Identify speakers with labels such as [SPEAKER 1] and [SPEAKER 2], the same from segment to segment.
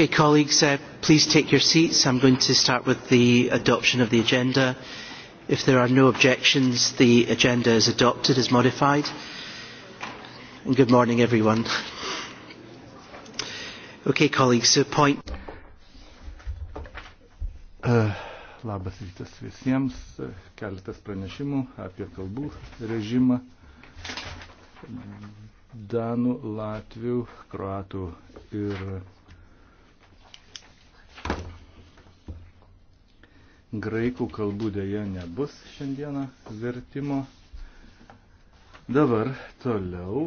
[SPEAKER 1] Okay, colleagues, uh, please take your seats. I'm going to start with the adoption of the agenda. If there are no objections, the agenda is adopted as modified. And good morning, everyone. Okay, colleagues, so point. Uh,
[SPEAKER 2] labas rytas visiems. Keletas pranešimų apie kalbų režimą. Danų, Latvių, Kroatų ir Graikų kalbų dėja nebus šiandieną vertimo. Dabar toliau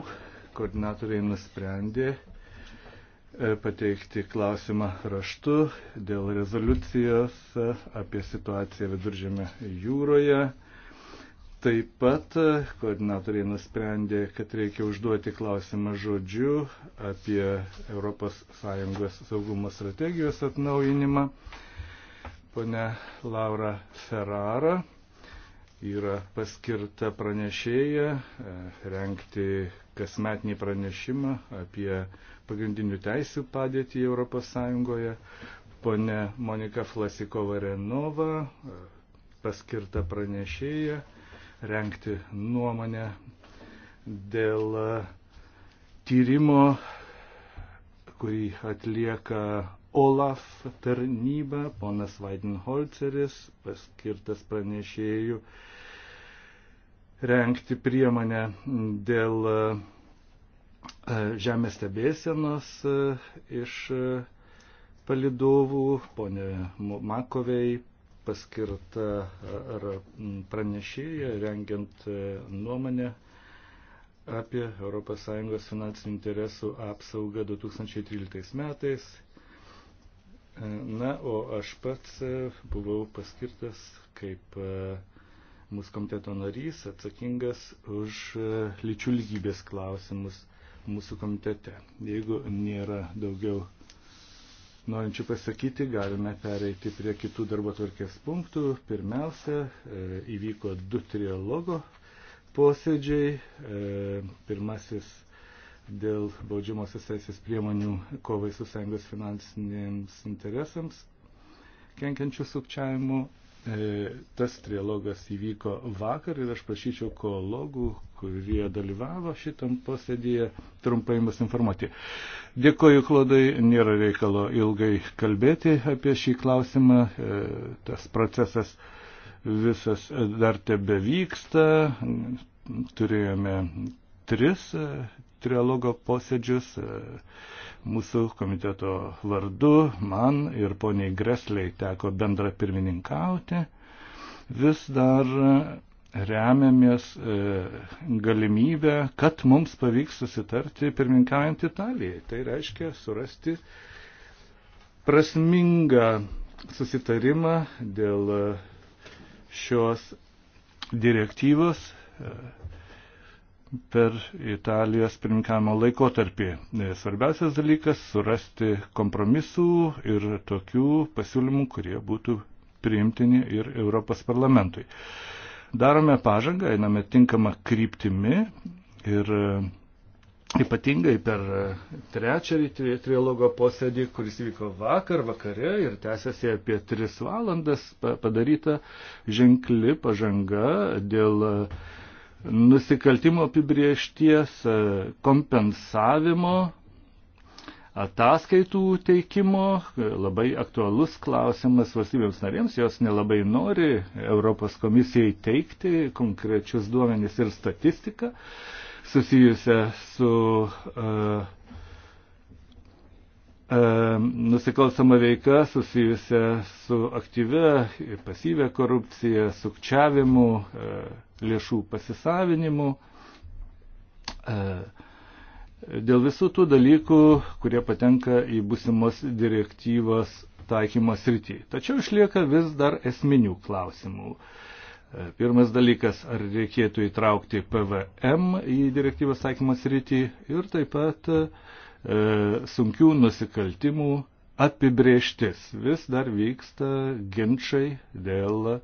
[SPEAKER 2] koordinatoriai nusprendė e, pateikti klausimą raštu dėl rezoliucijos e, apie situaciją viduržėme jūroje. Taip pat e, koordinatoriai nusprendė, kad reikia užduoti klausimą žodžiu apie ES saugumo strategijos atnaujinimą. Pone Laura Ferrara yra paskirta pranešėja e, renkti kasmetinį pranešimą apie pagrindinių teisių padėtį ES. Pone Monika Flasikova Renova e, paskirta pranešėja renkti nuomonę dėl e, tyrimo, kurį atlieka OLAF tarnyba, ponas Vaidenholceris, paskirtas pranešėjų renkti priemonę dėl e, žemės stebėsenos e, iš e, palidovų, ponė Makovei paskirta ar pranešėja rengiant nuomonę apie ES finansinių interesų apsaugą 2013 metais Na, o aš pats e, buvau paskirtas kaip e, mūsų komiteto narys atsakingas už e, lyčių lygybės klausimus mūsų komitete. Jeigu nėra daugiau norinčių pasakyti, galime pereiti prie kitų darbo tvarkės punktų. Pirmiausia, įvyko du trialogo posėdžiai. Pirmasis dėl baudžiamosios teisės priemonių kovai su sąjungos finansinėms interesams kenkiančių sukčiavimų. E, tas trialogas įvyko vakar ir aš prašyčiau kolegų, kurie dalyvavo šitam posėdėje, trumpai mus informuoti. Dėkoju, Klodai, nėra reikalo ilgai kalbėti apie šį klausimą. E, tas procesas visas dar tebe vyksta. Turėjome tris trialogo posėdžius e, mūsų komiteto vardu. Man ir poniai Gresliai teko bendra pirmininkauti. Vis dar remiamės e, galimybę, kad mums pavyks susitarti pirmininkaujant Italijai. Tai reiškia surasti prasmingą susitarimą dėl e, šios direktyvos per Italijos pirmininkavimo laikotarpį. E, svarbiausias dalykas - surasti kompromisų ir tokių pasiūlymų, kurie būtų priimtini ir Europos parlamentui. Darome pažangą, einame tinkamą kryptimi ir e, ypatingai per e, trečiąjį trilogo posėdį, kuris vyko vakar vakare ir tęsiasi apie tris valandas, padaryta ženkli pažanga dėl uh, nusikaltimo apibriešties, e, kompensavimo, ataskaitų teikimo. E, labai aktualus klausimas valstybėms narėms, jos nelabai nori Europos komisijai teikti konkrečius duomenys ir statistiką susijusią su uh, nusikalstama veika susijusia su aktyve ir pasyvė korupcija, sukčiavimu, lėšų pasisavinimu. E, dėl visų tų dalykų, kurie patenka į busimos direktyvos taikymo srity. Tačiau išlieka vis dar esminių klausimų. E, pirmas dalykas, ar reikėtų įtraukti PVM į direktyvos taikymo srity ir taip pat e, sunkių nusikaltimų apibrieštis. Vis dar vyksta ginčiai dėl e,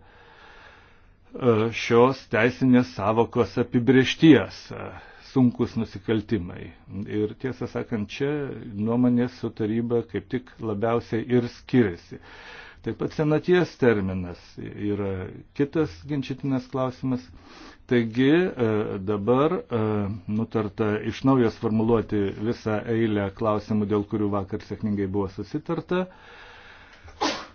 [SPEAKER 2] E, šios teisinės savokos apibriešties e, sunkus nusikaltimai. Ir tiesą sakant, čia nuomonės su taryba kaip tik labiausiai ir skiriasi. Taip pat senaties terminas yra kitas ginčytinas klausimas. Taigi e, dabar nutarta iš naujo formuluoti visą eilę klausimų, dėl kurių vakar sėkmingai buvo susitarta.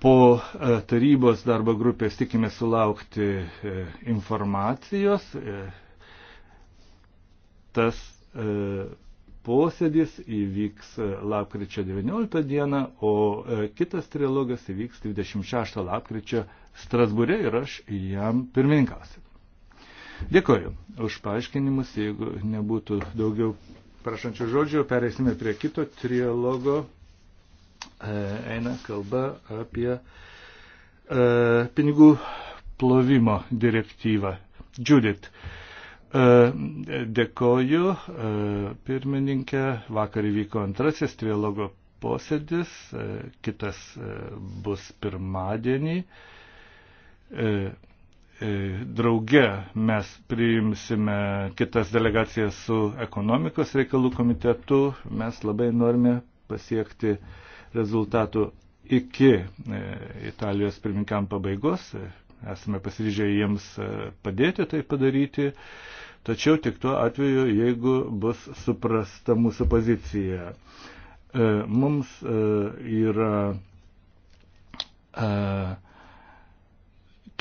[SPEAKER 2] Po e, tarybos darbo grupės tikime sulaukti e, informacijos. E, tas posėdis įvyks lapkričio 19 dieną, o kitas trilogas įvyks 26 lapkričio Strasbūrė ir aš jam pirmininkausiu. Dėkoju už paaiškinimus, jeigu nebūtų daugiau prašančių žodžių, pereisime prie kito trilogo. E, eina kalba apie e, pinigų plovimo direktyvą. Judith. E, dėkoju, pirmininkė. Vakar įvyko antrasis trilogo posėdis, kitas bus pirmadienį. Drauge mes priimsime kitas delegacijas su ekonomikos reikalų komitetu. Mes labai norime pasiekti uh, rezultatų iki e, Italijos pirmininkam pabaigos. Esame pasiryžę jiems e, padėti tai padaryti, tačiau tik tuo atveju, jeigu bus suprasta mūsų pozicija. E, mums yra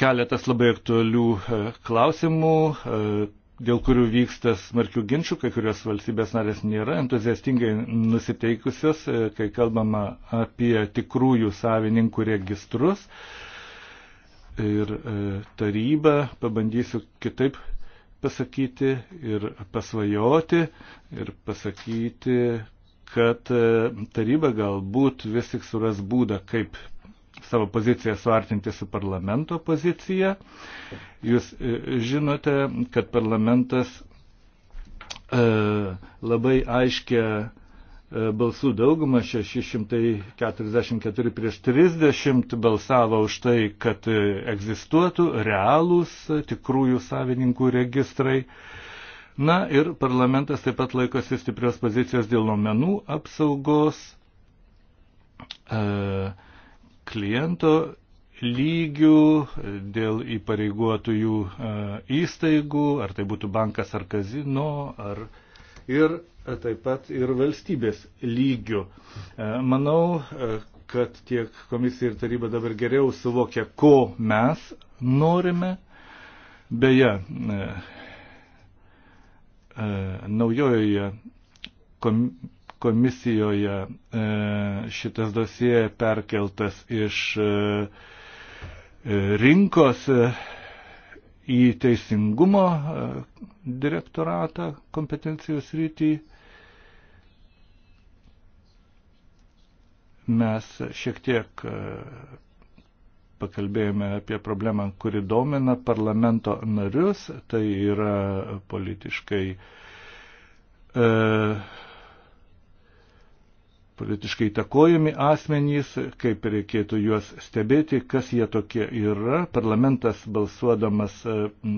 [SPEAKER 2] keletas labai aktualių klausimų, dėl kurių vyksta smarkių ginčių, kai kurios valstybės narės nėra entuziastingai nusiteikusios, e, kai kalbama apie tikrųjų savininkų registrus. Ir e, taryba, pabandysiu kitaip pasakyti ir pasvajoti ir pasakyti, kad e, taryba galbūt vis tik suras būdą, kaip savo poziciją suartinti su parlamento pozicija. Jūs e, žinote, kad parlamentas e, labai aiškia e, balsų daugumą, 644 prieš 30 balsavo už tai, kad egzistuotų realūs tikrųjų savininkų registrai. Na ir parlamentas taip pat laikosi stiprios pozicijos dėl nomenų apsaugos. E, kliento lygių, dėl įpareigotųjų e, įstaigų, ar tai būtų bankas ar kazino, ar ir e, taip pat ir valstybės lygių. E, manau, kad tiek komisija ir taryba dabar geriau suvokia, ko mes norime. Beje, naujojoje komisijoje e, šitas dosie perkeltas iš e, e, rinkos į teisingumo direktoratą kompetencijos rytį. Mes šiek tiek pakalbėjome apie problemą, kuri domina parlamento narius, tai yra politiškai e, politiškai takojami asmenys, kaip reikėtų juos stebėti, kas jie tokie yra. Parlamentas balsuodamas e,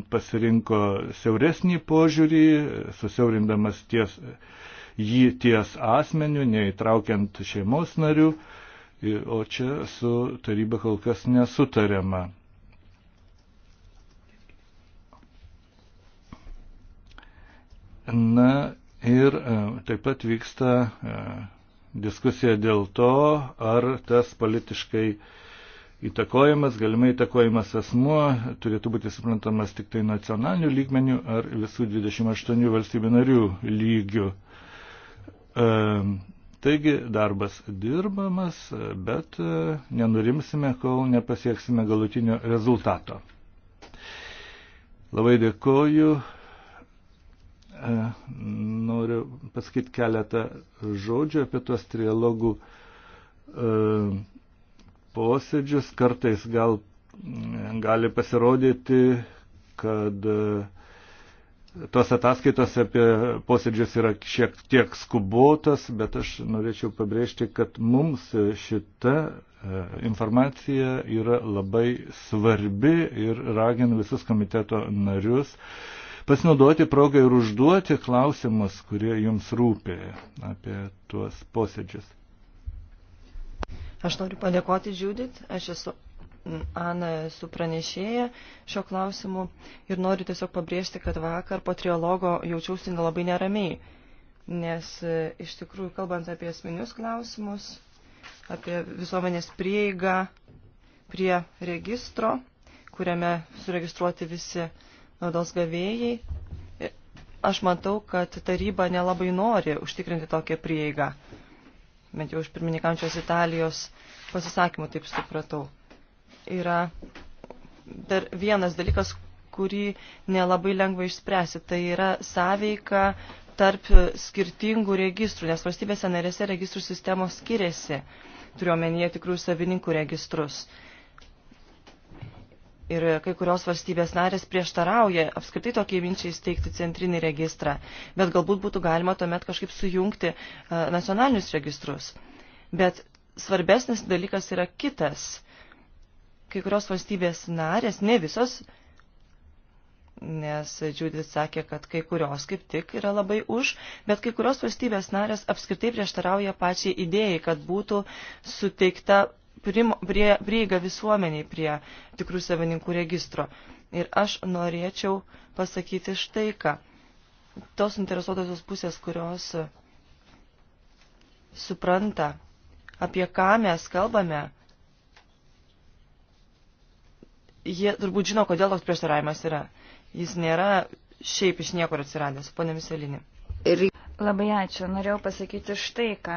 [SPEAKER 2] pasirinko siauresnį požiūrį, susiaurindamas ties, jį ties asmeniu, neįtraukiant šeimos narių, o čia su taryba kol kas nesutariama. Na ir e, taip pat vyksta e, diskusija dėl to, ar tas politiškai įtakojamas, galimai įtakojamas asmuo turėtų būti suprantamas tik tai nacionaliniu lygmeniu ar visų 28 valstybių narių lygiu. E, taigi darbas dirbamas, bet e, nenurimsime, kol nepasieksime galutinio rezultato. Labai dėkoju E, noriu pasakyti keletą žodžių apie tuos trialogų e, posėdžius. Kartais gal mm, gali pasirodyti, kad e, tos ataskaitos apie posėdžius yra šiek tiek skubotas, bet aš norėčiau pabrėžti, kad mums šita informacija yra labai svarbi ir raginu visus komiteto narius uh, pasinaudoti progą ir užduoti klausimus, kurie jums rūpė apie tuos posėdžius.
[SPEAKER 3] Aš noriu padėkoti Judith, aš esu Ana, esu pranešėja šio klausimu ir noriu tiesiog pabrėžti, kad vakar po trialogo jaučiausi labai neramiai, nes e, iš tikrųjų, kalbant apie esminius klausimus, apie visuomenės prieigą prie registro, kuriame suregistruoti visi naudos gavėjai. Aš matau, kad taryba nelabai nori užtikrinti tokią prieigą. Bent jau iš pirmininkančios Italijos pasisakymų taip supratau. Yra dar vienas dalykas, kurį nelabai lengva išspręsti. Tai yra sąveika tarp skirtingų registrų, nes valstybėse narėse registrų sistemos skiriasi. Turiuomenyje tikrų savininkų registrus. Ir kai kurios valstybės narės prieštarauja apskritai tokiai minčiai steigti centrinį registrą, bet galbūt būtų galima tuomet kažkaip sujungti e, nacionalinius registrus. Bet svarbesnis dalykas yra kitas. Kai kurios valstybės narės, ne visos, nes Judith sakė, kad kai kurios kaip tik yra labai už, bet kai kurios valstybės narės apskritai prieštarauja pačiai idėjai, kad būtų suteikta prieiga visuomeniai prie tikrų savininkų registro. Ir aš norėčiau pasakyti štai ką. Tos interesuotosios pusės, kurios supranta, apie ką mes kalbame, jie turbūt žino, kodėl toks prieštaravimas yra. Jis nėra šiaip iš niekur atsiradęs, ponė Miselinė.
[SPEAKER 4] Ir... Labai ačiū. Norėjau pasakyti štai ką.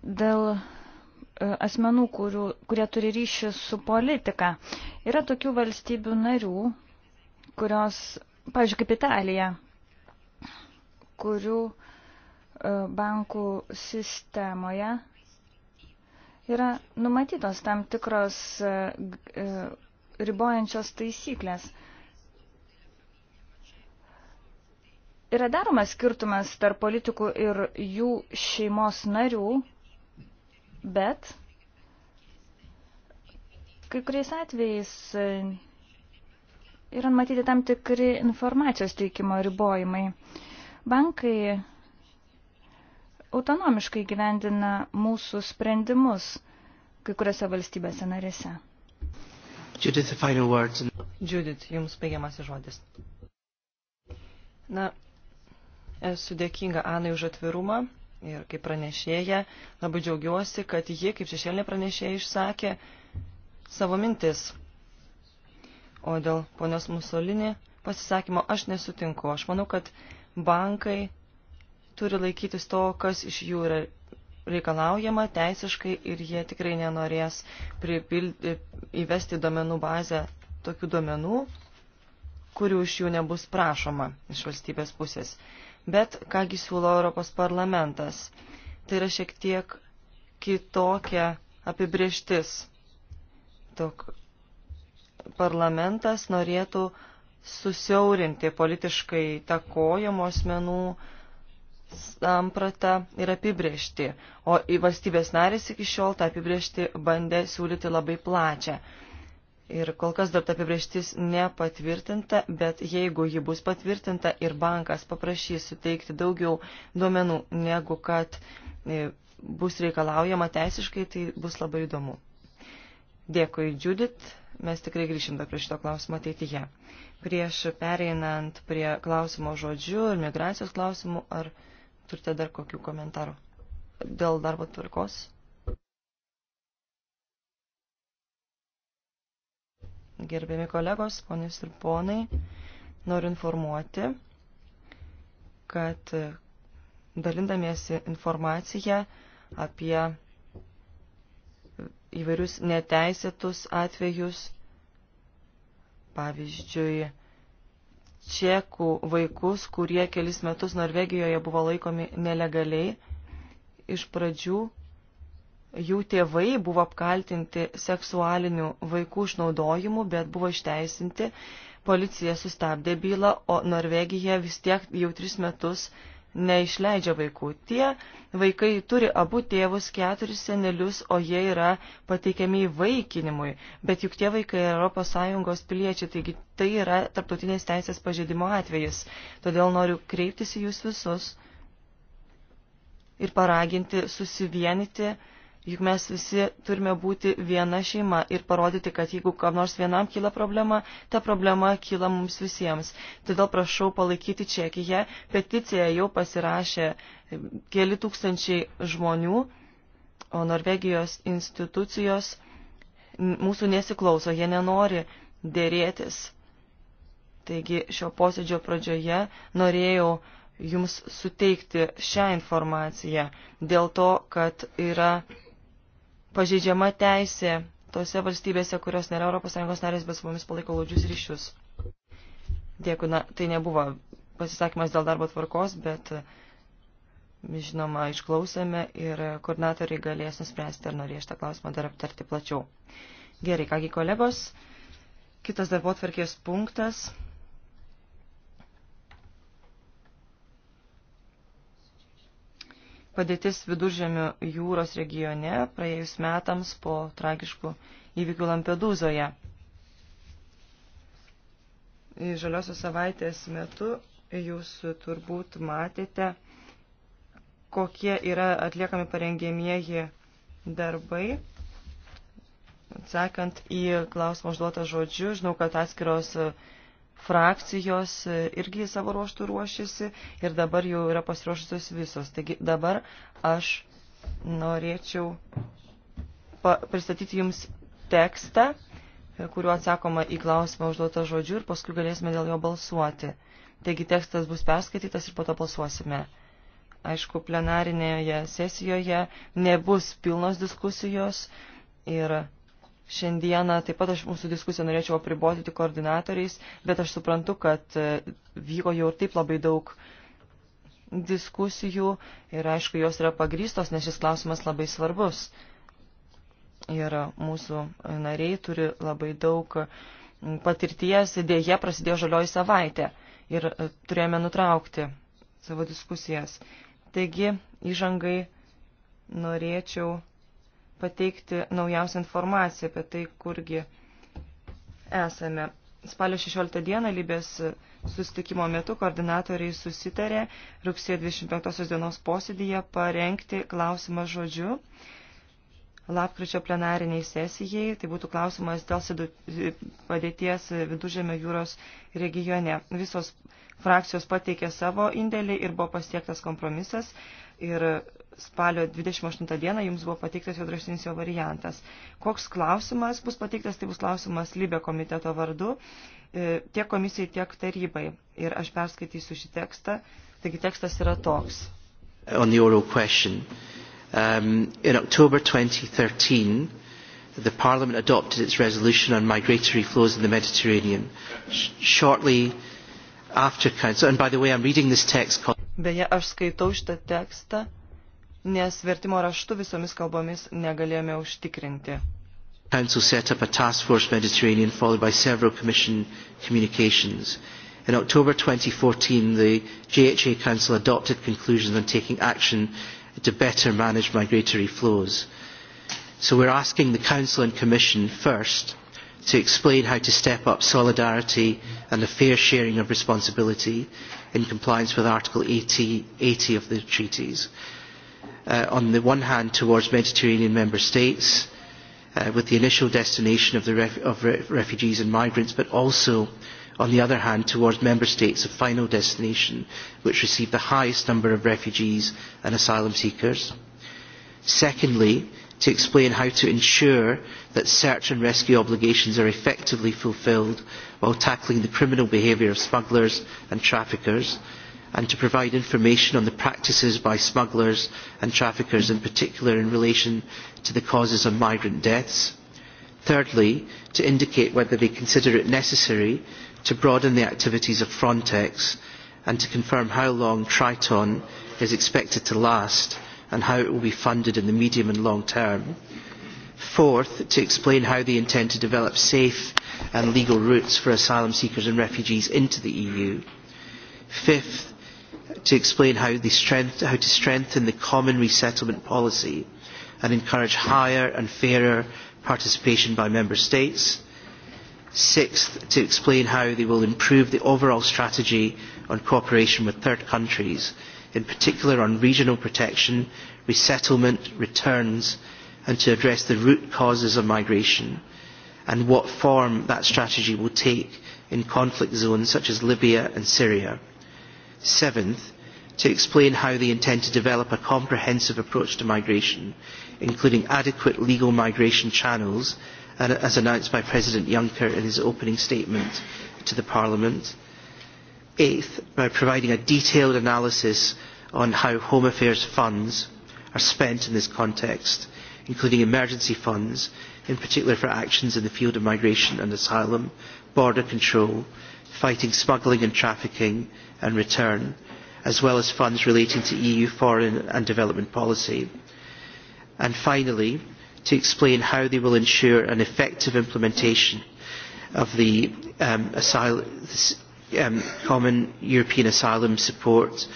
[SPEAKER 4] Dėl E, asmenų, kurių, kurie turi ryšį su politika. Yra tokių valstybių narių, kurios, pavyzdžiui, kaip Italija, kurių e, bankų sistemoje yra numatytos tam tikros e, ribojančios taisyklės. Yra daromas skirtumas tarp politikų ir jų šeimos narių, bet kai kuriais atvejais e, yra matyti tam tikri informacijos teikimo ribojimai. Bankai autonomiškai gyvendina mūsų sprendimus kai kuriuose valstybėse narėse.
[SPEAKER 1] Judith, final words.
[SPEAKER 3] Judith, jums baigiamasis žodis. Na, esu dėkinga Anai už atvirumą ir kaip pranešėja labai džiaugiuosi, kad ji, kaip šešėlinė pranešėja, išsakė savo mintis. O dėl ponios Musolini pasisakymo aš nesutinku. Aš manau, kad bankai turi laikytis to, kas iš jų yra reikalaujama teisiškai ir jie tikrai nenorės pripildi, įvesti domenų bazę tokių domenų, kurių iš jų nebus prašoma iš valstybės pusės. Bet kągi siūlo Europos parlamentas? Tai yra šiek tiek kitokia apibrieštis. Tok parlamentas norėtų susiaurinti politiškai takojamo asmenų sampratą ir apibriešti, o į valstybės narės iki šiol tą apibriešti bandė siūlyti labai plačią. Ir kol kas dar ta apibrieštis nepatvirtinta, bet jeigu ji bus patvirtinta ir bankas paprašys suteikti daugiau duomenų, negu kad e, bus reikalaujama teisiškai, tai bus labai įdomu. Dėkui, Judith. Mes tikrai grįšim dar prie šito klausimo ateityje. Prieš pereinant prie klausimo žodžių ir migracijos klausimų, ar turite dar kokių komentarų dėl darbo tvarkos? Gerbiami kolegos, ponės ir ponai, noriu informuoti, kad dalindamiesi informaciją apie įvairius neteisėtus atvejus, pavyzdžiui, čekų vaikus, kurie kelis metus Norvegijoje buvo laikomi nelegaliai, iš pradžių jų tėvai buvo apkaltinti seksualiniu vaikų išnaudojimu, bet buvo išteisinti. Policija sustabdė bylą, o Norvegija vis tiek jau tris metus neišleidžia vaikų. Tie vaikai turi abu tėvus, keturis senelius, o jie yra pateikiami įvaikinimui. Bet juk tie vaikai yra ES piliečiai, taigi tai yra tarptautinės teisės pažeidimo atvejis. Todėl noriu kreiptis į jūs visus ir paraginti susivienyti Juk mes visi turime būti viena šeima ir parodyti, kad jeigu kam nors vienam kyla problema, ta problema kyla mums visiems. Todėl prašau palaikyti Čekiją. Peticiją jau pasirašė keli tūkstančiai žmonių, o Norvegijos institucijos mūsų nesiklauso, jie nenori dėrėtis. Taigi šio posėdžio pradžioje norėjau jums suteikti šią informaciją dėl to, kad yra pažeidžiama teisė tose valstybėse, kurios nėra ES narės, bet su mumis palaiko glaudžius ryšius. Dėkui, na, tai nebuvo pasisakymas dėl darbo tvarkos, bet žinoma, išklausėme ir koordinatoriai galės nuspręsti, ar norės tą klausimą dar aptarti plačiau. Gerai, kągi kolegos, kitas darbo tvarkės punktas. Padėtis viduržėmio jūros regione praėjus metams po tragiškų įvykių Lampedūzoje. Žaliosios savaitės metu jūs turbūt matėte, kokie yra atliekami parengėmieji darbai. Atsakant į klausimą užduotą žodžiu, žinau, kad atskiros uh, frakcijos irgi savo ruoštų ruošiasi ir dabar jau yra pasiruošusios visos. Taigi dabar aš norėčiau pristatyti Jums tekstą, kuriuo atsakoma į klausimą užduotą žodžiu ir paskui galėsime dėl jo balsuoti. Taigi tekstas bus perskaitytas ir po to balsuosime. Aišku, plenarinėje sesijoje nebus pilnos diskusijos ir Šiandieną taip pat aš mūsų diskusiją norėčiau apriboti tik koordinatoriais, bet aš suprantu, kad e, vyko jau ir taip labai daug diskusijų ir aišku, jos yra pagrystos, nes šis klausimas labai svarbus. Ir mūsų nariai turi labai daug patirties, dėje prasidėjo žalioji savaitė ir e, turėjome nutraukti savo diskusijas. Taigi, įžangai norėčiau pateikti naujausią informaciją apie tai, kurgi esame. Spalio 16 dieną Libės sustikimo metu koordinatoriai susitarė rugsėjo 25 dienos posėdėje parengti klausimą žodžiu lapkričio plenariniai sesijai. Tai būtų klausimas dėl padėties Vidužėmio jūros regione. Visos frakcijos pateikė savo indėlį ir buvo pasiektas kompromisas. Ir spalio 28 dieną jums buvo pateiktas jo draštinis jo variantas. Koks klausimas bus pateiktas, tai bus klausimas Libė komiteto vardu, e, tiek komisijai, tiek tarybai. Ir aš perskaitysiu šį tekstą. Taigi tekstas yra toks.
[SPEAKER 1] On the oral question. Um, in October 2013, the Parliament adopted its resolution on migratory flows in the Mediterranean. Sh shortly after Council, and by the way, I'm reading this text.
[SPEAKER 3] Beje, aš skaitau šitą tekstą nes vertimo raštu visomis kalbomis negalėjome užtikrinti.
[SPEAKER 1] Council set up a task force Mediterranean followed by several commission communications. In October 2014, the JHA Council adopted conclusions on taking action to better manage migratory flows. So we're asking the Council and Commission first to explain how to step up solidarity and the fair sharing of responsibility in compliance with Article 80, 80 of the treaties. Uh, uh, on the one hand towards Mediterranean member states uh, with the initial destination of, the ref of re refugees and migrants, but also on the other hand towards member states of final destination which receive the highest number of refugees and asylum seekers. Secondly, to explain how to ensure that search and rescue obligations are effectively fulfilled while tackling the criminal behaviour of smugglers and traffickers, and to provide information on the practices by smugglers and traffickers in particular in relation to the causes of migrant deaths. Thirdly, to indicate whether they consider it necessary to broaden the activities of Frontex and to confirm how long Triton is expected to last and how it will be funded in the medium and long term. Fourth, to explain how they intend to develop safe and legal routes for asylum seekers and refugees into the EU. Fifth, to explain how, they strength, how to strengthen the common resettlement policy and encourage higher and fairer participation by Member States. Sixth, to explain how they will improve the overall strategy on cooperation with third countries, in particular on regional protection, resettlement, returns, and to address the root causes of migration, and what form that strategy will take in conflict zones such as Libya and Syria. 7th to explain how they intend to develop a comprehensive approach to migration, including adequate legal migration channels, as announced by President Juncker in his opening statement to the Parliament. Eighth, by providing a detailed analysis on how Home Affairs funds are spent in this context, including emergency funds, in particular for actions in the field of migration and asylum, border control, fighting smuggling and trafficking and return, as well as funds relating to EU foreign and development policy. And finally, to explain how they will ensure an effective implementation of the um, asylum, um, Common European Asylum Support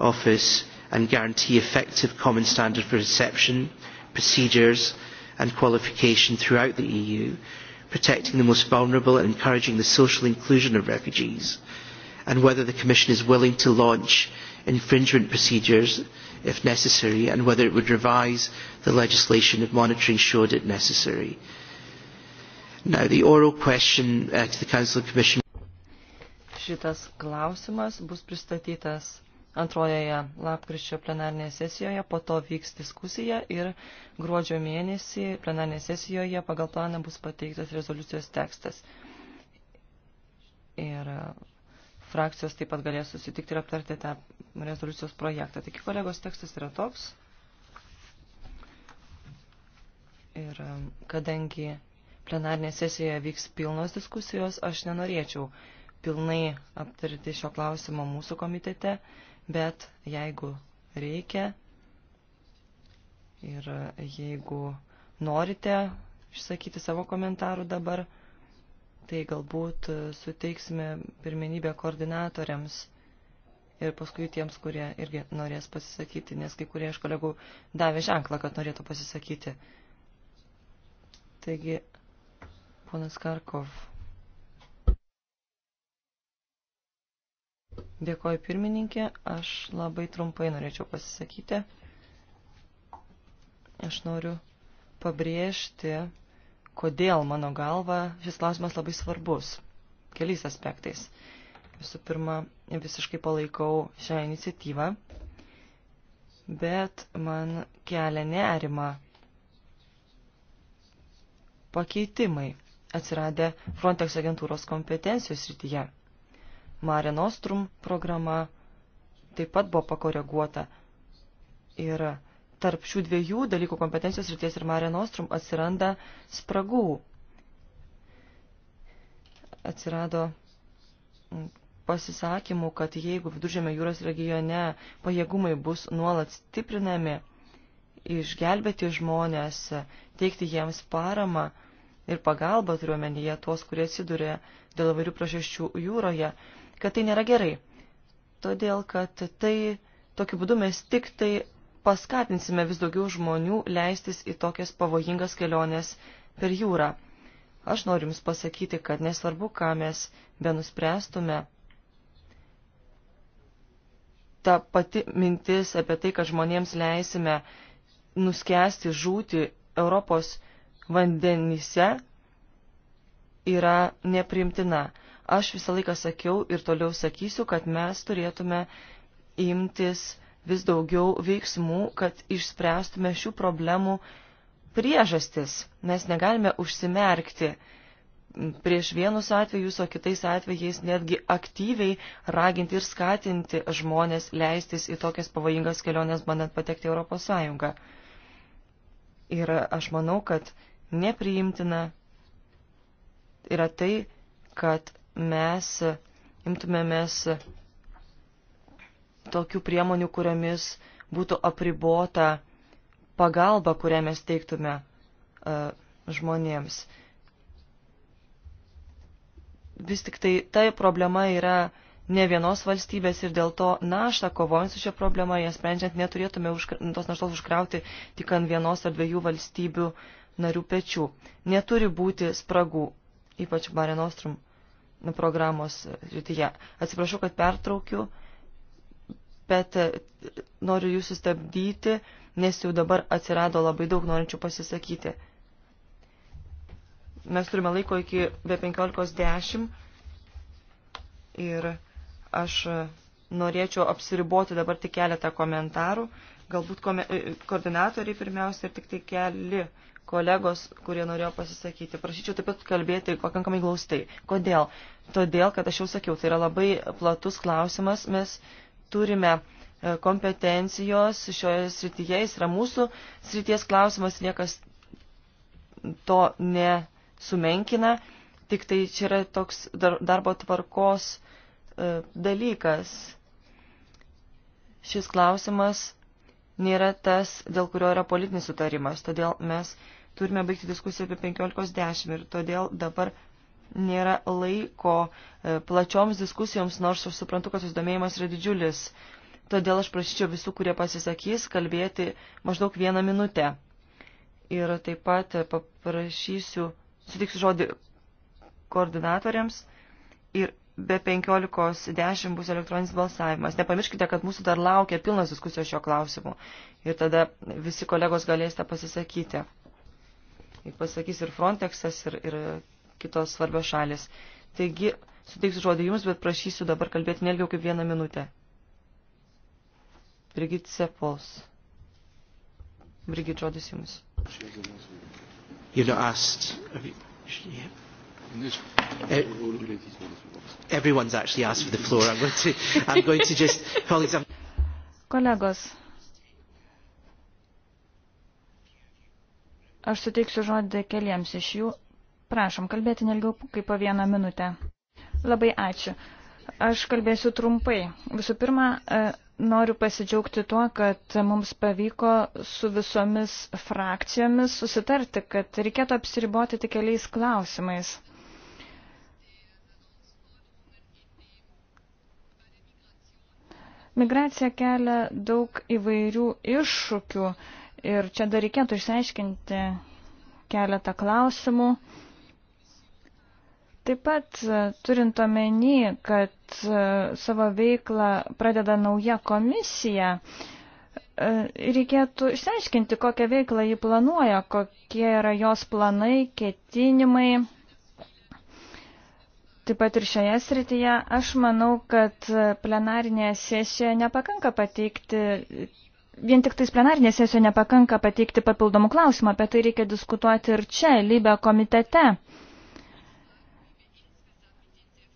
[SPEAKER 1] Office and guarantee effective common standard for reception, procedures and qualification throughout the EU protecting the most vulnerable and encouraging the social inclusion of refugees, and whether the Commission is willing to launch infringement procedures if necessary, and whether it would revise the legislation if monitoring showed it necessary. Now, the oral question uh, to the Council and Commission.
[SPEAKER 3] Šitas klausimas bus pristatytas antrojoje lapkričio plenarnėje sesijoje, po to vyks diskusija ir gruodžio mėnesį plenarnėje sesijoje pagal planą bus pateiktas rezoliucijos tekstas. Ir e, frakcijos taip pat galės susitikti ir aptarti tą rezoliucijos projektą. Taigi kolegos tekstas yra toks. Ir e, kadangi plenarnėje sesijoje vyks pilnos diskusijos, aš nenorėčiau pilnai aptarti šio klausimo mūsų komitete bet jeigu reikia ir jeigu norite išsakyti savo komentarų dabar, tai galbūt suteiksime pirmenybę koordinatoriams ir paskui tiems, kurie irgi norės pasisakyti, nes kai kurie iš kolegų davė ženklą, kad norėtų pasisakyti. Taigi, ponas Karkov, Dėkoju pirmininkė, aš labai trumpai norėčiau pasisakyti. Aš noriu pabrėžti, kodėl mano galva šis klausimas labai svarbus. Keliais aspektais. Visų pirma, visiškai palaikau šią iniciatyvą, bet man kelia nerima pakeitimai atsiradę Frontex agentūros kompetencijos rytyje. Mare Nostrum programa taip pat buvo pakoreguota. Ir tarp šių dviejų dalykų kompetencijos ryties ir Mare Nostrum atsiranda spragų. Atsirado mm, pasisakymų, kad jeigu viduržėme jūros regione pajėgumai bus nuolat stiprinami, išgelbėti žmonės, teikti jiems paramą ir pagalbą turiuomenyje tuos, kurie atsiduria dėl įvairių priežasčių jūroje, kad tai nėra gerai. Todėl, kad tai tokiu būdu mes tik tai paskatinsime vis daugiau žmonių leistis į tokias pavojingas keliones per jūrą. Aš noriu Jums pasakyti, kad nesvarbu, ką mes benuspręstume, ta pati mintis apie tai, kad žmonėms leisime nuskesti, žūti Europos vandenyse, yra neprimtina. Aš visą laiką sakiau ir toliau sakysiu, kad mes turėtume imtis vis daugiau veiksmų, kad išspręstume šių problemų priežastis. Mes negalime užsimerkti prieš vienus atvejus, o kitais atvejais netgi aktyviai raginti ir skatinti žmonės leistis į tokias pavojingas keliones, bandant patekti Europos Sąjungą. Ir aš manau, kad nepriimtina yra tai, kad mes imtumėmės tokių priemonių, kuriomis būtų apribota pagalba, kurią mes teiktume uh, žmonėms. Vis tik tai ta problema yra ne vienos valstybės ir dėl to naštą kovojant su šia problema, ją sprendžiant, neturėtume užkra... tos naštos užkrauti tik ant vienos ar dviejų valstybių narių pečių. Neturi būti spragų, ypač Barenostrum programos rytyje. Atsiprašau, kad pertraukiu, bet e, noriu jūs sustabdyti, nes jau dabar atsirado labai daug norinčių pasisakyti. Mes turime laiko iki be 15.10 ir aš norėčiau apsiriboti dabar tik keletą komentarų. Galbūt kome, e, koordinatoriai pirmiausia ir tik tai keli kolegos, kurie norėjo pasisakyti. Prašyčiau taip pat kalbėti pakankamai glaustai. Kodėl? Todėl, kad aš jau sakiau, tai yra labai platus klausimas. Mes turime e, kompetencijos šioje srityje, jis yra mūsų srities klausimas, niekas to nesumenkina, tik tai čia yra toks darbo tvarkos e, dalykas. Šis klausimas nėra tas, dėl kurio yra politinis sutarimas, todėl mes turime baigti diskusiją apie 15.10 ir todėl dabar nėra laiko e, plačioms diskusijoms, nors aš suprantu, kad susidomėjimas yra didžiulis. Todėl aš prašyčiau visų, kurie pasisakys, kalbėti maždaug vieną minutę. Ir taip pat e, paprašysiu, sutiksiu žodį koordinatoriams ir be 15.10 bus elektroninis balsavimas. Nepamirškite, kad mūsų dar laukia pilnas diskusijos šio klausimu ir tada visi kolegos galėsite pasisakyti pasakys ir Frontexas, ir, ir kitos svarbios šalis. Taigi, suteiksiu žodį Jums, bet prašysiu dabar kalbėti nelgiau kaip vieną minutę. Brigit Sepols. Brigit, žodis
[SPEAKER 1] Jums. You're not asked. Have you, yeah. Eh, everyone's actually asked for the floor. I'm going to, I'm going to just, colleagues, I'm...
[SPEAKER 4] Kolegos, Aš suteiksiu žodį keliems iš jų. Prašom, kalbėti nelgiau kaip po vieną minutę. Labai ačiū. Aš kalbėsiu trumpai. Visų pirma, e, noriu pasidžiaugti tuo, kad mums pavyko su visomis frakcijomis susitarti, kad reikėtų apsiriboti tik keliais klausimais. Migracija kelia daug įvairių iššūkių Ir čia dar reikėtų išsiaiškinti keletą klausimų. Taip pat e, turint omeny, kad e, savo veiklą pradeda nauja komisija, e, reikėtų išsiaiškinti, kokią veiklą jį planuoja, kokie yra jos planai, ketinimai. Taip pat ir šioje srityje aš manau, kad plenarinėje sesijoje nepakanka pateikti vien tik tais plenarinė sesija nepakanka pateikti papildomų klausimų, apie tai reikia diskutuoti ir čia, lybę komitete.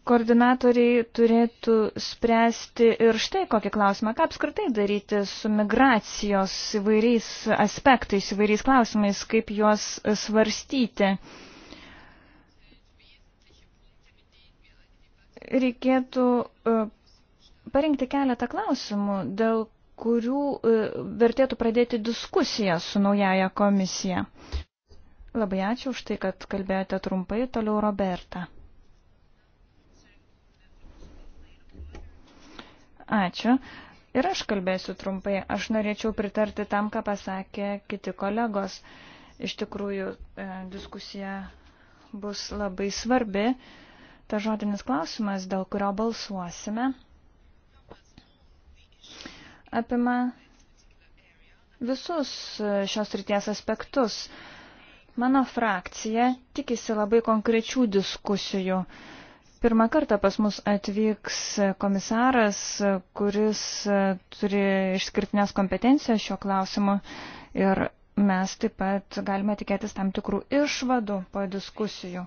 [SPEAKER 4] Koordinatoriai turėtų spręsti ir štai kokį klausimą, ką apskritai daryti su migracijos įvairiais aspektais, įvairiais klausimais, kaip juos svarstyti. Reikėtų e, parinkti keletą klausimų, dėl kurių e, vertėtų pradėti diskusiją su naujaja komisija. Labai ačiū už tai, kad kalbėjote trumpai. Toliau Roberta. Ačiū. Ir aš kalbėsiu trumpai. Aš norėčiau pritarti tam, ką pasakė kiti kolegos. Iš tikrųjų, e, diskusija bus labai svarbi. Ta žodinis klausimas, dėl kurio balsuosime apima visus šios ryties aspektus. Mano frakcija tikisi labai konkrečių diskusijų. Pirmą kartą pas mus atvyks komisaras, kuris turi išskirtinės kompetencijas šio klausimu ir mes taip pat galime tikėtis tam tikrų išvadų po diskusijų.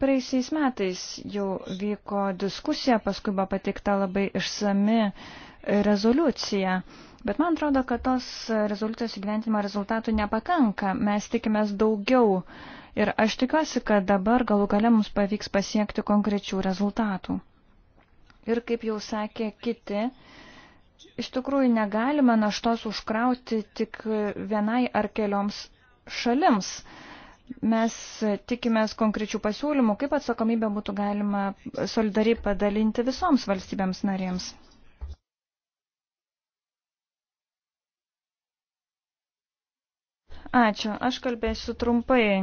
[SPEAKER 4] Praeisiais metais jau vyko diskusija, paskui buvo pateikta labai išsami uh, rezoliuciją. Bet man atrodo, kad tos rezoliucijos įgyventimo rezultatų nepakanka. Mes tikimės daugiau. Ir aš tikiuosi, kad dabar galų gale mums pavyks pasiekti konkrečių rezultatų. Ir kaip jau sakė kiti, iš tikrųjų negalime naštos užkrauti tik vienai ar kelioms šalims. Mes tikimės konkrečių pasiūlymų, kaip atsakomybę būtų galima solidariai padalinti visoms valstybėms narėms. Ačiū. Aš kalbėsiu trumpai.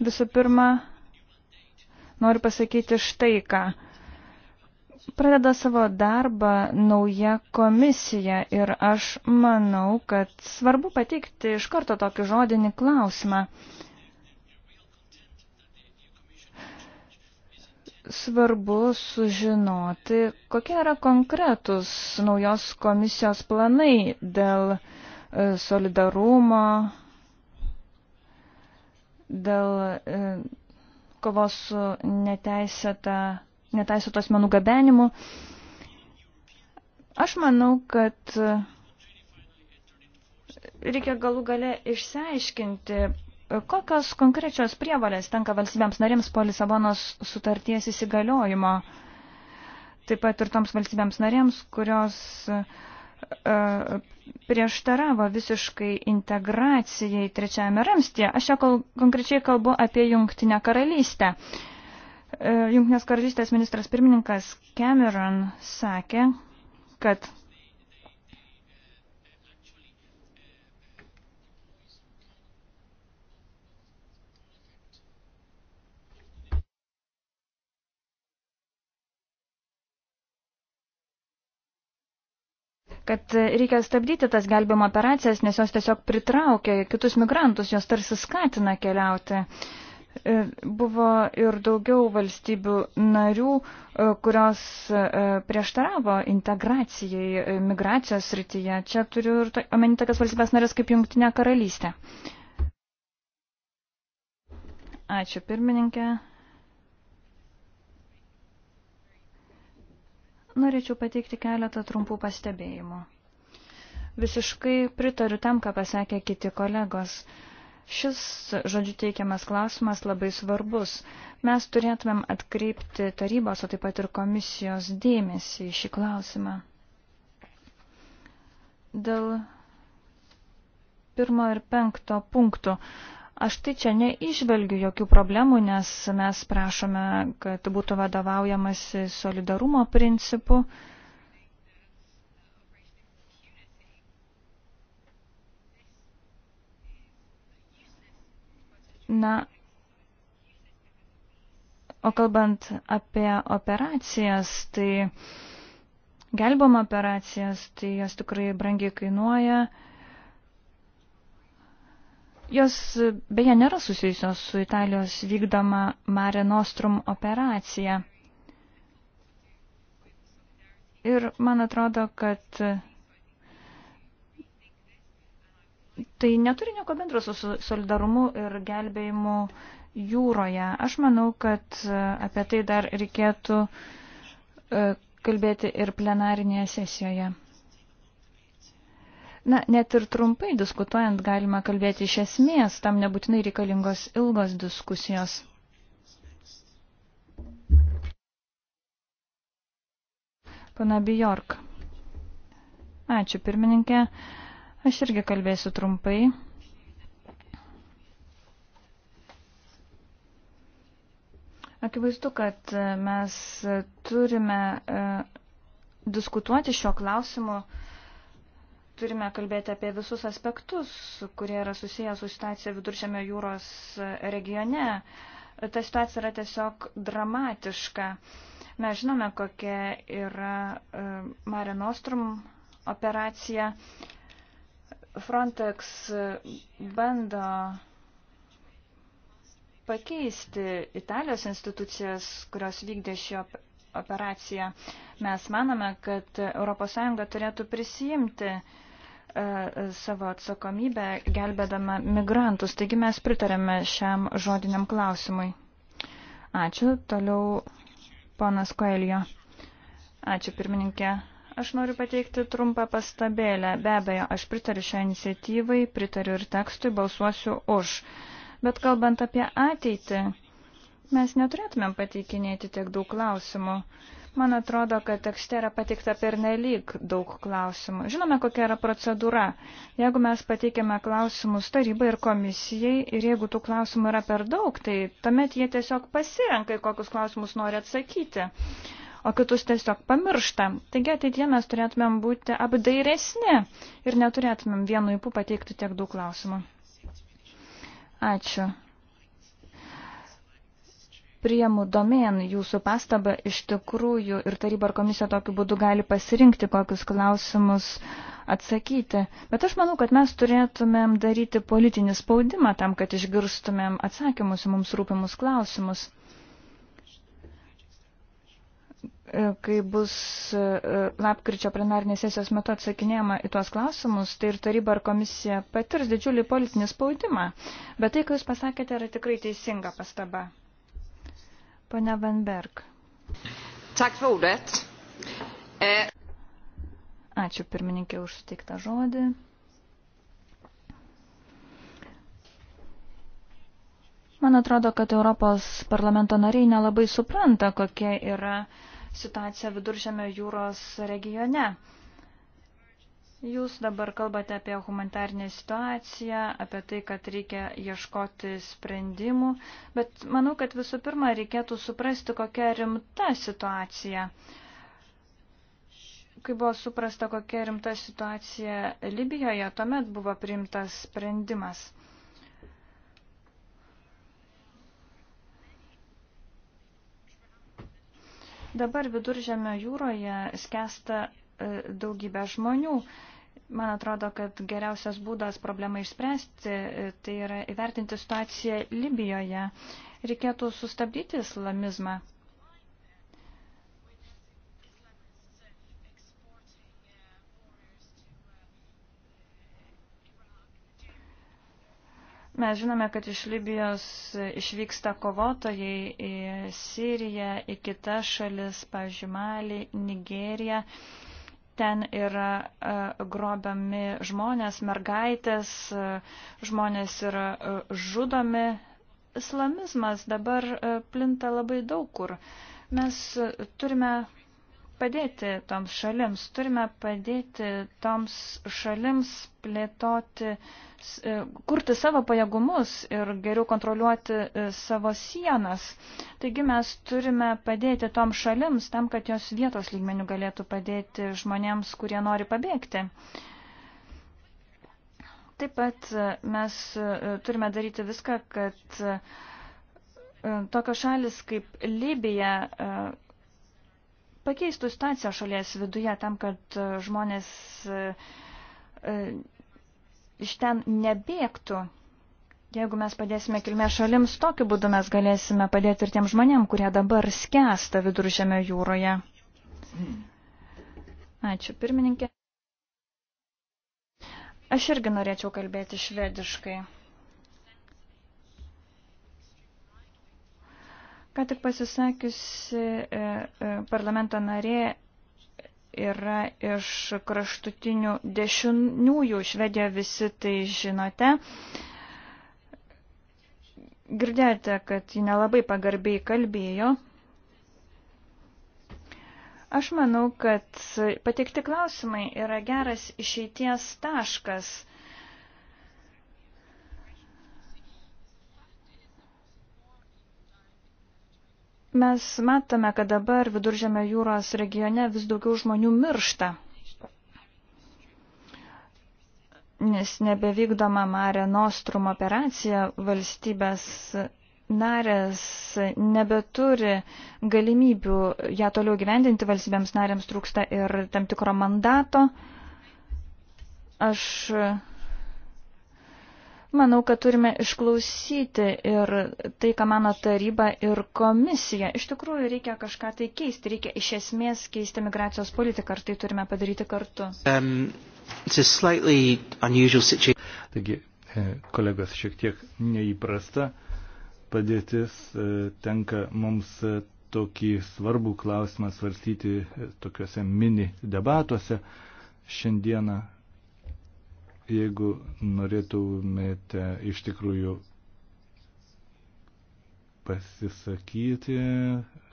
[SPEAKER 4] Visų pirma, noriu pasakyti štai ką. Pradeda savo darbą nauja komisija ir aš manau, kad svarbu pateikti iš karto tokį žodinį klausimą. svarbu sužinoti, kokie yra konkretus naujos komisijos planai dėl e, solidarumo, dėl e, kovos su neteisėtos menų gabenimu. Aš manau, kad e, reikia galų gale išsiaiškinti, e, kokios konkrečios prievalės tenka valstybėms narėms po Lisabonos sutarties įsigaliojimo. Taip pat ir toms valstybėms narėms, kurios uh, prieštaravo visiškai integracijai trečiajame ramstie. Aš čia konkrečiai kalbu apie Jungtinę karalystę. E, Jungtinės karalystės ministras pirmininkas Cameron sakė, kad kad reikia stabdyti tas gelbimo operacijas, nes jos tiesiog pritraukia kitus migrantus, jos tarsi skatina keliauti. E, buvo ir daugiau valstybių narių, e, kurios e, prieštaravo integracijai migracijos rytyje. Čia turiu ir omeny tokias valstybės narės kaip Jungtinė karalystė. Ačiū pirmininkė. norėčiau pateikti keletą trumpų pastebėjimų. Visiškai pritariu tam, ką pasakė kiti kolegos. Šis, žodžiu, teikiamas klausimas labai svarbus. Mes turėtumėm atkreipti tarybos, o taip pat ir komisijos dėmesį į šį klausimą. Dėl pirmo ir penkto punktų Aš tai čia neižvelgiu jokių problemų, nes mes prašome, kad būtų vadovaujamasi solidarumo principu. Na, o kalbant apie operacijas, tai gelbom operacijas, tai jas tikrai brangiai kainuoja. Jos e, beje nėra susijusios su Italijos vykdoma Mare Nostrum operacija. Ir man atrodo, kad e, tai neturi nieko bendro su solidarumu ir gelbėjimu jūroje. Aš manau, kad e, apie tai dar reikėtų kalbėti ir plenarinėje sesijoje. Na, net ir trumpai diskutuojant galima kalbėti iš esmės, tam nebūtinai reikalingos ilgos diskusijos. Pana Bjork. Ačiū, pirmininkė. Aš irgi kalbėsiu trumpai. Akivaizdu, kad e, mes e, turime e, diskutuoti šio klausimu uh, turime kalbėti apie visus aspektus, kurie yra susijęs su situacija viduržėmio jūros regione. Ta situacija yra tiesiog dramatiška. Mes žinome, kokia yra e, Mare Nostrum operacija. Frontex bando pakeisti Italijos institucijas, kurios vykdė šį operaciją. Mes manome, kad ES turėtų prisijimti e, savo atsakomybę gelbėdama migrantus. Taigi mes pritarėme šiam žodiniam klausimui. Ačiū. Toliau ponas Koelio. Ačiū pirmininkė. Aš noriu pateikti trumpą pastabėlę. Be abejo, aš pritariu šią iniciatyvai, pritariu ir tekstui, balsuosiu už. Bet kalbant apie ateitį, Mes neturėtumėm pateikinėti tiek daug klausimų. Man atrodo, kad tekste yra pateikta per nelik daug klausimų. Žinome, kokia yra procedūra. Jeigu mes pateikėme klausimus tarybai ir komisijai ir jeigu tų klausimų yra per daug, tai tuomet jie tiesiog pasirenka, kokius klausimus nori atsakyti, o kitus tiesiog pamiršta. Taigi ateitie mes turėtumėm būti apdairesni ir neturėtumėm vienu įpu pateikti tiek daug klausimų. Ačiū priemu domen jūsų pastabą, iš tikrųjų ir taryba ar komisija tokiu būdu gali pasirinkti, kokius klausimus atsakyti. Bet aš manau, kad mes turėtumėm daryti politinį spaudimą tam, kad išgirstumėm atsakymus į mums rūpimus klausimus. E, kai bus e, lapkričio plenarnės sesijos metu atsakinėjama į tuos klausimus, tai ir taryba ar komisija patirs didžiulį politinį spaudimą. Bet tai, ką Jūs pasakėte, yra tikrai teisinga pastaba. Pane Van Berg. Tak for ordet. Eh, Ačiū pirmininkė už suteiktą žodį. Man atrodo, kad Europos parlamento nariai nelabai supranta, kokia yra situacija viduržėmio jūros regione. Jūs dabar kalbate apie humanitarnę situaciją, apie tai, kad reikia ieškoti sprendimų, bet manau, kad visų pirma reikėtų suprasti, kokia rimta situacija. Kai buvo suprasta, kokia rimta situacija Libijoje, tuomet buvo priimtas sprendimas. Dabar viduržėmio jūroje skęsta e, daugybė žmonių. Man atrodo, kad geriausias būdas problemą išspręsti e, tai yra įvertinti situaciją Libijoje. Reikėtų sustabdyti islamizmą. Mes žinome, kad iš Libijos išvyksta kovotojai į Siriją, į kitas šalis, pavyzdžiui, Malį, Nigeriją. Ten yra e, grobiami žmonės, mergaitės, e, žmonės yra e, žudomi. Islamizmas dabar plinta labai daug kur. Mes turime padėti toms šalims, turime padėti toms šalims plėtoti, e, kurti savo pajėgumus ir geriau kontroliuoti e, savo sienas. Taigi mes turime padėti toms šalims tam, kad jos vietos lygmenių galėtų padėti žmonėms, kurie nori pabėgti. Taip pat e, mes turime daryti viską, kad tokios šalis kaip Libija pakeistų situaciją šalies viduje tam, kad e, žmonės e, e, iš ten nebėgtų. Jeigu mes padėsime kilmės šalims, tokiu būdu mes galėsime padėti ir tiem žmonėm, kurie dabar skęsta viduržėme jūroje. Ačiū, pirmininkė. Aš irgi norėčiau kalbėti švediškai. Ką tik pasisakiusi e, e, parlamento narė yra iš kraštutinių dešiniųjų, Švedijoje visi tai žinote. Girdėjote, kad ji nelabai pagarbiai kalbėjo. Aš manau, kad patikti klausimai yra geras išeities taškas Mes matome, kad dabar viduržėme jūros regione vis daugiau žmonių miršta, nes nebevykdoma Mare Nostrum operacija valstybės narės nebeturi galimybių ją toliau gyvendinti, valstybėms narėms trūksta ir tam tikro mandato. Aš Manau, kad turime išklausyti ir tai, ką mano taryba ir komisija. Iš tikrųjų, reikia kažką tai keisti, reikia iš esmės keisti migracijos politiką, ar tai turime padaryti kartu.
[SPEAKER 1] Um, Taigi, e, kolegos, šiek
[SPEAKER 2] tiek neįprasta padėtis e, tenka mums e, tokį svarbų klausimą svarstyti tokiuose mini debatuose šiandieną jeigu norėtumėte iš tikrųjų pasisakyti,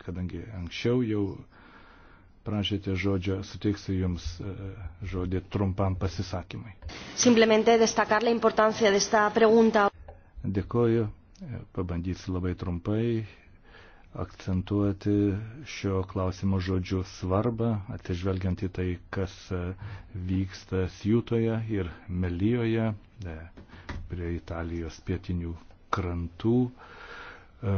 [SPEAKER 2] kadangi anksčiau jau prašėte žodžio, suteiksiu Jums e, žodį trumpam pasisakymui.
[SPEAKER 4] Simplemente destacar la importancia de esta pregunta.
[SPEAKER 2] Dėkoju, pabandysiu labai trumpai akcentuoti šio klausimo žodžių svarbą, atsižvelgiant į tai, kas e, vyksta Sjutoje ir Melijoje, e, prie Italijos pietinių krantų. E,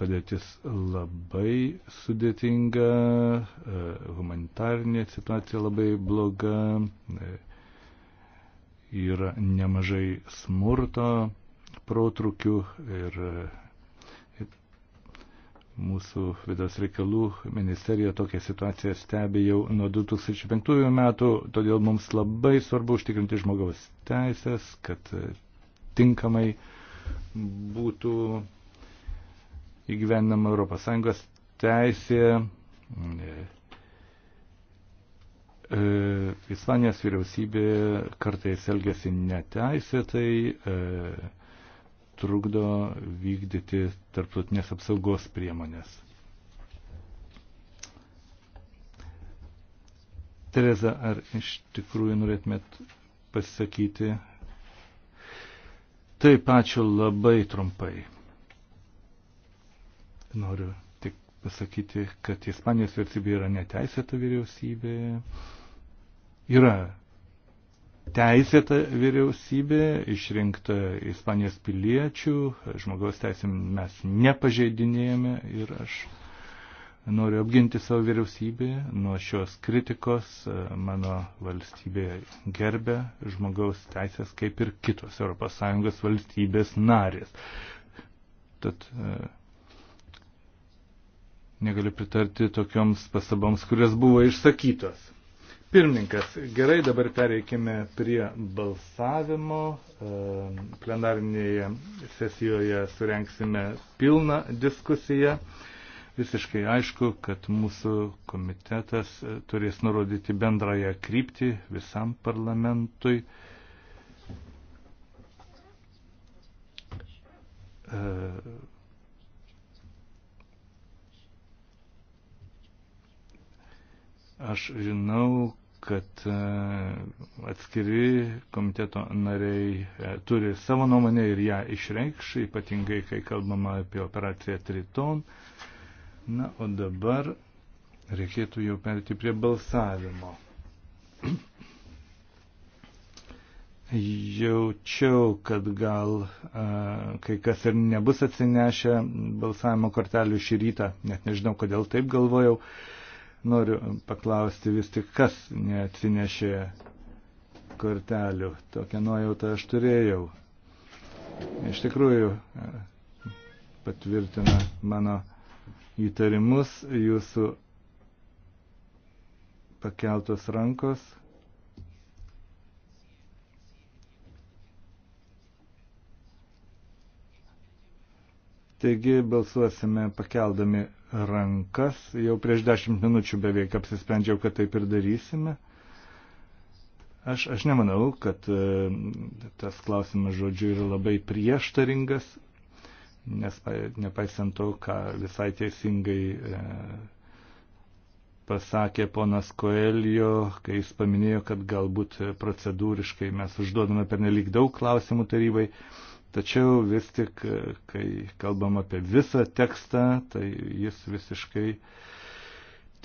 [SPEAKER 2] padėtis labai sudėtinga, humanitarinė situacija labai bloga, yra nemažai smurto protrukių ir Mūsų vidaus reikalų ministerija tokią situaciją stebi jau nuo 2005 metų, todėl mums labai svarbu užtikrinti žmogaus teisės, kad tinkamai būtų įgyvendinama ES teisė. E, Ispanijos vyriausybė kartais elgesi neteisėtai, e, trukdo vykdyti tarptautinės apsaugos priemonės. Tereza, ar iš tikrųjų norėtumėt pasisakyti? Taip, ačiū labai trumpai. Noriu tik pasakyti, kad Ispanijos vyriausybė yra neteisėta vyriausybė. Yra teisėta vyriausybė, išrinkta Ispanijos piliečių, žmogaus teisėm mes nepažeidinėjame ir aš noriu apginti savo vyriausybę nuo šios kritikos. Mano valstybė gerbė žmogaus teisės kaip ir kitos ES valstybės narės. Tad e, negaliu pritarti tokioms pasaboms, kurios buvo išsakytos. Pirmininkas, gerai, dabar pereikime prie balsavimo. E, plenarinėje sesijoje surenksime pilną diskusiją. Visiškai aišku, kad mūsų komitetas turės nurodyti bendrąją kryptį visam parlamentui. E, Aš žinau, kad e, atskiri komiteto nariai e, turi savo nuomonę ir ją išreikš, ypatingai kai kalbama apie operaciją Triton. Na, o dabar reikėtų jau perėti prie balsavimo. Jaučiau, kad gal a, e, kai kas ir nebus atsinešę balsavimo kortelių šį rytą, net nežinau, kodėl taip galvojau. A, Noriu paklausti vis tik, kas neatsinešė kortelių. Tokią nuojautą aš turėjau. Iš tikrųjų, patvirtina mano įtarimus jūsų pakeltos rankos. Taigi balsuosime pakeldami rankas. Jau prieš dešimt minučių beveik apsisprendžiau, kad taip ir darysime. Aš, aš nemanau, kad e, tas klausimas žodžiu yra labai prieštaringas, nes nepaisant to, ką visai teisingai e, pasakė ponas Koelio, kai jis paminėjo, kad galbūt procedūriškai mes užduodame per nelik daug klausimų tarybai. E, Tačiau vis tik, kai kalbam apie visą tekstą, tai jis visiškai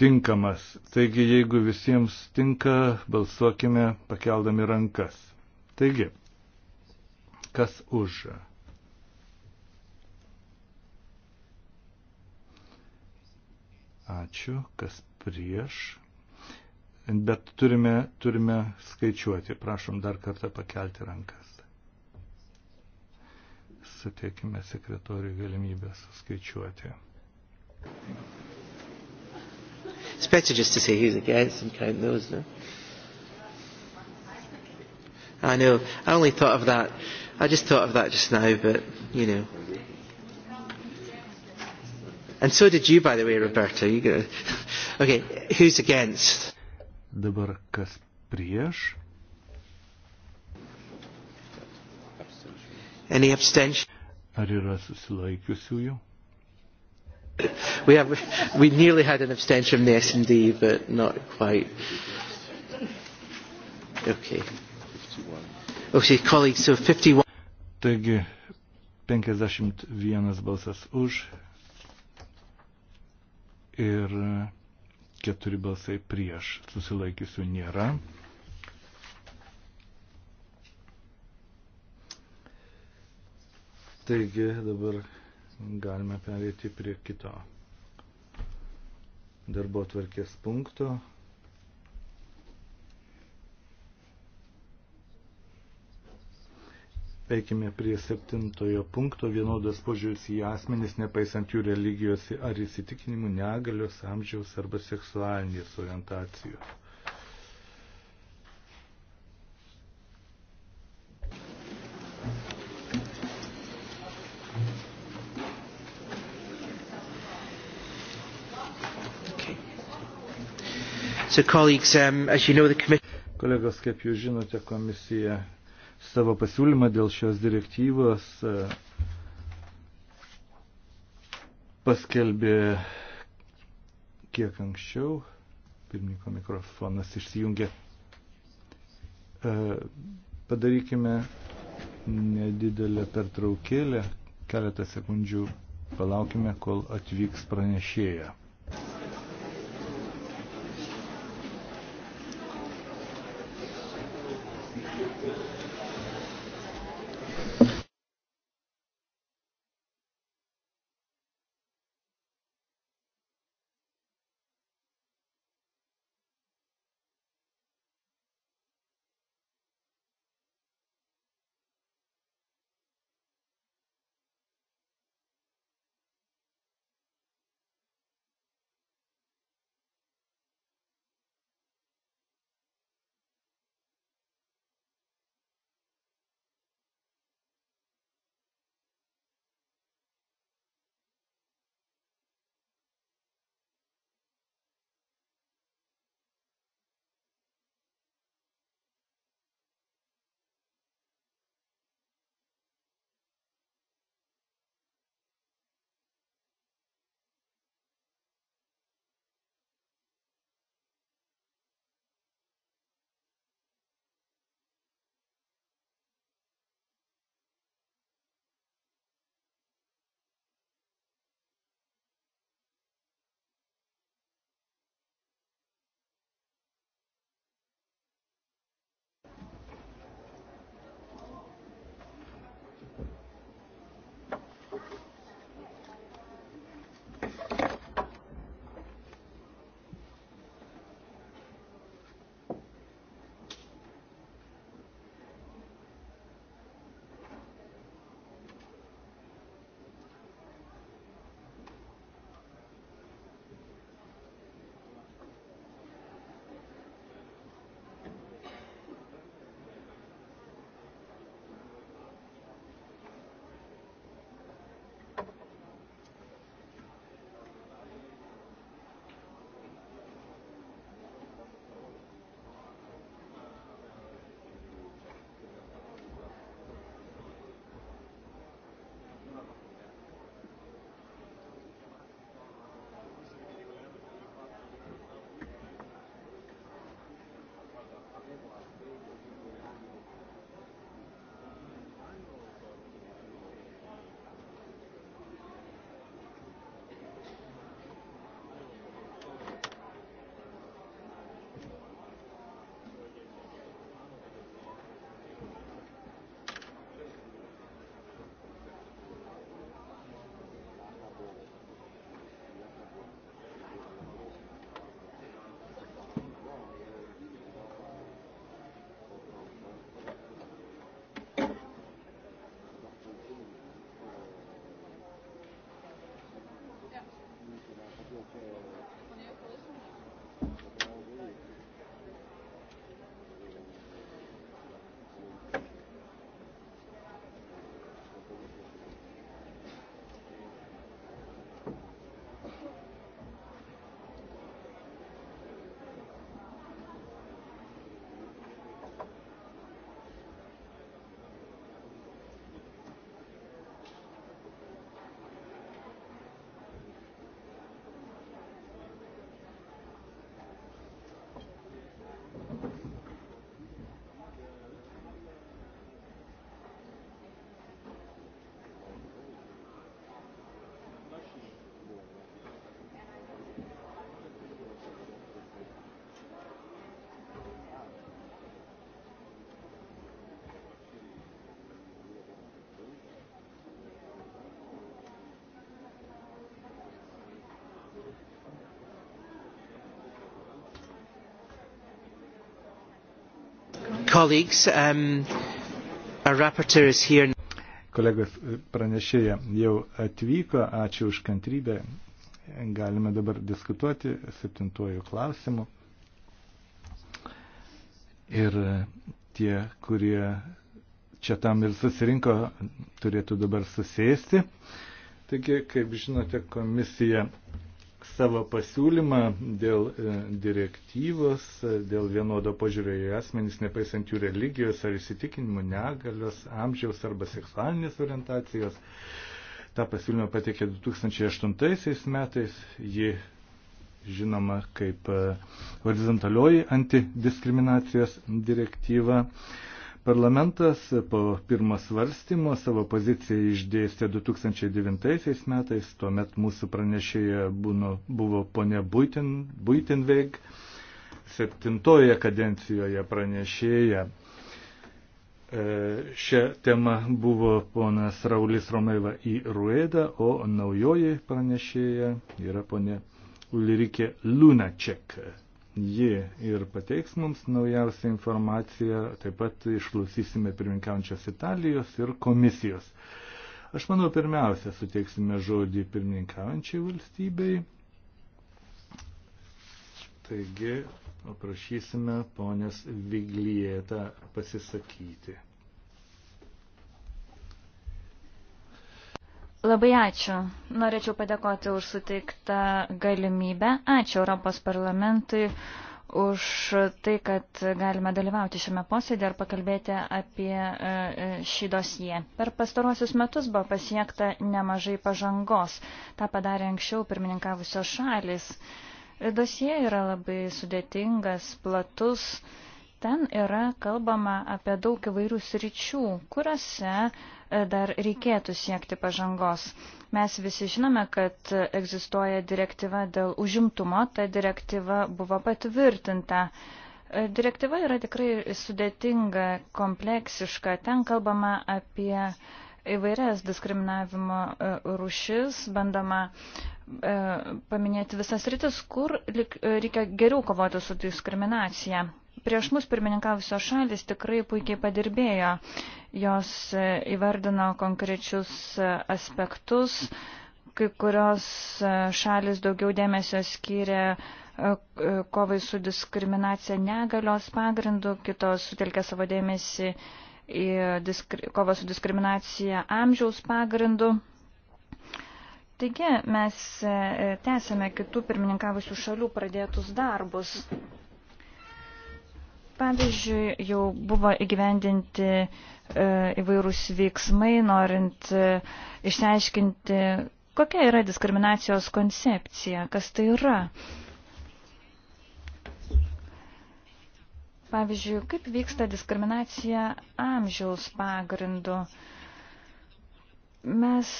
[SPEAKER 2] tinkamas. Taigi, jeigu visiems tinka, balsuokime pakeldami rankas. Taigi, kas už? Ačiū, kas prieš. Bet turime, turime skaičiuoti. Prašom dar kartą pakelti rankas suteikime sekretoriui galimybę suskaičiuoti.
[SPEAKER 1] It's better just to see who's against and count those. No? I know. I only thought of that. I just thought of that just now, but you know. And so did you, by the way, Roberta. You go. okay, who's against? Dabar kas prieš? Any
[SPEAKER 2] abstention? Ar yra susilaikiusiųjų?
[SPEAKER 1] We, have, we nearly had an abstention from the S&D, but not quite. Okay. Okay, oh, colleagues, so 51. Taigi,
[SPEAKER 2] 51 balsas už ir 4 balsai prieš. Susilaikiusių nėra. Taigi dabar galime perėti prie kito darbo tvarkės punkto. Eikime prie septintojo punkto vienodas požiūris į asmenis, nepaisant jų religijos ar įsitikinimų, negalios, amžiaus arba seksualinės orientacijos.
[SPEAKER 1] So colleagues, um, as you know, the commission...
[SPEAKER 2] Kolegos, kaip jūs žinote, komisija savo pasiūlymą dėl šios direktyvos e, paskelbė kiek anksčiau. Pirmininko mikrofonas išsijungė. E, padarykime nedidelę pertraukėlę, keletą sekundžių palaukime, kol atvyks pranešėja.
[SPEAKER 1] Colleagues, um, our rapporteur is here. Kolegos
[SPEAKER 2] pranešėja jau atvyko, ačiū už kantrybę. Galime dabar diskutuoti septintuoju klausimu. Ir tie, kurie čia tam ir susirinko, turėtų dabar susėsti. Taigi, kaip žinote, komisija savo pasiūlymą dėl e, direktyvos, e, dėl vienodo požiūrio į asmenys, nepaisant jų religijos ar įsitikinimų negalios, amžiaus arba seksualinės orientacijos. Ta pasiūlymą patikė 2008 metais, ji žinoma kaip e, horizontalioji antidiskriminacijos direktyva. Parlamentas po pirmo svarstymo savo poziciją išdėstė 2009 metais, tuomet mūsų pranešėja būno, buvo ponė Buitin, Buitinveig, septintoje kadencijoje pranešėja. E, šią temą buvo ponas Raulis Romeva į Ruedą, o naujoji pranešėja yra ponė Ulrike Lunaček ji ir pateiks mums naujausią informaciją, taip pat išklausysime pirmininkiaujančios Italijos ir komisijos. Aš manau, pirmiausia, suteiksime žodį pirmininkaujančiai valstybei. Taigi, paprašysime ponės Viglietą pasisakyti.
[SPEAKER 4] Labai ačiū. Norėčiau padėkoti už suteiktą galimybę. Ačiū Europos parlamentui už tai, kad galime dalyvauti šiame posėdė ir pakalbėti apie e, e, šį dosiją. Per pastarosius metus buvo pasiekta nemažai pažangos. Ta padarė anksčiau pirmininkavusios šalis. Dosija yra labai sudėtingas, platus. Ten yra kalbama apie daug įvairių sričių, kuriuose dar reikėtų siekti pažangos. Mes visi žinome, kad egzistuoja direktyva dėl užimtumo, ta direktyva buvo patvirtinta. Direktyva yra tikrai sudėtinga, kompleksiška. Ten kalbama apie uh, įvairias diskriminavimo e, rušis, bandoma e, paminėti visas rytis, kur e, reikia geriau kovoti su diskriminacija. Prieš mus pirmininkavusios šalis tikrai puikiai padirbėjo, jos įvardino konkrečius aspektus, kai kurios šalis daugiau dėmesio skyrė kovai su diskriminacija negalios pagrindu, kitos sutelkė savo dėmesį į diskri, kovą su diskriminacija amžiaus pagrindu. Taigi mes e, tęsėme kitų pirmininkavusių šalių pradėtus darbus. Pavyzdžiui, jau buvo įgyvendinti e, įvairūs veiksmai, norint e, išsiaiškinti, kokia yra diskriminacijos koncepcija, kas tai yra. Pavyzdžiui, kaip vyksta diskriminacija amžiaus pagrindu. Mes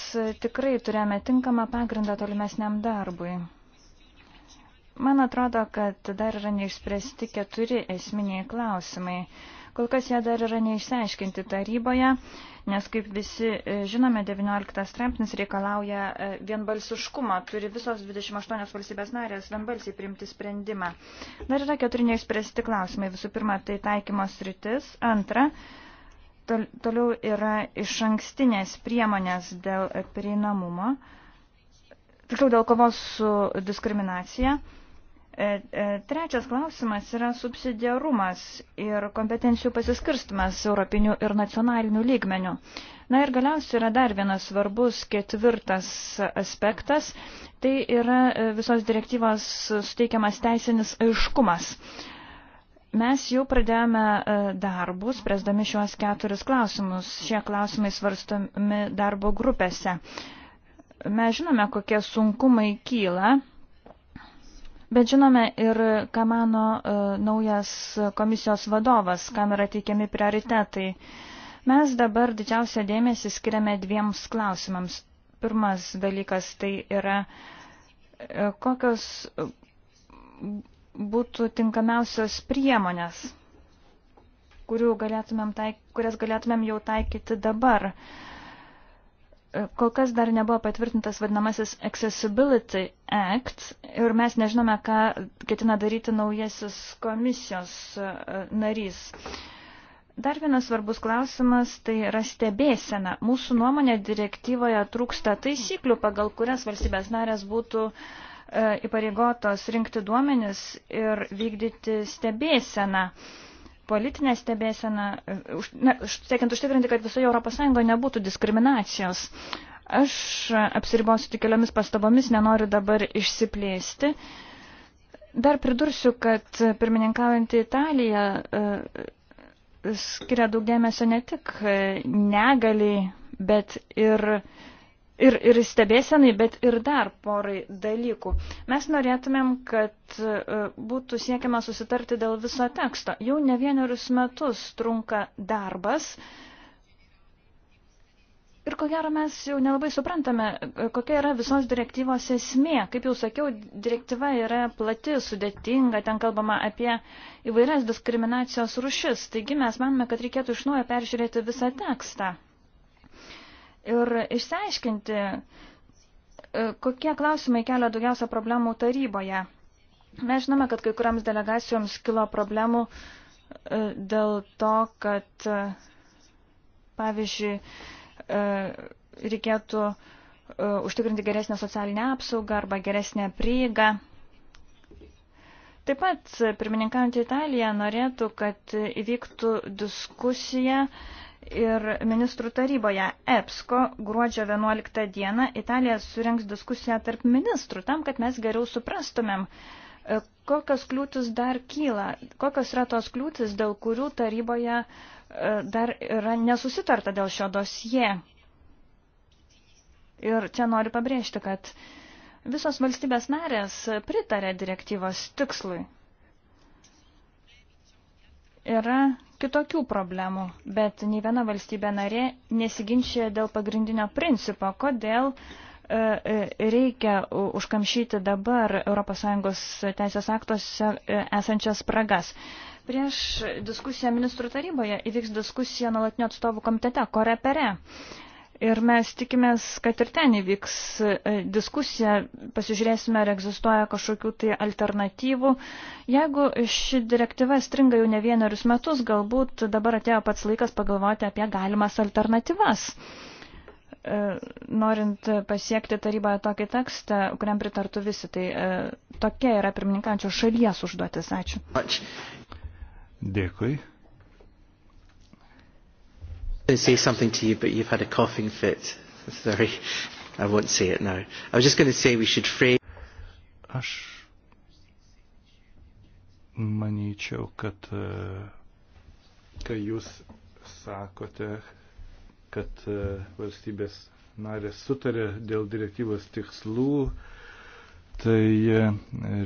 [SPEAKER 4] tikrai turėjome tinkamą pagrindą tolimesniam darbui. Man atrodo, kad dar yra neišspręsti keturi esminiai klausimai. Kol kas jie dar yra neišsiaiškinti taryboje, nes, kaip visi e, žinome, 19 straipsnis reikalauja e, vienbalsiškumą, turi visos 28 valstybės narės vienbalsiai priimti sprendimą. Dar yra keturi neišspręsti klausimai. Visų pirma, tai taikymos rytis. Antra, toliau yra iš ankstinės priemonės dėl prieinamumo, tiksliau dėl kovos su diskriminacija. E, e, trečias klausimas yra subsidiarumas ir kompetencijų pasiskirstimas europinių ir nacionalinių lygmenių. Na ir galiausiai yra dar vienas svarbus ketvirtas aspektas, tai yra e, visos direktyvos suteikiamas teisinis aiškumas. Mes jau pradėjome darbus, presdami šiuos keturis klausimus. Šie klausimai svarstomi darbo grupėse. Mes žinome, kokie sunkumai kyla Bet žinome ir, ką mano e, naujas komisijos vadovas, kam yra teikiami prioritetai. Mes dabar didžiausią dėmesį skiriame dviems klausimams. Pirmas dalykas tai yra, e, kokios būtų tinkamiausios priemonės, galėtumėm taik, kurias galėtumėm jau taikyti dabar. Uh, kol kas dar nebuvo patvirtintas vadinamasis Accessibility Act ir mes nežinome, ką ketina daryti naujasis komisijos e, narys. Dar vienas svarbus klausimas tai yra stebėsena. Mūsų nuomonė direktyvoje trūksta taisyklių, pagal kurias valstybės narės būtų e, įpareigotos rinkti duomenis ir vykdyti stebėseną. E, politinę stebėseną, ne, siekiant užtikrinti, kad visoje ES nebūtų diskriminacijos. Aš apsiribosiu tik keliomis pastabomis, nenoriu dabar išsiplėsti. Dar pridursiu, kad pirmininkaujantį Italiją e, skiria daug dėmesio ne tik e, negaliai, bet ir uh, ir, ir stebėsenai, bet ir dar porai dalykų. Mes norėtumėm, kad e, būtų siekiama susitarti dėl viso teksto. Jau ne vienerius metus trunka darbas. Ir ko gero mes jau nelabai suprantame, e, kokia yra visos direktyvos esmė. Kaip jau sakiau, direktyva yra plati, sudėtinga, ten kalbama apie įvairias diskriminacijos rušis. Taigi mes manome, kad reikėtų iš naujo peržiūrėti visą tekstą ir išsiaiškinti, e, kokie klausimai kelia daugiausia problemų taryboje. Mes žinome, kad kai kuriams delegacijoms kilo problemų e, dėl to, kad, e, pavyzdžiui, reikėtų užtikrinti geresnę socialinę apsaugą arba geresnę prieigą. Taip pat pirmininkaujant Italiją norėtų, kad įvyktų diskusija uh, ir ministrų taryboje EPSCO gruodžio 11 dieną Italija surinks diskusiją tarp ministrų tam, kad mes geriau suprastumėm, e, kokios kliūtis dar kyla, kokios yra tos kliūtis, dėl kurių taryboje e, dar yra nesusitarta dėl šio dosie. Ir čia noriu pabrėžti, kad visos valstybės narės pritarė direktyvos tikslui. Yra kitokių problemų, bet nei viena valstybė narė nesiginčia dėl pagrindinio principo, kodėl e, e, reikia užkamšyti dabar ES teisės aktuose e, esančias spragas. Prieš diskusiją ministrų taryboje įvyks diskusija nuolatinio atstovų komitete, korepere. pere ir mes tikimės, kad ir ten įvyks e, diskusija, pasižiūrėsime, ar egzistuoja kažkokių tai alternatyvų. Jeigu ši direktyva stringa jau ne vienerius metus, galbūt dabar atėjo pats laikas pagalvoti apie galimas alternatyvas. E, norint pasiekti taryboje tokį tekstą, kuriam pritartų visi, tai e, tokia yra pirmininkančio šalies užduotis.
[SPEAKER 2] Ačiū.
[SPEAKER 1] Dėkui say something to you, but you've had a coughing fit. Sorry, I won't say it now. I was just going to say we should phrase. Aš manyčiau, kad e,
[SPEAKER 2] kai jūs sakote, kad e, valstybės narės sutarė dėl direktyvos tikslų, tai e,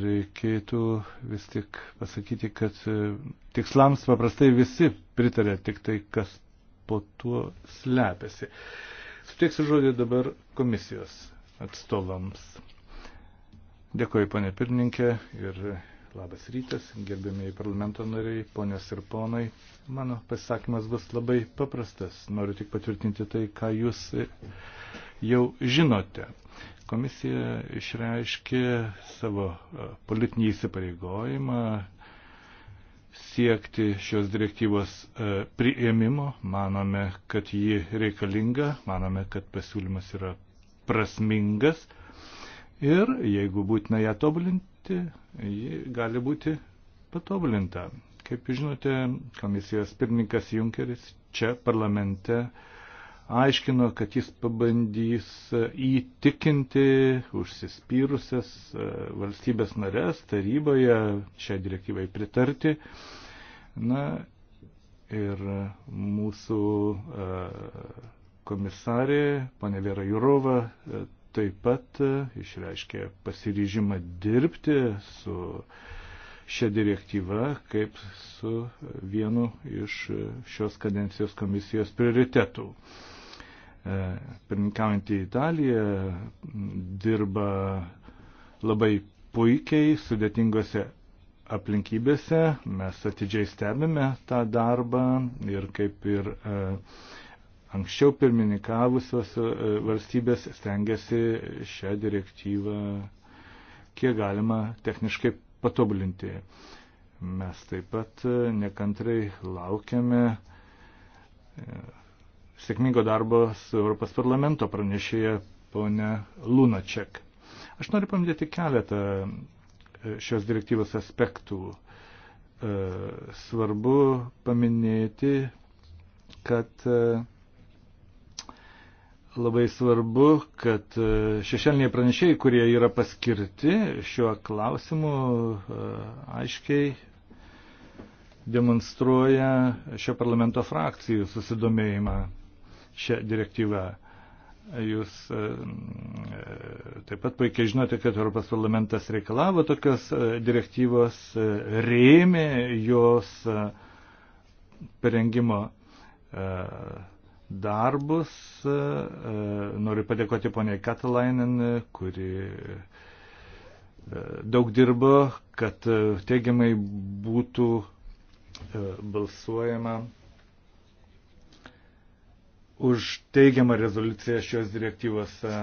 [SPEAKER 2] reikėtų vis tik pasakyti, kad tikslams paprastai visi pritarė, tik tai kas po tuo slepiasi. Suteiksiu žodį dabar komisijos atstovams. Dėkoju, ponė pirmininkė, ir labas rytas, gerbėmiai parlamento nariai, ponės ir ponai. Mano pasakymas bus labai paprastas. Noriu tik patvirtinti tai, ką jūs jau žinote. Komisija išreiškė savo politinį įsipareigojimą siekti šios direktyvos e, priėmimo. Manome, kad ji reikalinga, manome, kad pasiūlymas yra prasmingas ir jeigu būtina ją tobulinti, ji gali būti patobulinta. Kaip žinote, komisijos pirmininkas Junkeris čia parlamente uh, aiškino, kad jis pabandys įtikinti užsispyrusias e, valstybės narės taryboje šią direktyvai pritarti. Na ir mūsų e, komisarė, ponė Vera Jurova, e, taip pat išreiškė pasiryžimą dirbti su šią direktyvą kaip su vienu iš šios kadencijos komisijos prioritetų. E, pirminkaujantį Italiją dirba labai puikiai sudėtingose aplinkybėse. Mes atidžiai stebime tą darbą ir kaip ir e, anksčiau pirmininkavusios e, valstybės stengiasi šią direktyvą kiek galima techniškai patobulinti. Mes taip pat nekantrai laukiame sėkmingo darbo su Europos parlamento pranešėja ponia Lunaček. Aš noriu paminėti keletą e, šios direktyvos aspektų. E, svarbu paminėti, kad e, labai svarbu, kad šešelniai pranešėjai, kurie yra paskirti šiuo klausimu, aiškiai demonstruoja šio parlamento frakcijų susidomėjimą šią direktyvą. Jūs e, e, taip pat puikiai žinote, kad Europos parlamentas reikalavo tokios e, direktyvos, rėmė jos parengimo darbus. Noriu padėkoti poniai Katalainen, kuri daug dirbo, kad teigiamai būtų balsuojama už teigiamą rezoliuciją šios direktyvos e,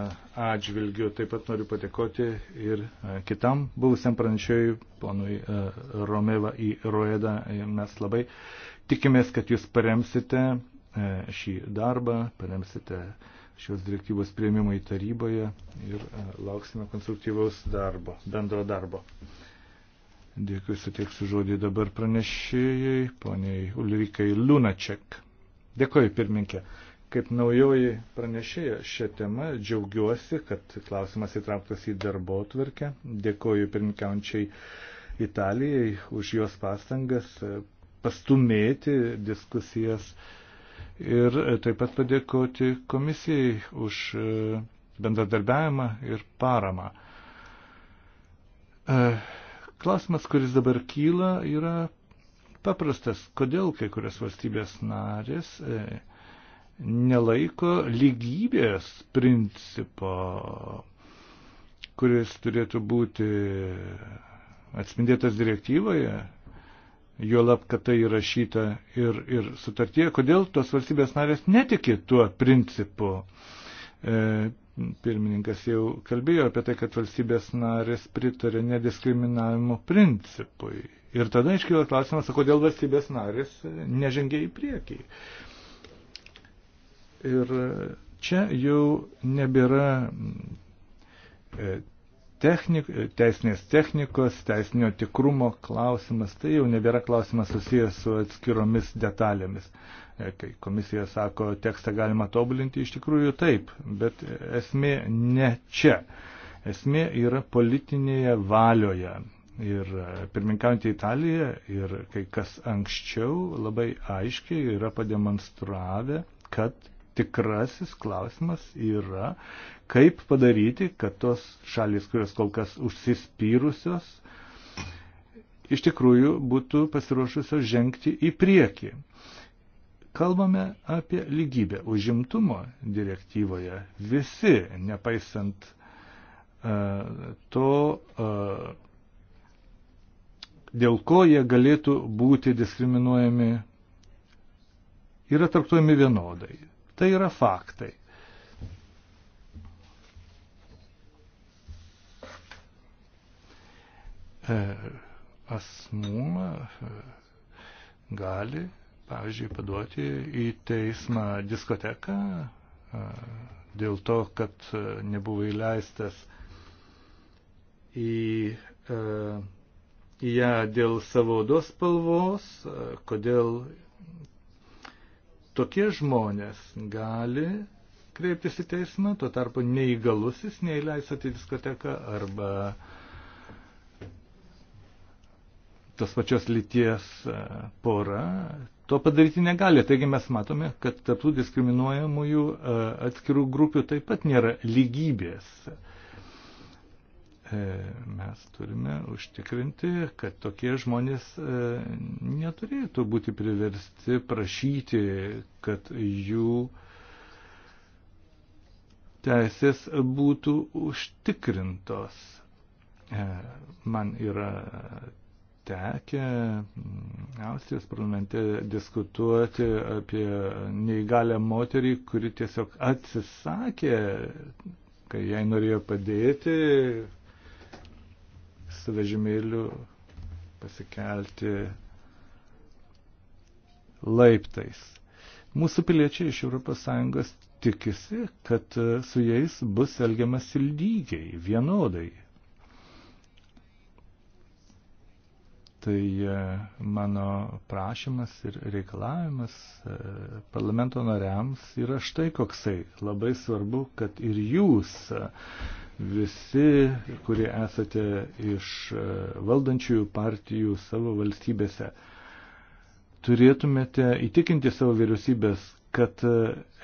[SPEAKER 2] atžvilgiu. Taip pat noriu patekoti ir e, kitam buvusiam pranešėjui, ponui e, Romeva į Roedą. Mes labai tikimės, kad jūs paremsite šį darbą, paremsite šios direktyvos prieimimą į taryboje ir lauksime konstruktyvaus darbo, bendro darbo. Dėkui, suteiksiu žodį dabar pranešėjai, poniai Ulrikai Lunaček. Dėkui, pirminkė. Kaip naujoji pranešėja šią temą džiaugiuosi, kad klausimas įtrauktas į darbo tvarkę. Dėkoju pirmkiaučiai Italijai už jos pastangas e, pastumėti diskusijas ir e, taip pat padėkoti komisijai už e, bendradarbiavimą ir paramą. Klausimas, kuris dabar kyla, yra paprastas. Kodėl kai kurias valstybės narės nelaiko lygybės principo, kuris turėtų būti atspindėtas direktyvoje, juolab, kad tai įrašyta ir, ir sutartyje, kodėl tos valstybės narės netiki tuo principu. E, pirmininkas jau kalbėjo apie tai, kad valstybės narės pritarė nediskriminavimo principui. Ir tada iškyla klausimas, kodėl valstybės narės nežengia į priekį. E, Ir čia jau nebėra e, technik, e, teisinės technikos, teisinio tikrumo klausimas, tai jau nebėra klausimas susijęs su atskiromis detalėmis. E, kai komisija sako, tekstą galima tobulinti, iš tikrųjų taip, bet esmė ne čia. Esmė yra politinėje valioje. Ir pirminkaujant į Italiją ir kai kas anksčiau labai aiškiai yra pademonstravę, kad tikrasis klausimas yra, kaip padaryti, kad tos šalis, kurios kol kas užsispyrusios, iš tikrųjų būtų pasiruošusios žengti į priekį. Kalbame apie lygybę. Užimtumo direktyvoje visi, nepaisant uh, to, uh, dėl ko jie galėtų būti diskriminuojami, yra traktuojami vienodai. Tai yra faktai. E, asmuo e, gali, pavyzdžiui, paduoti į teismą diskoteką e, dėl to, kad nebuvo įleistas į, į ją dėl savo odos spalvos, kodėl Tokie žmonės gali kreiptis į teismą, tuo tarpu neįgalusis neįleisat į diskoteką arba tos pačios lyties e, pora to padaryti negali. Taigi mes matome, kad tarptų diskriminuojamųjų e, atskirų grupių taip pat nėra lygybės. E, mes turime užtikrinti, kad tokie žmonės e, neturėtų būti priversti prašyti, kad jų teisės būtų užtikrintos. E, man yra tekę Austrijos parlamente diskutuoti apie neįgalę moterį, kuri tiesiog atsisakė kai jai norėjo padėti, su vežimėliu pasikelti laiptais. Mūsų piliečiai iš ES tikisi, kad su jais bus elgiamas lygiai, vienodai. Tai e, mano prašymas ir reikalavimas e, parlamento nariams yra štai koksai. Labai svarbu, kad ir jūs visi, kurie esate iš e, valdančiųjų partijų savo valstybėse, turėtumėte įtikinti savo vyriausybės, kad e,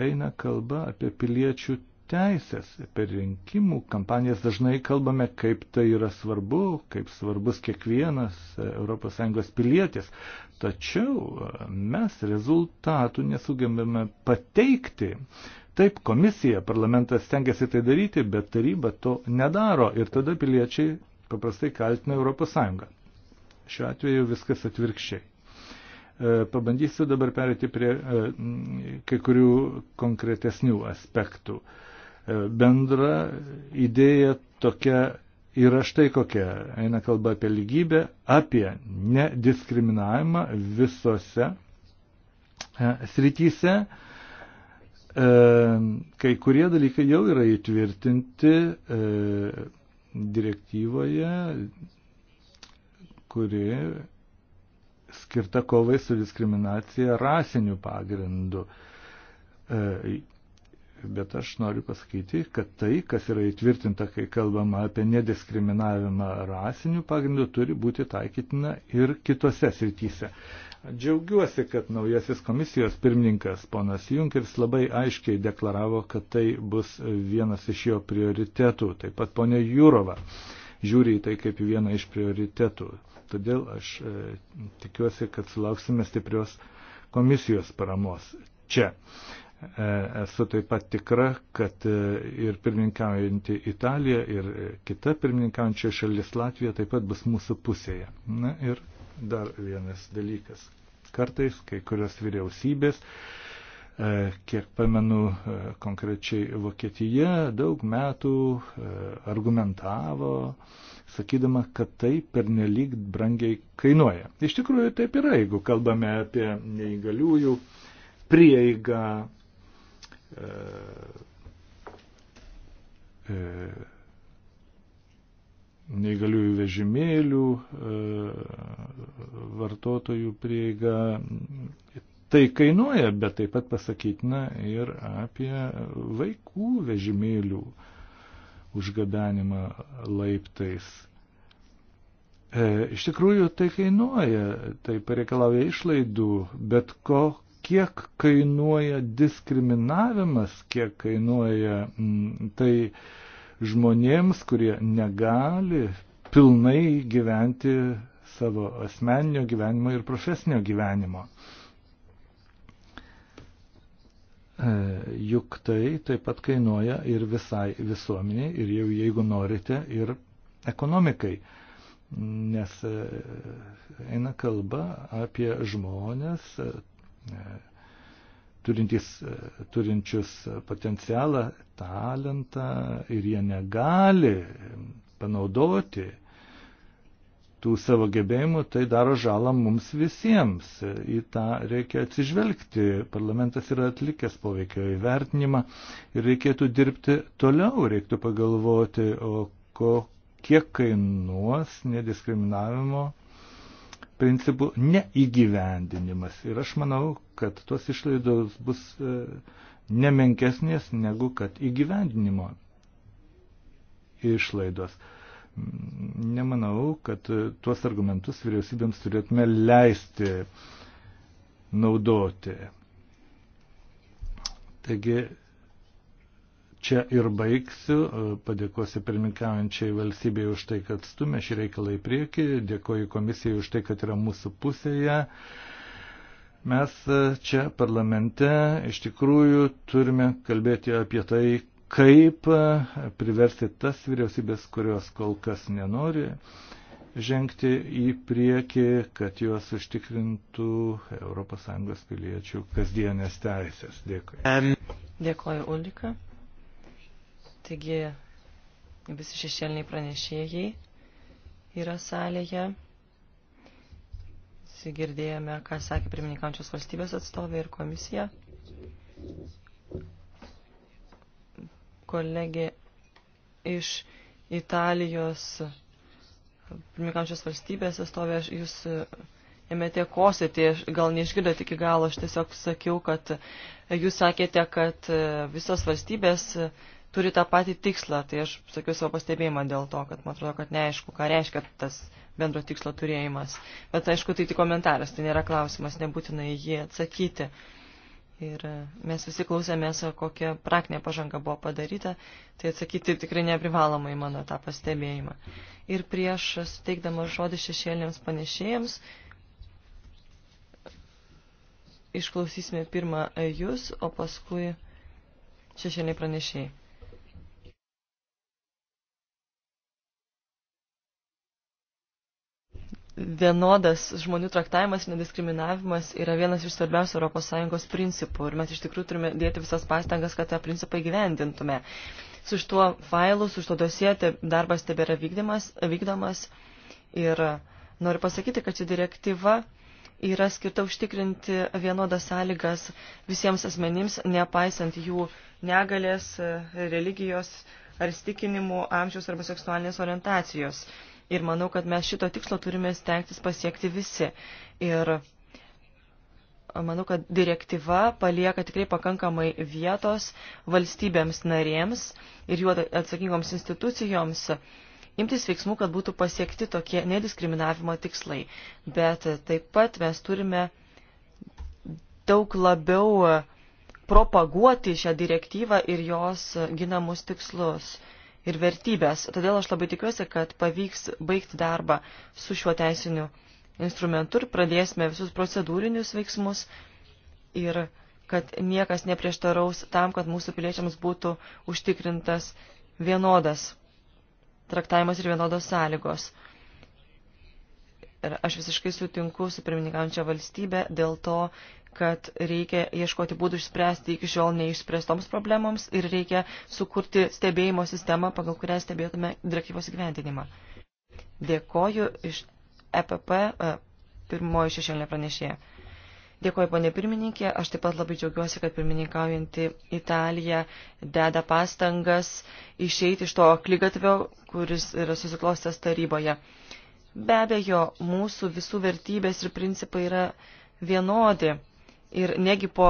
[SPEAKER 2] eina kalba apie piliečių teisės. Per rinkimų kampanijas dažnai kalbame, kaip tai yra svarbu, kaip svarbus kiekvienas e, ES pilietis. Tačiau mes rezultatų nesugebame pateikti. Taip, komisija, parlamentas stengiasi tai daryti, bet taryba to nedaro ir tada piliečiai paprastai kaltina ES. Šiuo atveju viskas atvirkščiai. E, pabandysiu dabar perėti prie e, kai kurių konkretesnių aspektų. E, bendra idėja tokia yra štai kokia. Eina kalba apie lygybę, apie nediskriminavimą visose srityse. E, E, kai kurie dalykai jau yra įtvirtinti e, direktyvoje, kuri skirta kovai su diskriminacija rasiniu pagrindu. E, bet aš noriu pasakyti, kad tai, kas yra įtvirtinta, kai kalbama apie nediskriminavimą rasiniu pagrindu, turi būti taikytina ir kitose srityse. Džiaugiuosi, kad naujasis komisijos pirmininkas ponas Junkeris labai aiškiai deklaravo, kad tai bus vienas iš jo prioritetų. Taip pat ponė Jūrova žiūri į tai kaip vieną iš prioritetų. Todėl aš e, tikiuosi, kad sulauksime stiprios komisijos paramos čia. E, esu taip pat tikra, kad e, ir pirmininkaujanti Italija, ir kita pirmininkaujančia šalis Latvija taip pat bus mūsų pusėje. Na ir dar vienas dalykas. Kartais kai kurios vyriausybės, e, kiek pamenu e, konkrečiai Vokietija, daug metų e, argumentavo, sakydama, kad tai pernelyg brangiai kainuoja. Iš tikrųjų taip yra, jeigu kalbame apie neįgaliųjų prieigą e, e, neįgaliųjų vežimėlių, e, vartotojų prieiga. Tai kainuoja, bet taip pat pasakytina ir apie vaikų vežimėlių užgabenimą laiptais. E, iš tikrųjų, tai kainuoja, tai pareikalauja išlaidų, bet ko, kiek kainuoja diskriminavimas, kiek kainuoja m, mm, tai e, žmonėms, kurie negali pilnai gyventi savo asmeninio gyvenimo ir profesinio gyvenimo. E, juk tai taip pat kainuoja ir visai visuomeniai, ir jau jeigu norite, ir ekonomikai. Nes e, eina kalba apie žmonės, e, turintys, turinčius potencialą, talentą ir jie negali panaudoti tų savo gebėjimų, tai daro žalą mums visiems. Į tą reikia atsižvelgti. Parlamentas yra atlikęs poveikio įvertinimą ir reikėtų dirbti toliau, reiktų pagalvoti, o ko, kiek kainuos nediskriminavimo principų neįgyvendinimas. Ir aš manau, kad tos išlaidos bus e, nemenkesnės negu kad įgyvendinimo išlaidos. Mm, nemanau, kad e, tuos argumentus vyriausybėms turėtume leisti naudoti. Taigi čia ir baigsiu. Padėkosiu pirmininkaujančiai valstybei už tai, kad stumė šį reikalą į priekį. Dėkoju komisijai už tai, kad yra mūsų pusėje. Mes čia parlamente iš tikrųjų turime kalbėti apie tai, kaip priversti tas vyriausybės, kurios kol kas nenori žengti į priekį, kad juos užtikrintų ES piliečių kasdienės teisės. Dėkui.
[SPEAKER 3] Dėkoju, Ulrika. Taigi visi šešėliniai pranešėjai yra salėje. Sigirdėjome, ką sakė pirmininkančios valstybės atstovė ir komisija. Kolegė iš Italijos pirmininkančios valstybės atstovė, jūs ėmėte kosėti, gal neišgirdote iki galo, aš tiesiog sakiau, kad jūs sakėte, kad visos valstybės turi tą patį tikslą, tai aš sakiau savo pastebėjimą dėl to, kad man atrodo, kad neaišku, ką reiškia tas bendro tikslo turėjimas. Bet aišku, tai tik komentaras, tai nėra klausimas, nebūtinai jį atsakyti. Ir e, mes visi klausėmės, e, kokia praktinė pažanga buvo padaryta, tai atsakyti tikrai neprivalomai mano tą pastebėjimą. Ir prieš suteikdama žodį šešėlėms panešėjams, išklausysime pirmą e, jūs, o paskui šešėliai pranešėjai. vienodas žmonių traktavimas, nediskriminavimas yra vienas iš svarbiausių ES principų ir mes iš tikrųjų turime dėti visas pastangas, kad tą principą įgyvendintume. Su šituo failu, su šituo dosiete darbas tebėra vykdymas, vykdomas ir noriu pasakyti, kad ši direktyva yra skirta užtikrinti vienodas sąlygas visiems asmenims, nepaisant jų negalės, religijos ar stikinimų, amžiaus arba seksualinės orientacijos. Ir manau, kad mes šito tikslo turime stengtis pasiekti visi. Ir manau, kad direktyva palieka tikrai pakankamai vietos valstybėms narėms ir jų atsakingoms institucijoms imtis veiksmų, kad būtų pasiekti tokie nediskriminavimo tikslai. Bet taip pat mes turime daug labiau propaguoti šią direktyvą ir jos ginamus tikslus ir vertybės. Todėl aš labai tikiuosi, kad pavyks baigti darbą su šiuo teisiniu instrumentu ir pradėsime visus procedūrinius veiksmus ir kad niekas neprieštaraus tam, kad mūsų piliečiams būtų užtikrintas vienodas traktavimas ir vienodos sąlygos. Ir aš visiškai sutinku su pirmininkaujančia valstybė dėl to, kad reikia ieškoti būdų išspręsti iki šiol neišspręstoms problemoms ir reikia sukurti stebėjimo sistemą, pagal kurią stebėtume direktyvos įgyvendinimą. Dėkoju iš EPP e, pirmoji šešėlė pranešėja. Dėkoju, ponė pirmininkė. Aš taip pat labai džiaugiuosi, kad pirmininkaujanti Italija deda pastangas išeiti iš to aklygatvio, kuris yra susiklostęs taryboje. Be abejo, mūsų visų vertybės ir principai yra vienodi. Ir negi po,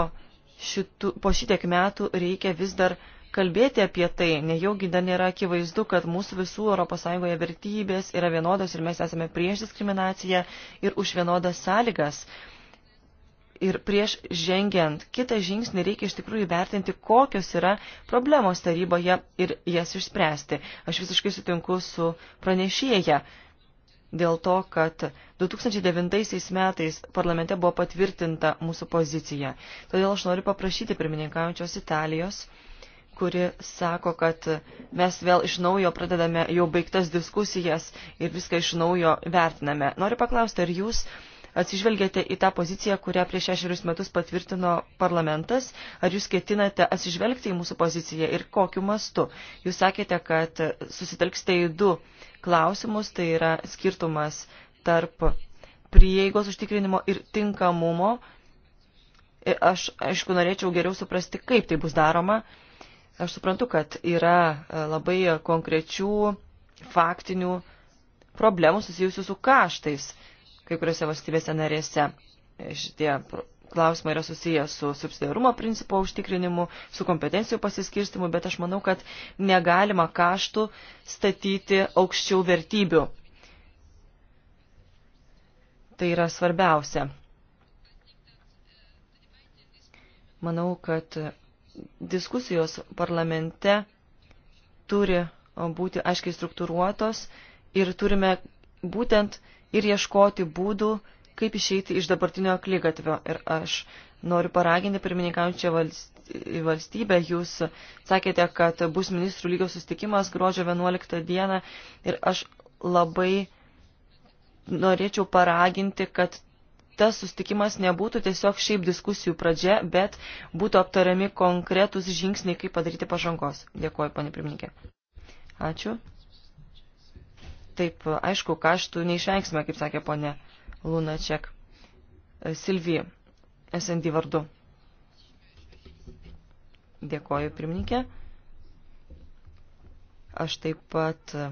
[SPEAKER 3] šitų, po šitiek metų reikia vis dar kalbėti apie tai, nejaugi dar nėra akivaizdu, kad mūsų visų ES vertybės yra vienodos ir mes esame prieš diskriminaciją ir už vienodas sąlygas. Ir prieš žengiant kitą žingsnį reikia iš tikrųjų vertinti, kokios yra problemos taryboje ir jas išspręsti. Aš visiškai sutinku su pranešėja dėl to, kad 2009 metais parlamente buvo patvirtinta mūsų pozicija. Todėl aš noriu paprašyti pirmininkaujančios Italijos, kuri sako, kad mes vėl iš naujo pradedame jau baigtas diskusijas ir viską iš naujo vertiname. Noriu paklausti, ar jūs atsižvelgėte į tą poziciją, kurią prieš šešerius metus patvirtino parlamentas, ar jūs ketinate atsižvelgti į mūsų poziciją ir kokiu mastu? Jūs sakėte, kad susitelksite į du klausimus, tai yra skirtumas tarp prieigos užtikrinimo ir tinkamumo. E, aš, aišku, norėčiau geriau suprasti, kaip tai bus daroma. Aš suprantu, kad yra e, labai konkrečių faktinių problemų susijusių su kaštais kai kuriuose valstybėse narėse. E, šitie klausimai yra susijęs su subsidiarumo principo užtikrinimu, su kompetencijų pasiskirstimu, bet aš manau, kad negalima kaštų statyti aukščiau vertybių. Tai yra svarbiausia. Manau, kad diskusijos parlamente turi būti aiškiai struktūruotos ir turime būtent ir ieškoti būdų kaip išeiti iš dabartinio aklygatvio. Ir aš noriu paraginti pirmininkaujančią valstybę. Jūs sakėte, kad bus ministrų lygio sustikimas gruodžio 11 dieną ir aš labai norėčiau paraginti, kad tas sustikimas nebūtų tiesiog šiaip diskusijų pradžia, bet būtų aptariami konkretus žingsniai, kaip padaryti pažangos. Dėkuoju, panė pirmininkė. Ačiū. Taip, aišku, kaštų neišvengsime, kaip sakė ponė Lunaček. E, Silvi, SND vardu. Dėkoju, pirmininkė. Aš taip pat e,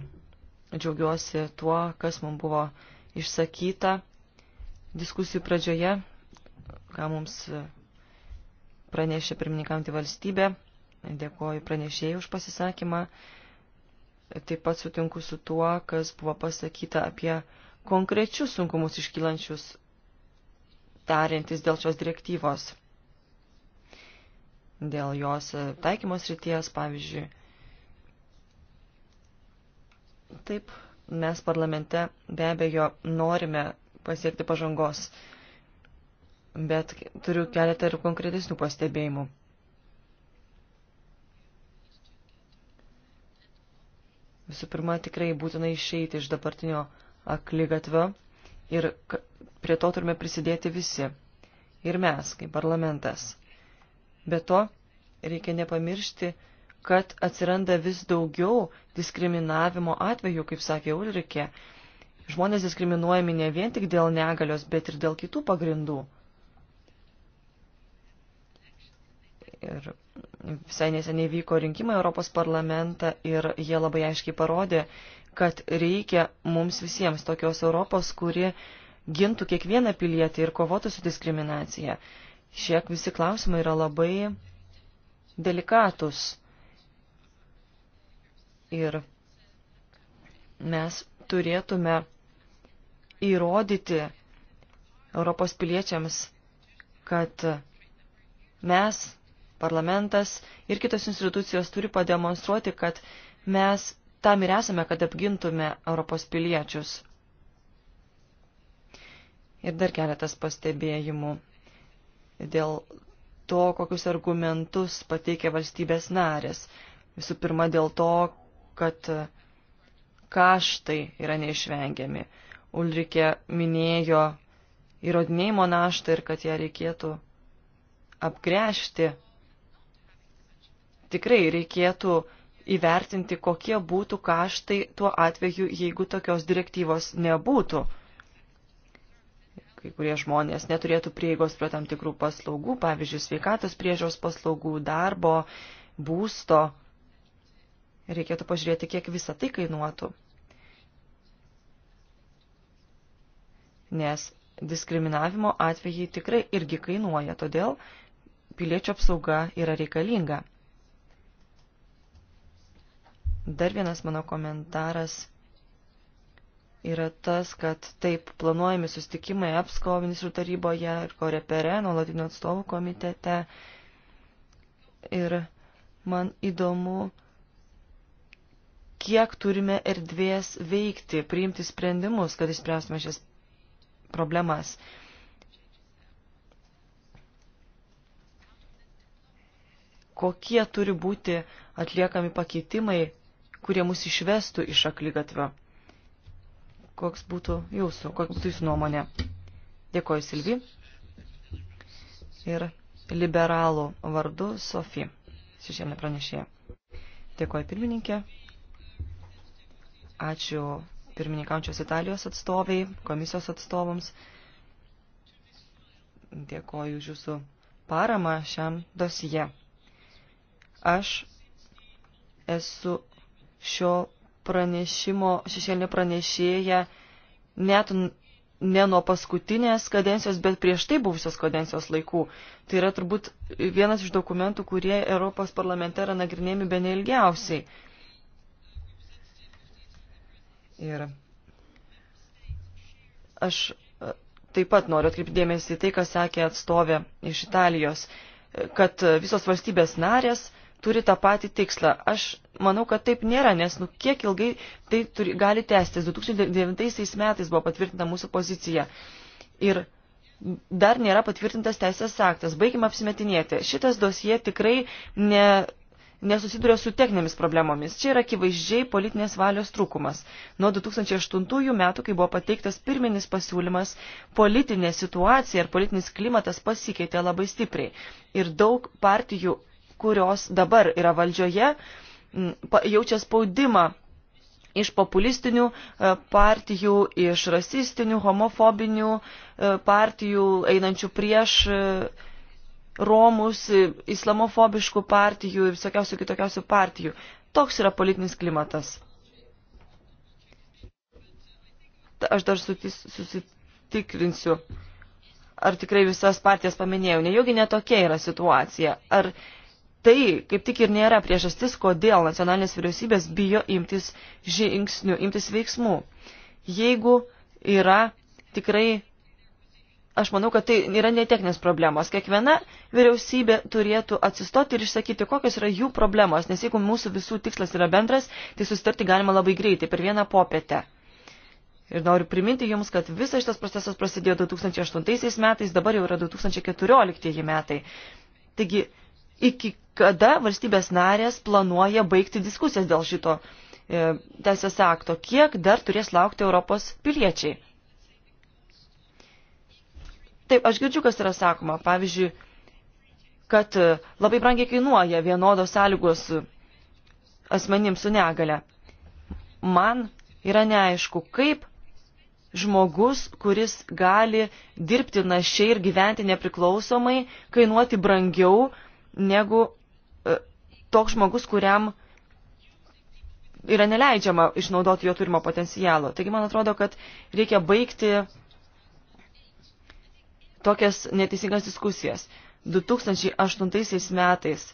[SPEAKER 3] džiaugiuosi tuo, kas mums buvo išsakyta diskusijų pradžioje, ką mums e, pranešė pirmininkantį valstybę. Dėkoju pranešėjai už pasisakymą. Taip pat sutinku su tuo, kas buvo pasakyta apie konkrečius sunkumus iškylančius tarintis dėl šios direktyvos, dėl jos taikymos ryties, pavyzdžiui. Taip, mes parlamente be abejo norime pasiekti pažangos, bet turiu keletą ir konkretesnių pastebėjimų. Visų pirma, tikrai būtina išeiti iš dabartinio aklygatvio ir prie to turime prisidėti visi. Ir mes, kaip parlamentas. Be to, reikia nepamiršti, kad atsiranda vis daugiau diskriminavimo atvejų, kaip sakė Ulrike. Žmonės diskriminuojami ne vien tik dėl negalios, bet ir dėl kitų pagrindų. Ir visai neseniai vyko rinkimai Europos parlamentą ir jie labai aiškiai parodė, kad reikia mums visiems tokios Europos, kuri gintų kiekvieną pilietį ir kovotų su diskriminacija. Šie visi klausimai yra labai delikatus. Ir mes turėtume įrodyti Europos piliečiams, kad mes, parlamentas ir kitos institucijos turi pademonstruoti, kad mes tam ir esame, kad apgintume Europos piliečius. Ir dar keletas pastebėjimų dėl to, kokius argumentus pateikia valstybės narės. Visų pirma, dėl to, kad kaštai yra neišvengiami. Ulrike minėjo įrodinėjimo naštą ir kad ją reikėtų apgręžti. Tikrai reikėtų įvertinti, kokie būtų kaštai tuo atveju, jeigu tokios direktyvos nebūtų. Kai kurie žmonės neturėtų prieigos prie tam tikrų paslaugų, pavyzdžiui, sveikatos priežiaus paslaugų, darbo, būsto. Reikėtų pažiūrėti, kiek visą tai kainuotų. Nes diskriminavimo atvejai tikrai irgi kainuoja, todėl piliečio apsauga yra reikalinga. Dar vienas mano komentaras yra tas, kad taip planuojami sustikimai EPSCO ministrų taryboje ir korepere, nuolatinio atstovų komitete. Ir man įdomu, kiek turime erdvės veikti, priimti sprendimus, kad išspręstume šias problemas. Kokie turi būti atliekami pakeitimai kurie mus išvestų iš aklygatvio. Koks būtų jūsų, koks būtų jūsų nuomonė? Dėkoju Silvi. Ir liberalų vardu Sofi, šešėlė pranešėja. Dėkoju pirmininkė. Ačiū pirmininkaujančios Italijos atstoviai, komisijos atstovams. Dėkoju už jūsų paramą šiam dosije. Aš esu šio pranešimo šešėlinį pranešėją net ne nuo paskutinės kadencijos, bet prieš tai buvusios kadencijos laikų. Tai yra turbūt vienas iš dokumentų, kurie Europos parlamente yra nagrinėjami be neilgiausiai. Ir aš e, taip pat noriu atkreipti dėmesį į tai, ką sakė atstovė iš Italijos, kad visos valstybės narės turi tą patį tikslą. Aš manau, kad taip nėra, nes nu, kiek ilgai tai turi, gali tęstis. 2009 metais buvo patvirtinta mūsų pozicija. Ir dar nėra patvirtintas teisės aktas. Baigime apsimetinėti. Šitas dosie tikrai ne, nesusiduria su techninėmis problemomis. Čia yra akivaizdžiai politinės valios trūkumas. Nuo 2008 metų, kai buvo pateiktas pirminis pasiūlymas, politinė situacija ir politinis klimatas pasikeitė labai stipriai. Ir daug partijų kurios dabar yra valdžioje, jaučia spaudimą iš populistinių e, partijų, iš rasistinių, homofobinių e, partijų, einančių prieš e, Romus, islamofobiškų partijų ir visokiausių kitokiausių partijų. Toks yra politinis klimatas. Aš dar susitikrinsiu, ar tikrai visas partijas paminėjau. Nejaugi netokia yra situacija. Ar tai kaip tik ir nėra priežastis, kodėl nacionalinės vyriausybės bijo imtis žingsnių, imtis veiksmų. Jeigu yra tikrai, aš manau, kad tai yra neteknės problemos. Kiekviena vyriausybė turėtų atsistoti ir išsakyti, kokios yra jų problemos, nes jeigu mūsų visų tikslas yra bendras, tai sustarti galima labai greitai, per vieną popietę. Ir noriu priminti Jums, kad visas šitas procesas prasidėjo 2008 metais, dabar jau yra 2014 metai. Taigi, iki kada valstybės narės planuoja baigti diskusijas dėl šito e, teisės akto, kiek dar turės laukti Europos piliečiai. Taip, aš girdžiu, kas yra sakoma. Pavyzdžiui, kad e, labai brangiai kainuoja vienodos sąlygos asmenim su negale. Man yra neaišku, kaip žmogus, kuris gali dirbti našiai ir gyventi nepriklausomai, kainuoti brangiau negu E, toks žmogus, kuriam yra neleidžiama išnaudoti jo turimo potencialo. Taigi, man atrodo, kad reikia baigti tokias neteisingas diskusijas. 2008 metais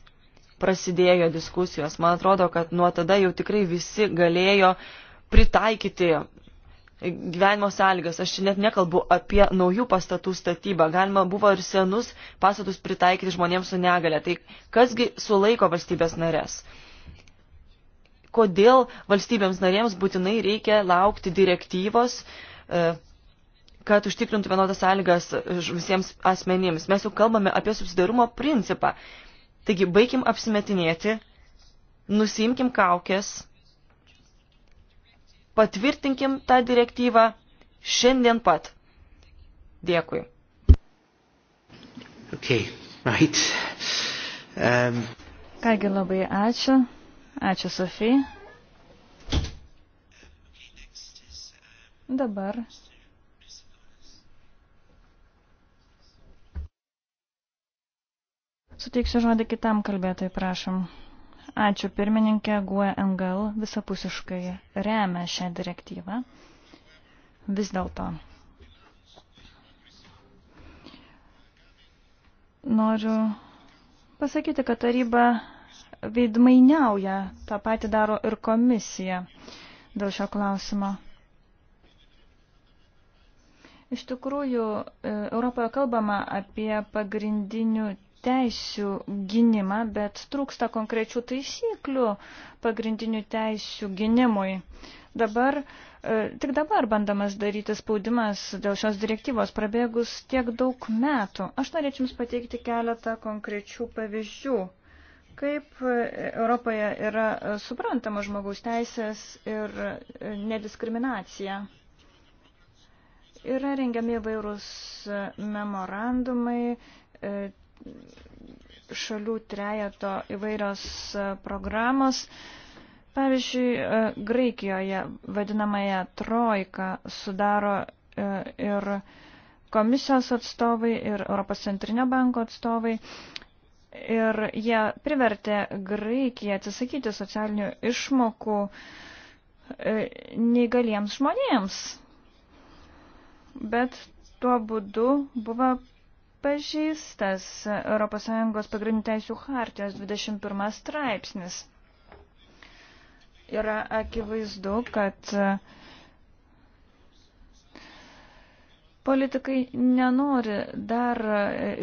[SPEAKER 3] prasidėjo diskusijos. Man atrodo, kad nuo tada jau tikrai visi galėjo pritaikyti gyvenimo sąlygas. Aš čia net nekalbu apie naujų pastatų statybą. Galima buvo ir senus pastatus pritaikyti žmonėms su negale. Tai kasgi sulaiko valstybės narės? Kodėl valstybėms narėms būtinai reikia laukti direktyvos, e, kad užtikrintų vienodas sąlygas visiems asmenims? Mes jau kalbame apie subsidarumo principą. Taigi, baigim apsimetinėti, nusimkim kaukės patvirtinkim tą direktyvą šiandien pat. Dėkui.
[SPEAKER 1] Okay, right. um...
[SPEAKER 4] Kągi labai ačiū. Ačiū, Sofija. Dabar. Suteiksiu žodį kitam kalbėtojui, prašom. Ačiū pirmininkė Gue NGL visapusiškai remia šią direktyvą. Vis dėlto. Noriu pasakyti, kad taryba veidmainiauja, tą patį daro ir komisija dėl šio klausimo. Iš tikrųjų, e, Europoje kalbama apie pagrindinių teisių gynimą, bet trūksta konkrečių taisyklių pagrindinių teisių gynimui. Dabar, e, tik dabar bandamas daryti spaudimas dėl šios direktyvos prabėgus tiek daug metų. Aš norėčiau Jums pateikti keletą konkrečių pavyzdžių, kaip e, Europoje yra e, suprantama žmogaus teisės ir nediskriminacija yra rengiami vairūs memorandumai, šalių trejato įvairios e, programos. Pavyzdžiui, e, Graikijoje vadinamąją trojką sudaro e, ir komisijos atstovai, ir Europos centrinio banko atstovai. Ir jie privertė Graikiją atsisakyti socialinių išmokų neįgaliems žmonėms. Bet tuo būdu buvo pažeistas ES pagrindinių teisių hartijos 21 straipsnis. Yra akivaizdu, kad politikai nenori dar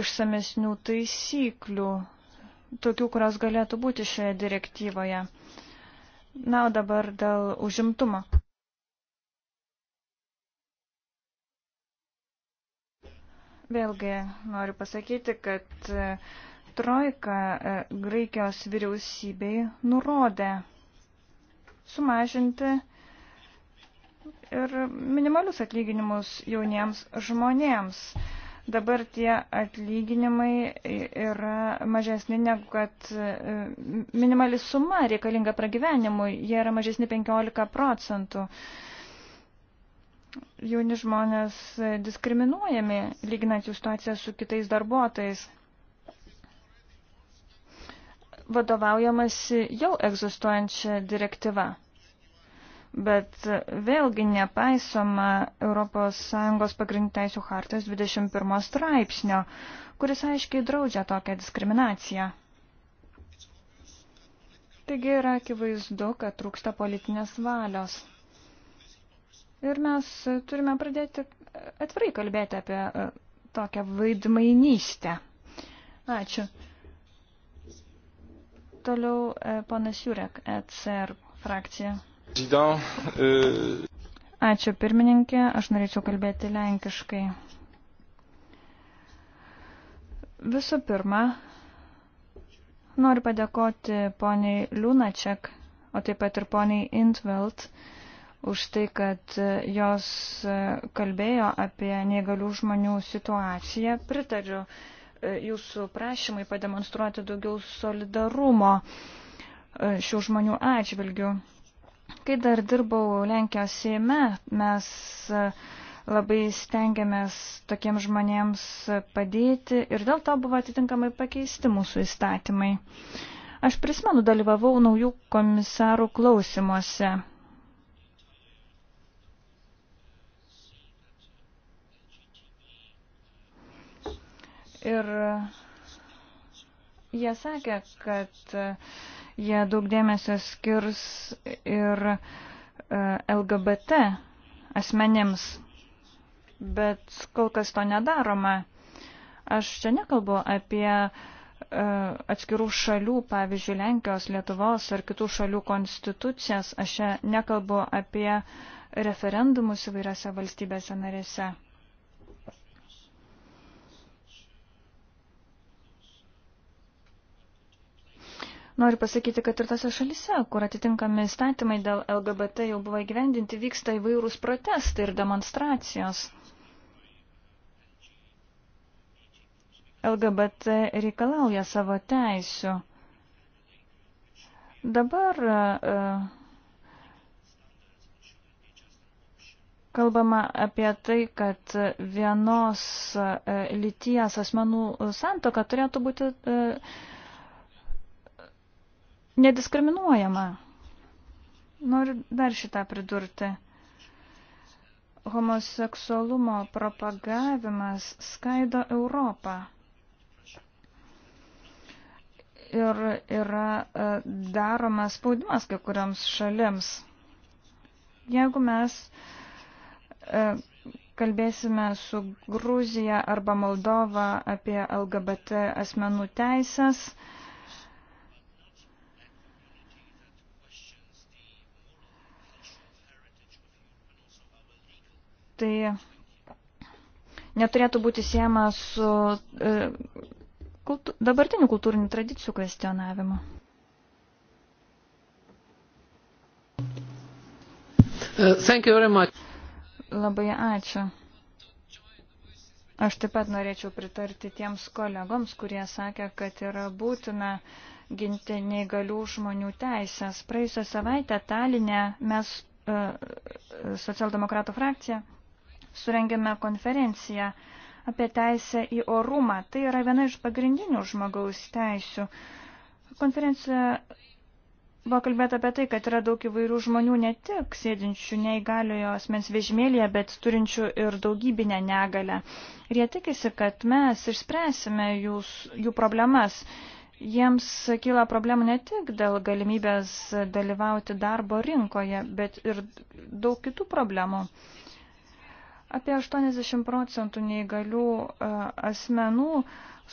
[SPEAKER 4] išsamesnių taisyklių, tokių, kurios galėtų būti šioje direktyvoje. Na, o dabar dėl užimtumo. Vėlgi noriu pasakyti, kad e, Trojka e, Graikijos vyriausybei nurodė sumažinti ir minimalius atlyginimus jauniems žmonėms. Dabar tie atlyginimai yra mažesni negu kad e, minimali suma reikalinga pragyvenimui, jie yra mažesni 15 procentų jauni žmonės diskriminuojami, lyginant jų situaciją su kitais darbuotojais. Vadovaujamasi jau egzistuojančią direktyvą. Bet vėlgi nepaisoma ES pagrindinių teisų hartas 21 straipsnio, kuris aiškiai draudžia tokią diskriminaciją. Taigi yra akivaizdu, kad trūksta politinės valios. Ir mes turime pradėti atvirai kalbėti apie e, tokią vaidmainystę. Ačiū. Toliau e, ponas Jurek, ECR frakcija. Ačiū pirmininkė, aš norėčiau kalbėti lenkiškai. Visų pirma, noriu padėkoti poniai Liūnaček, o taip pat ir poniai Intvelt, uh, už tai, kad jos kalbėjo apie negalių žmonių situaciją. Pritariu e, jūsų prašymai pademonstruoti daugiau solidarumo e, šių žmonių atžvilgių. Kai dar dirbau Lenkijos Seime, mes e, labai stengiamės tokiems žmonėms padėti ir dėl to buvo atitinkamai pakeisti mūsų įstatymai. Aš prisimenu, dalyvavau naujų komisarų klausimuose Ir e, jie sakė, kad e, jie daug dėmesio skirs ir e, LGBT asmenims, bet kol kas to nedaroma. Aš čia nekalbu apie atskirų šalių, pavyzdžiui, Lenkijos, Lietuvos ar kitų šalių konstitucijas, aš čia nekalbu apie referendumus įvairiose valstybėse narėse. Noriu pasakyti, kad ir tose šalise, kur atitinkami įstatymai dėl LGBT jau buvo įgyvendinti, vyksta įvairūs protestai ir demonstracijos. LGBT reikalauja savo teisių. Dabar e, kalbama apie tai, kad vienos e, lyties asmenų santoka turėtų būti e, nediskriminuojama. Noriu dar šitą pridurti. Homoseksualumo propagavimas skaido Europą ir yra e, daromas spaudimas kai kuriams šalims. Jeigu mes e, kalbėsime su Gruzija arba Moldova apie LGBT asmenų teisės, tai neturėtų būti siejama su e, kultu, dabartiniu kultūriniu tradicijų kvestionavimu. Uh, Labai ačiū. Aš taip pat norėčiau pritarti tiems kolegoms, kurie sakė, kad yra būtina ginti neįgalių žmonių teisės. Praėjusią savaitę Talinė mes, e, socialdemokratų frakcija, surengėme konferenciją apie teisę į orumą. Tai yra viena iš pagrindinių žmogaus teisių. Konferencija buvo kalbėta apie tai, kad yra daug įvairių žmonių, ne tik sėdinčių neįgaliojo asmens vežimėlėje, bet turinčių ir daugybinę negalę. Ir jie tikisi, kad mes išspręsime jūs, jų problemas. Jiems kyla problemų ne tik dėl galimybės dalyvauti darbo rinkoje, bet ir daug kitų problemų. Apie 80 procentų neįgalių e, asmenų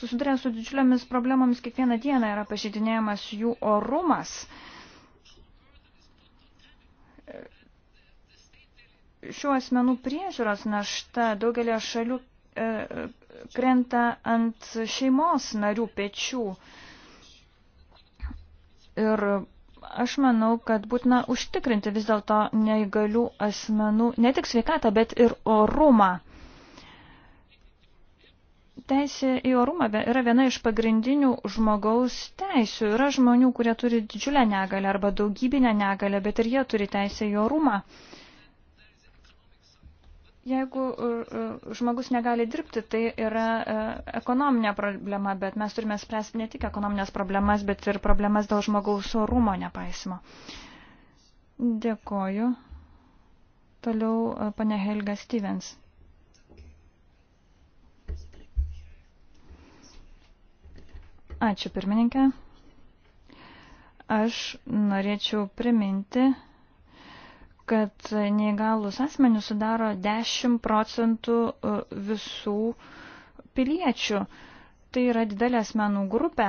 [SPEAKER 4] susiduria su didžiuliamis problemomis kiekvieną dieną yra pažydinėjamas jų orumas. Šių asmenų priežiūros našta daugelio šalių e, krenta ant šeimos narių pečių. Ir Aš manau, kad būtina užtikrinti vis dėlto neįgalių asmenų ne tik sveikatą, bet ir orumą. Teisė į orumą yra viena iš pagrindinių žmogaus teisių. Yra žmonių, kurie turi didžiulę negalę arba daugybinę negalę, bet ir jie turi teisę į orumą. Uh, Jeigu e, e, žmogus negali dirbti, tai yra e, ekonominė problema, bet mes turime spręsti ne tik ekonominės problemas, bet ir problemas dėl žmogaus orumo nepaisimo. Dėkoju. Toliau pane Helga Stevens. Ačiū pirmininkė. Aš norėčiau priminti kad neįgalus asmenys sudaro 10 procentų e, visų piliečių. Tai yra didelė asmenų grupė.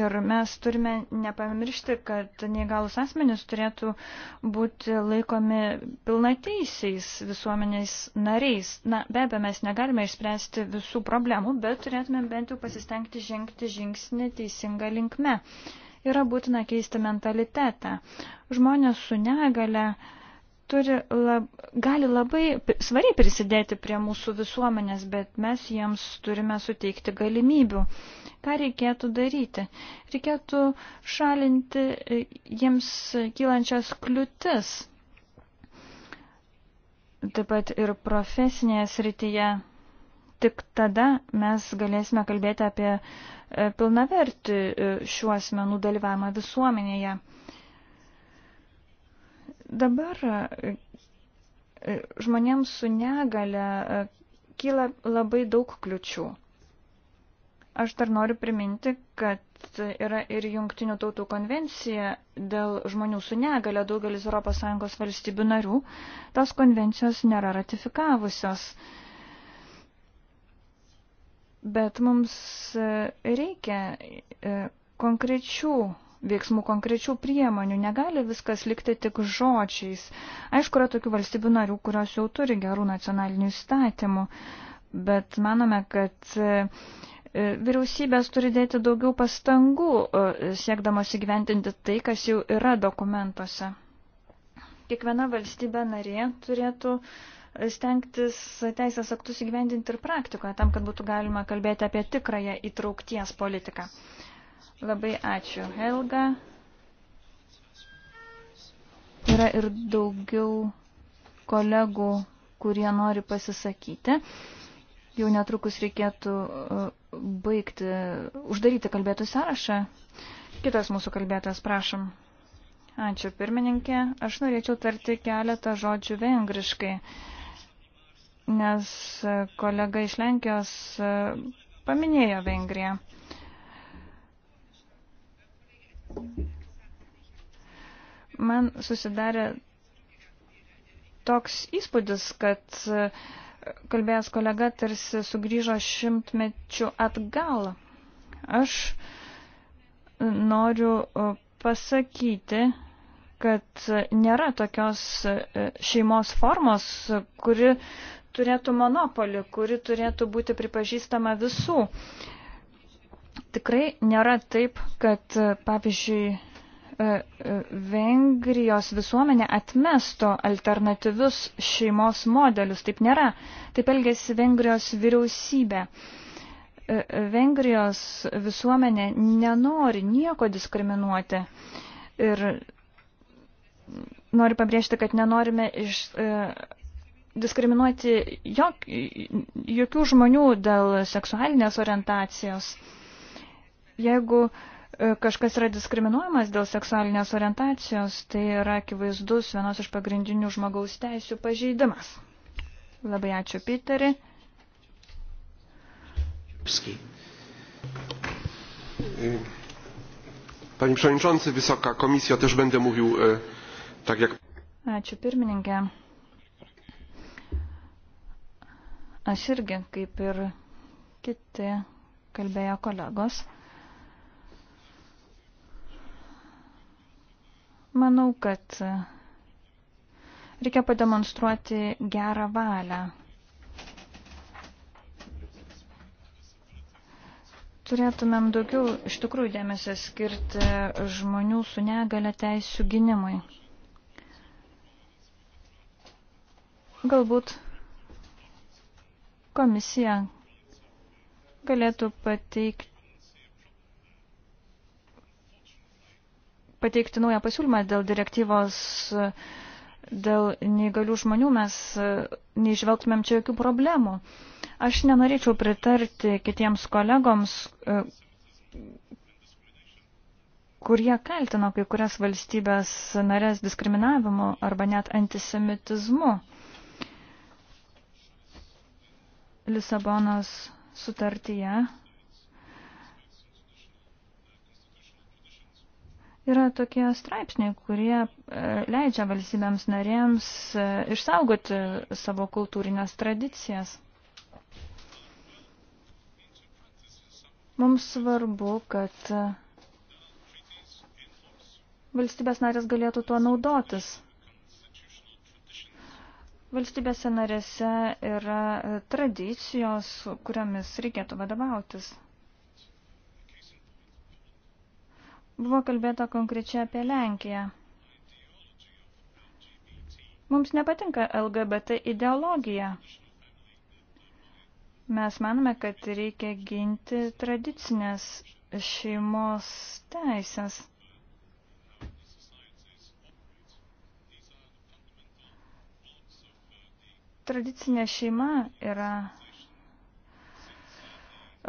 [SPEAKER 4] Ir mes turime nepamiršti, kad neįgalus asmenys turėtų būti laikomi pilnateisiais visuomenės nariais. Na, be abejo, mes negalime išspręsti visų problemų, bet turėtume bent jau pasistengti žengti žingsnį teisinga linkme. Uh, yra būtina keisti mentalitetą. Žmonės su negale turi lab, gali labai svariai prisidėti prie mūsų visuomenės, bet mes jiems turime suteikti galimybių. Ką reikėtų daryti? Reikėtų šalinti e, jiems kylančias kliūtis. Taip pat ir profesinėje srityje tik tada mes galėsime kalbėti apie e, pilnavertį e, šių asmenų dalyvavimą visuomenėje. Dabar e, žmonėms su negale kyla labai daug kliučių. Aš dar noriu priminti, kad yra ir Junktinių tautų konvencija dėl žmonių su negale daugelis ES valstybių narių. Tos konvencijos nėra ratifikavusios. Bet mums e, reikia e, konkrečių veiksmų, konkrečių priemonių, negali viskas likti tik žodžiais. Aišku, yra tokių valstybių narių, kurios jau turi gerų nacionalinių įstatymų, bet manome, kad e, vyriausybės turi dėti daugiau pastangų, siekdamos įgyventinti tai, kas jau yra dokumentuose. Kiekviena valstybė narė turėtų uh, stengtis teisės aktus įgyvendinti ir praktikoje, tam, kad būtų galima kalbėti apie tikrąją įtraukties politiką. Labai ačiū, Helga. Yra ir daugiau kolegų, kurie nori pasisakyti. Jau netrukus reikėtų uh, baigti, uždaryti kalbėtų sąrašą. Kitas mūsų kalbėtas, prašom. Ačiū pirmininkė. Aš norėčiau tarti keletą žodžių vengriškai. Uh, nes kolega iš Lenkijos paminėjo Vengriją. Man susidarė toks įspūdis, kad kalbėjęs kolega tarsi sugrįžo šimtmečių atgal. Aš noriu pasakyti, kad nėra tokios šeimos formos, kuri turėtų monopolį, kuri turėtų būti pripažįstama visų. Tikrai nėra taip, kad, pavyzdžiui, e, e, Vengrijos visuomenė atmesto alternatyvius šeimos modelius. Taip nėra. Taip elgėsi Vengrijos vyriausybė. E, Vengrijos visuomenė nenori nieko diskriminuoti. Ir noriu pabrėžti, kad nenorime iš, e, diskriminuoti jok, jokių žmonių dėl seksualinės orientacijos. Jeigu e, kažkas yra diskriminuojamas dėl seksualinės orientacijos, tai yra akivaizdus vienos iš pagrindinių žmogaus teisių pažeidimas. Labai ačiū, Piteri.
[SPEAKER 1] E, Panie Przewodniczący, Wysoka Komisja, też będę mówił e, tak jak...
[SPEAKER 4] Ačiū pirmininkė. Aš irgi, kaip ir kiti kalbėjo kolegos, manau, kad reikia pademonstruoti gerą valią. Turėtumėm daugiau iš tikrųjų dėmesio skirti žmonių su negale teisų gynimui. Galbūt komisija galėtų pateikti pateikti naują pasiūlymą dėl direktyvos dėl neįgalių žmonių, mes e, neižvelgtumėm čia jokių problemų. Aš nenorėčiau pritarti kitiems kolegoms, e, kurie kaltino kai kurias valstybės narės diskriminavimu arba net antisemitizmu. Lisabonos sutartyje yra tokie straipsniai, kurie e, leidžia valstybėms narėms e, išsaugoti savo kultūrinės tradicijas. Mums svarbu, kad e, valstybės narės galėtų tuo naudotis. Valstybėse narėse yra e, tradicijos, kuriomis reikėtų vadovautis. Buvo kalbėta konkrečiai apie Lenkiją. Mums nepatinka LGBT ideologija. Mes manome, kad reikia ginti tradicinės šeimos teisės. Tradicinė šeima yra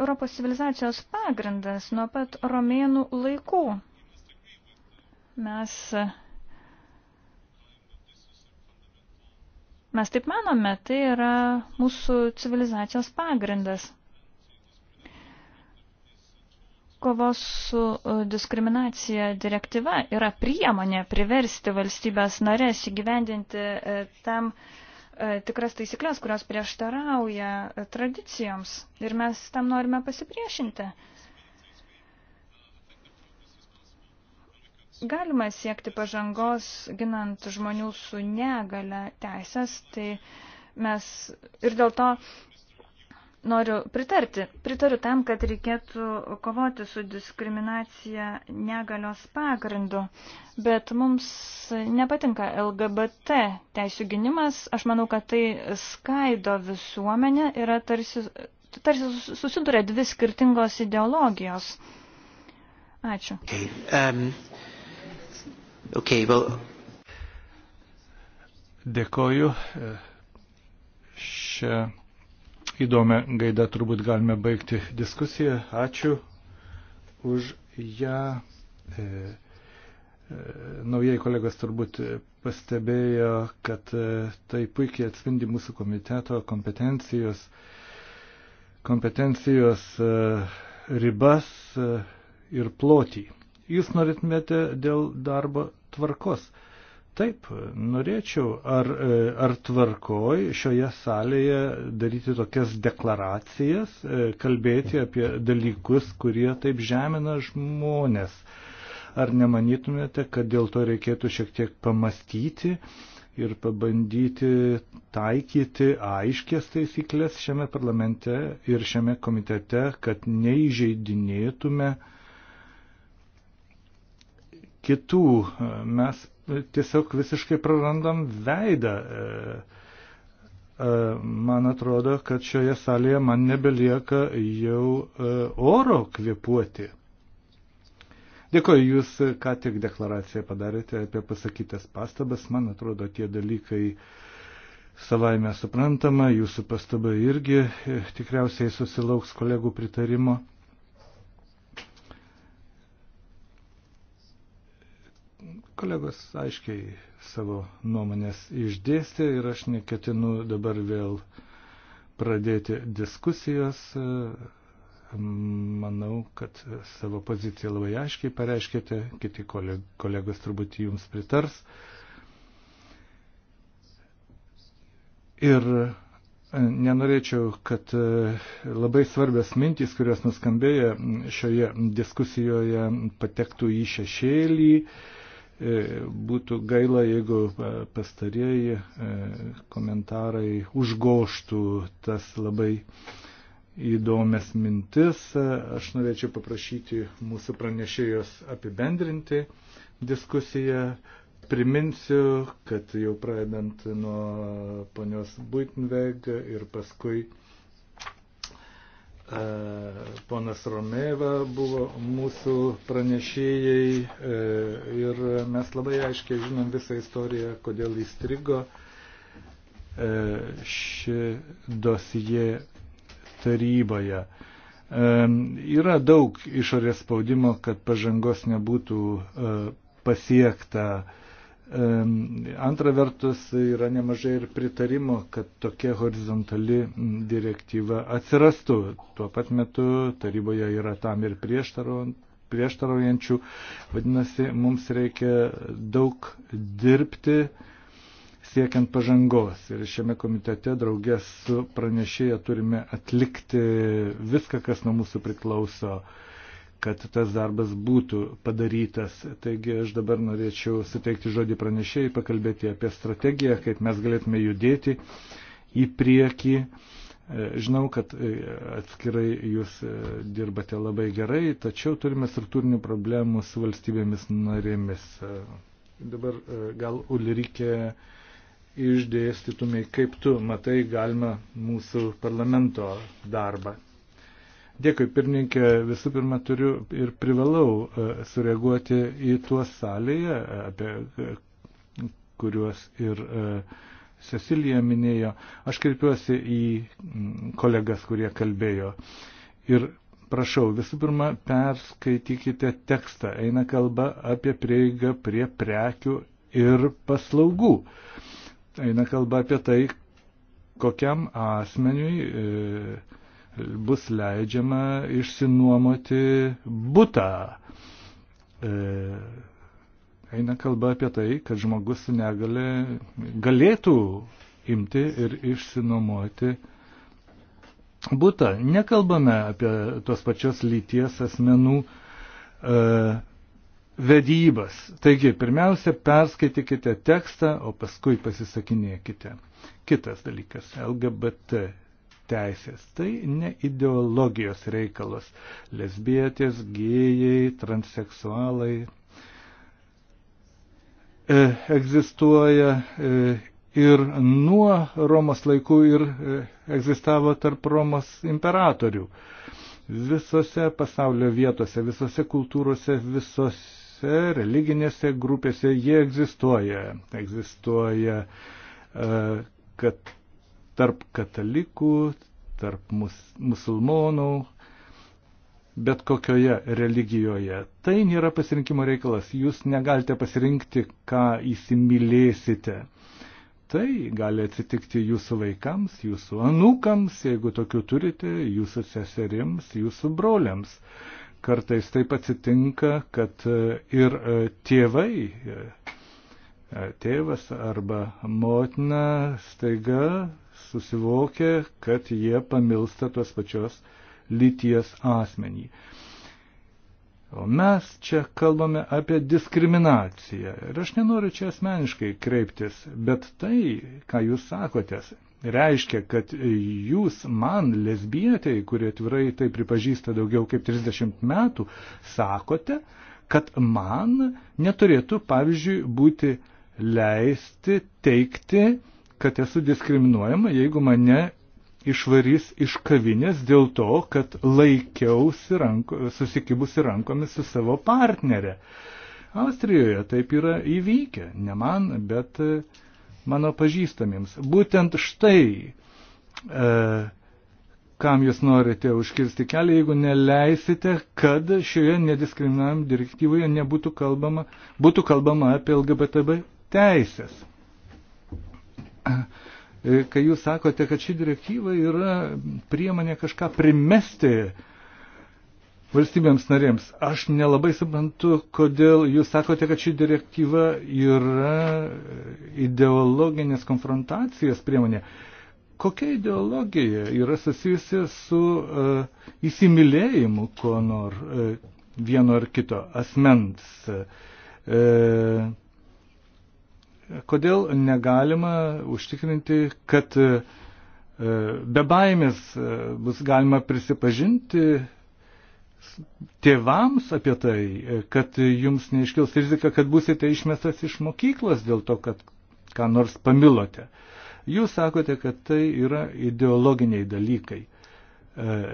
[SPEAKER 4] Europos civilizacijos pagrindas nuo pat romėnų laikų. Mes, mes taip manome, tai yra mūsų civilizacijos pagrindas. Kovos su e, diskriminacija direktyva yra priemonė priversti valstybės narės įgyvendinti e, tam e, E, tikras taisyklės, kurios prieštarauja e, tradicijoms ir mes tam norime pasipriešinti. Galima siekti pažangos ginant žmonių su negale teisės, tai mes ir dėl to noriu pritarti. Pritariu tam, kad reikėtų kovoti su diskriminacija negalios pagrindu, bet mums nepatinka LGBT teisų gynimas. Aš manau, kad tai skaido visuomenę, yra tarsi, tarsi susiduria dvi skirtingos ideologijos. Ačiū.
[SPEAKER 1] Okay. Um, okay, well... Dėkoju. Šią
[SPEAKER 2] įdomią gaidą turbūt galime baigti diskusiją. Ačiū už ją. E, e naujai kolegos turbūt pastebėjo, kad e, tai puikiai atspindi mūsų komiteto kompetencijos, kompetencijos e, ribas ir plotį. Jūs norėtumėte dėl darbo tvarkos Taip, norėčiau, ar, e, ar tvarkoj šioje salėje daryti tokias deklaracijas, e, kalbėti apie dalykus, kurie taip žemina žmonės. Ar nemanytumėte, kad dėl to reikėtų šiek tiek pamastyti ir pabandyti taikyti aiškės taisyklės šiame parlamente ir šiame komitete, kad neįžeidinėtume kitų. Mes tiesiog visiškai prarandam veidą. E, e, man atrodo, kad šioje salėje man nebelieka jau e, oro kvepuoti. Dėkoju, jūs ką tik deklaraciją padarėte apie pasakytas pastabas. Man atrodo, tie dalykai savaime suprantama, jūsų pastaba irgi tikriausiai susilauks kolegų pritarimo. Kolegos aiškiai savo nuomonės išdėstė ir aš neketinu dabar vėl pradėti diskusijos. Manau, kad savo poziciją labai aiškiai pareiškite, kiti kolegos turbūt jums pritars. Ir nenorėčiau, kad labai svarbios mintys, kurios nuskambėjo šioje diskusijoje, patektų į šešėlį. Būtų gaila, jeigu e, pastarieji e, komentarai užgoštų tas labai įdomias mintis. E, aš norėčiau paprašyti mūsų pranešėjos apibendrinti diskusiją. Priminsiu, kad jau pradedant nuo ponios Buitenveg ir paskui ponas Romeva buvo mūsų pranešėjai e, ir mes labai aiškiai žinom visą istoriją, kodėl įstrigo e, ši dosije taryboje. E, yra daug išorės spaudimo, kad pažangos nebūtų pasiekta Antra vertus yra nemažai ir pritarimo, kad tokia horizontali direktyva atsirastų. Tuo pat metu taryboje yra tam ir prieštaraujančių. Vadinasi, mums reikia daug dirbti siekiant pažangos. Ir šiame komitete draugės su pranešėja turime atlikti viską, kas nuo mūsų priklauso. Uh, kad tas darbas būtų padarytas. Taigi aš dabar norėčiau suteikti žodį pranešėjai, pakalbėti apie strategiją, kaip mes galėtume judėti į priekį. Žinau, kad e, atskirai jūs e, dirbate labai gerai, tačiau turime struktūrinių problemų su valstybėmis narėmis. E, dabar gal Ulrike išdėstytumai, kaip tu matai galima mūsų parlamento darbą Dėkui, pirmininkė, visų pirma turiu ir privalau e, sureaguoti į tuos salėje, e, apie e, kuriuos ir Cecilija minėjo. Aš kreipiuosi į kolegas, kurie kalbėjo. Ir prašau, visų pirma, perskaitykite tekstą. Eina kalba apie prieigą prie prekių ir paslaugų. Eina kalba apie tai, kokiam asmeniui. E, bus leidžiama išsinuomoti butą. E, eina kalba apie tai, kad žmogus su negale galėtų imti ir išsinuomoti butą. Nekalbame apie tos pačios lyties asmenų e, vedybas. Taigi, pirmiausia, perskaitykite tekstą, o paskui pasisakinėkite. Kitas dalykas - LGBT teisės. Tai ne ideologijos reikalas. Lesbietės, gėjai, transseksualai e, egzistuoja e, ir nuo Romos laikų ir e, egzistavo tarp Romos imperatorių. Visose pasaulio vietose, visose kultūrose, visose religinėse grupėse jie egzistuoja. Egzistuoja e, kad tarp katalikų, tarp mus, musulmonų, bet kokioje religijoje. Tai nėra pasirinkimo reikalas. Jūs negalite pasirinkti, ką įsimylėsite. Tai gali atsitikti jūsų vaikams, jūsų anūkams, jeigu tokių turite, jūsų seserims, jūsų broliams. Kartais taip atsitinka, kad e, ir e, tėvai, e, tėvas arba motina staiga susivokė, kad jie pamilsta tos pačios lyties asmenį. O mes čia kalbame apie diskriminaciją. Ir aš nenoriu čia asmeniškai kreiptis, bet tai, ką jūs sakote, reiškia, kad jūs man, lesbietei, kurie atvirai tai pripažįsta daugiau kaip 30 metų, sakote, kad man neturėtų, pavyzdžiui, būti leisti teikti kad esu diskriminuojama, jeigu mane išvarys iš kavinės dėl to, kad laikiausi ranko, susikibusi rankomis su savo partnerė. Austrijoje taip yra įvykę, ne man, bet e, mano pažįstamiems. Būtent štai, e, kam jūs norite užkirsti kelią, jeigu neleisite, kad šioje nediskriminavimo direktyvoje nebūtų kalbama, būtų kalbama apie LGBTB teisės kai jūs sakote, kad ši direktyva yra priemonė kažką primesti valstybėms narėms. Aš nelabai suprantu, kodėl jūs sakote, kad ši direktyva yra ideologinės konfrontacijos priemonė. Kokia ideologija yra susijusi su uh, įsimylėjimu ko nor uh, vieno ar kito asmens? Uh, Kodėl negalima užtikrinti, kad e, be baimės e, bus galima prisipažinti tėvams apie tai, e, kad jums neiškils rizika, kad busite išmestas iš mokyklos dėl to, kad ką nors pamilote. Jūs sakote, kad tai yra ideologiniai dalykai.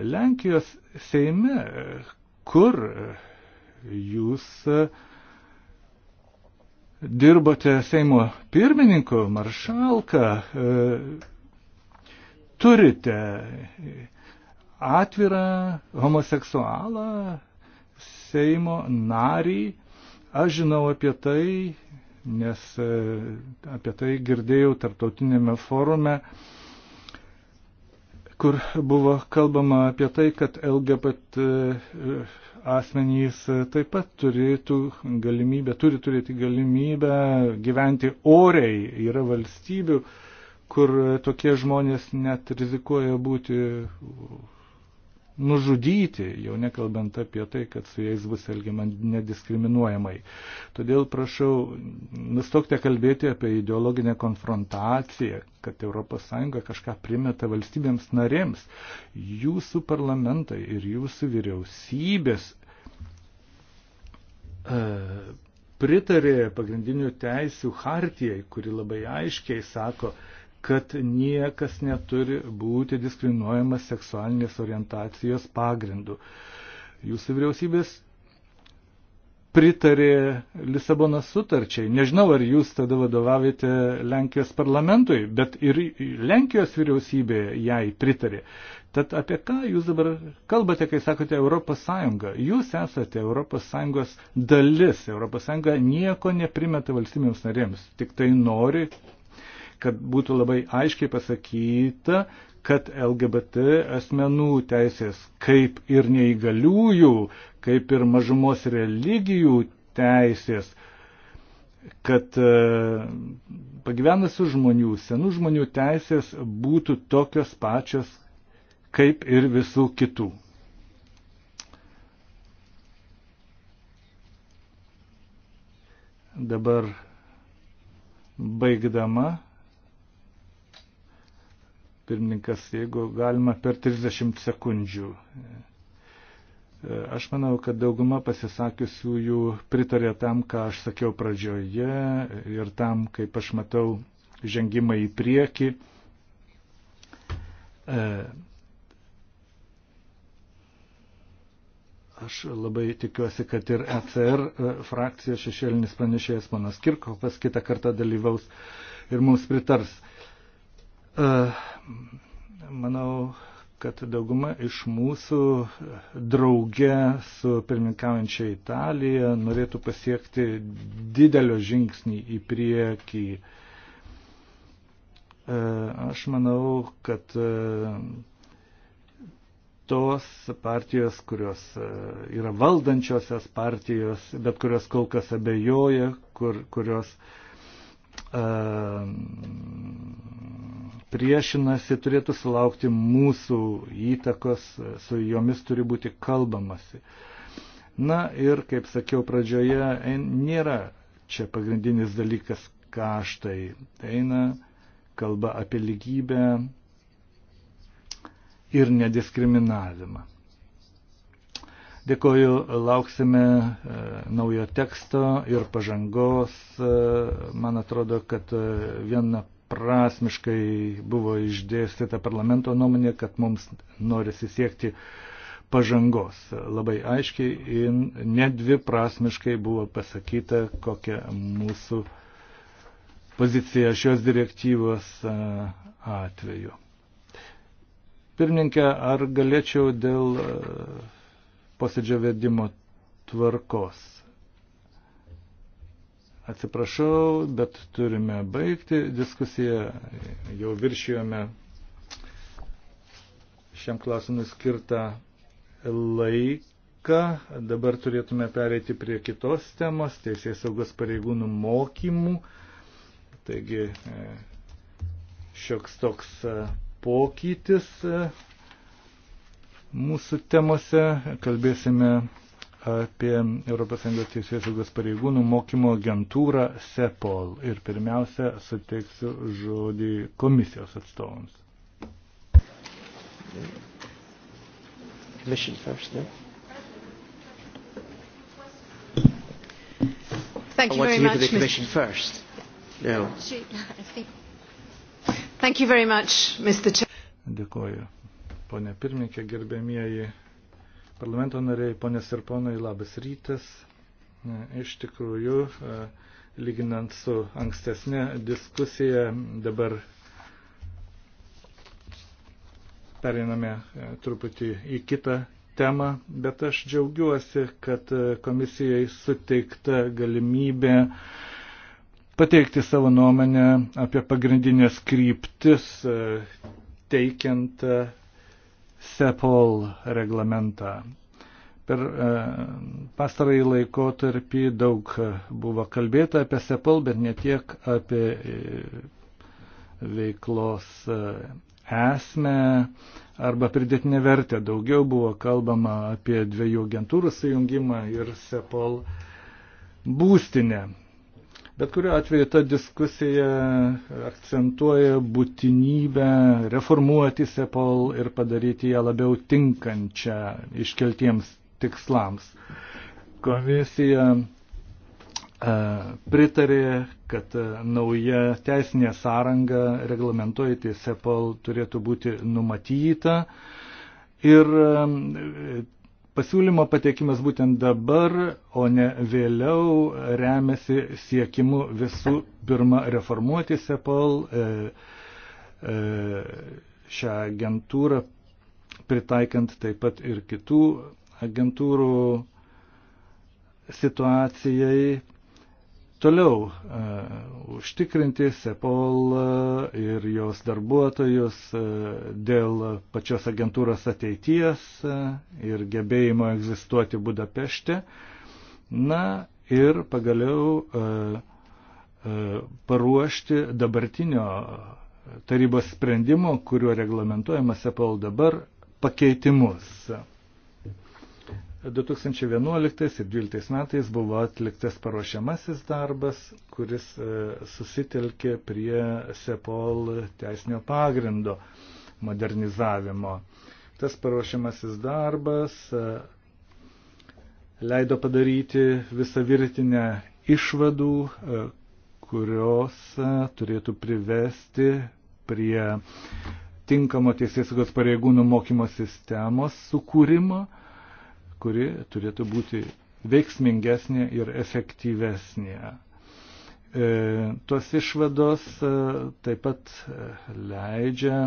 [SPEAKER 2] Lenkijos Seime, kur jūs uh, dirbote Seimo pirmininku, maršalką, e, turite atvirą homoseksualą Seimo narį. Aš žinau apie tai, nes e, apie tai girdėjau tarptautinėme forume kur buvo kalbama apie tai, kad LGBT e, asmenys e, taip pat turėtų galimybę, turi turėti galimybę gyventi oriai. Yra valstybių, kur e, tokie žmonės net rizikuoja būti nužudyti, jau nekalbant apie tai, kad su jais bus elgiama nediskriminuojamai. Todėl prašau, nustokite kalbėti apie ideologinę konfrontaciją, kad ES kažką primeta valstybėms narėms. Jūsų parlamentai ir jūsų vyriausybės e, pritarė pagrindinių teisių hartijai, kuri labai aiškiai sako, kad niekas neturi būti diskriminuojamas seksualinės orientacijos pagrindu. Jūsų vyriausybės pritarė Lisabono sutarčiai. Nežinau, ar jūs tada vadovavėte Lenkijos parlamentui, bet ir Lenkijos vyriausybė jai pritarė. Tad apie ką jūs dabar kalbate, kai sakote Europos Sąjunga? Jūs esate Europos Sąjungos dalis. Europos Sąjunga nieko neprimeta valstybėms narėms, tik tai nori, kad būtų labai aiškiai pasakyta, kad LGBT asmenų teisės kaip ir neįgaliųjų, kaip ir mažumos religijų teisės, kad e, pagyvenusių žmonių, senų žmonių teisės būtų tokios pačios kaip ir visų kitų. Dabar baigdama Pirmininkas, jeigu galima per 30 sekundžių. E, aš manau, kad dauguma pasisakiusiųjų pritarė tam, ką aš sakiau pradžioje ir tam, kaip aš matau žengimą į priekį. E, aš labai tikiuosi, kad ir ECR e, frakcijos šešėlinis pranešėjas ponas Kirkopas kitą kartą dalyvaus ir mums pritars. Manau, kad dauguma iš mūsų drauge su pirmininkaujančia Italija norėtų pasiekti didelio žingsnį į priekį. Aš manau, kad tos partijos, kurios yra valdančiosios partijos, bet kurios kol kas abejoja, kur, kurios uh, priešinasi, turėtų sulaukti mūsų įtakos, su jomis turi būti kalbamasi. Na ir, kaip sakiau pradžioje, nėra čia pagrindinis dalykas kaštai. Eina kalba apie lygybę ir nediskriminavimą. Dėkoju, lauksime e, naujo teksto ir pažangos. E, man atrodo, kad e, viena vienprasmiškai buvo išdėstyta parlamento nuomonė, kad mums norisi siekti pažangos. Labai aiškiai ir nedviprasmiškai buvo pasakyta, kokia mūsų pozicija šios direktyvos atveju. Pirmininkė, ar galėčiau dėl posėdžio vedimo tvarkos Atsiprašau, bet turime baigti diskusiją. Jau viršijome šiam klausimui skirtą laiką. Dabar turėtume pereiti prie kitos temos - teisės saugos pareigūnų mokymų. Taigi e, šioks toks e, pokytis e, mūsų temose. Kalbėsime apie ES teisėsaugos pareigūnų mokymo agentūrą SEPOL. Ir pirmiausia, suteiksiu žodį komisijos atstovams.
[SPEAKER 1] Commission first, no? Thank you very much, Commission first. No. Thank you very much, Mr. Chair.
[SPEAKER 2] Dėkuoju. Pone pirmininkė, gerbėmieji Parlamento nariai, ponės ir ponai, labas rytas. Iš tikrųjų, e, lyginant su ankstesnė diskusija, dabar periname e, truputį į kitą temą, bet aš džiaugiuosi, kad e, komisijai suteikta galimybė pateikti savo nuomonę apie pagrindinės kryptis, teikiant SEPOL reglamentą. Per e, pastarąjį laikotarpį daug buvo kalbėta apie SEPOL, bet ne tiek apie e, veiklos e, esmę arba pridėtinę vertę. Daugiau buvo kalbama apie dviejų agentūrų sujungimą ir SEPOL būstinę. Bet kuriuo atveju ta diskusija akcentuoja būtinybę reformuoti Sepol ir padaryti ją labiau tinkančią iškeltiems tikslams. Komisija e, pritarė, kad e, nauja teisinė sąranga reglamentuojanti Sepol turėtų būti numatyta ir e, Pasiūlymo pateikimas būtent dabar, o ne vėliau, remiasi siekimu visų pirma reformuoti SEPOL, e, e, šią agentūrą, pritaikant taip pat ir kitų agentūrų situacijai, Toliau e, užtikrinti Sepol e, ir jos darbuotojus e, dėl pačios agentūros ateities e, ir gebėjimo egzistuoti Budapešte. Na ir pagaliau e, e, paruošti dabartinio tarybos sprendimo, kuriuo reglamentuojama Sepol dabar, pakeitimus. 2011 ir 2012 metais buvo atliktas paruošiamasis darbas, kuris e, susitelkė prie SEPOL teisinio pagrindo modernizavimo. Tas paruošiamasis darbas e, leido padaryti visą virtinę išvadų, e, kurios turėtų privesti prie tinkamo teisėsaugos pareigūnų mokymo sistemos sukūrimo kuri turėtų būti veiksmingesnė ir efektyvesnė. E, tos išvados e, taip pat e, leidžia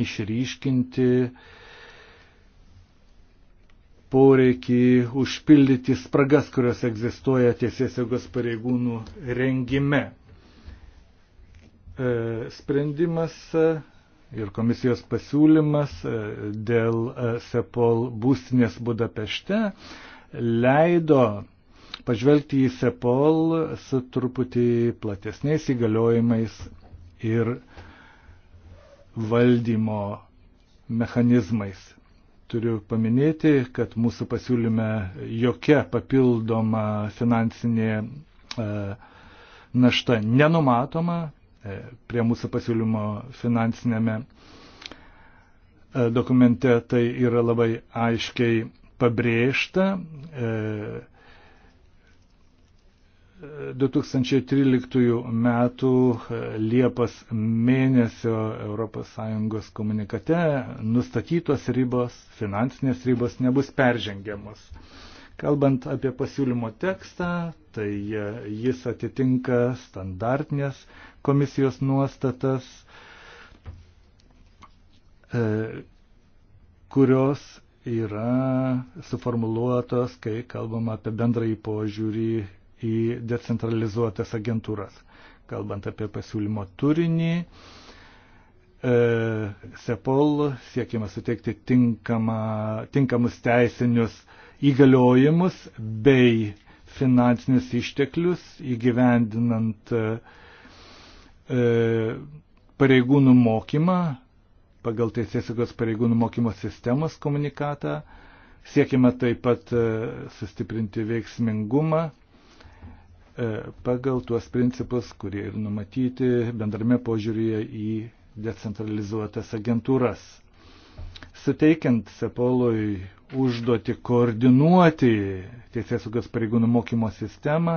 [SPEAKER 2] išryškinti poreikį užpildyti spragas, kurios egzistuoja tiesiesiogos pareigūnų rengime. Sprendimas ir komisijos pasiūlymas e, dėl e, Sepol būstinės Budapešte leido pažvelgti į Sepol su truputį platesniais įgaliojimais ir valdymo mechanizmais. Turiu paminėti, kad mūsų pasiūlyme jokia papildoma finansinė e, našta nenumatoma, E, prie mūsų pasiūlymo finansinėme e, dokumente tai yra labai aiškiai pabrėžta. 2013 e, m. Liepos mėnesio ES komunikate nustatytos ribos, finansinės ribos nebus peržengiamos. Kalbant apie pasiūlymo tekstą, tai jis atitinka standartinės komisijos nuostatas, e, kurios yra suformuluotos, kai kalbama apie bendrąjį požiūrį į decentralizuotas agentūras. Kalbant apie pasiūlymo turinį, e, SEPOL siekiama suteikti tinkama, tinkamus teisinius įgaliojimus bei finansinius išteklius įgyvendinant uh, E, pareigūnų mokymą pagal Teisėsaugos pareigūnų mokymo sistemos komunikatą. Siekime taip pat e, sustiprinti veiksmingumą e, pagal tuos principus, kurie ir numatyti bendrame požiūrėje į decentralizuotas agentūras suteikiant Sepolui užduoti koordinuoti teisėsaugos pareigūnų mokymo sistemą,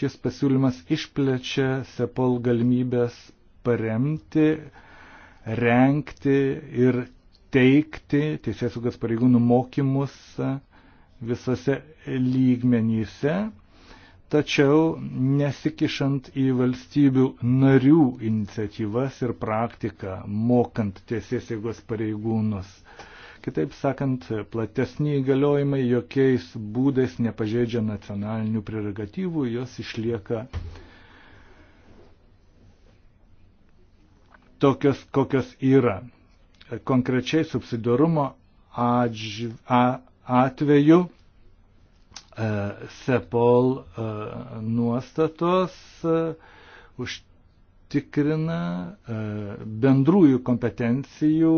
[SPEAKER 2] šis pasiūlymas išplečia Sepol galimybės paremti, renkti ir teikti teisėsaugos pareigūnų mokymus visose lygmenyse, tačiau nesikišant į valstybių narių iniciatyvas ir praktiką, mokant tiesiesiegos pareigūnus. Kitaip sakant, platesni įgaliojimai jokiais būdais nepažeidžia nacionalinių prerogatyvų, jos išlieka tokios, kokios yra. Konkrečiai subsidiarumo atveju E, SEPOL e, nuostatos e, užtikrina bendrųjų kompetencijų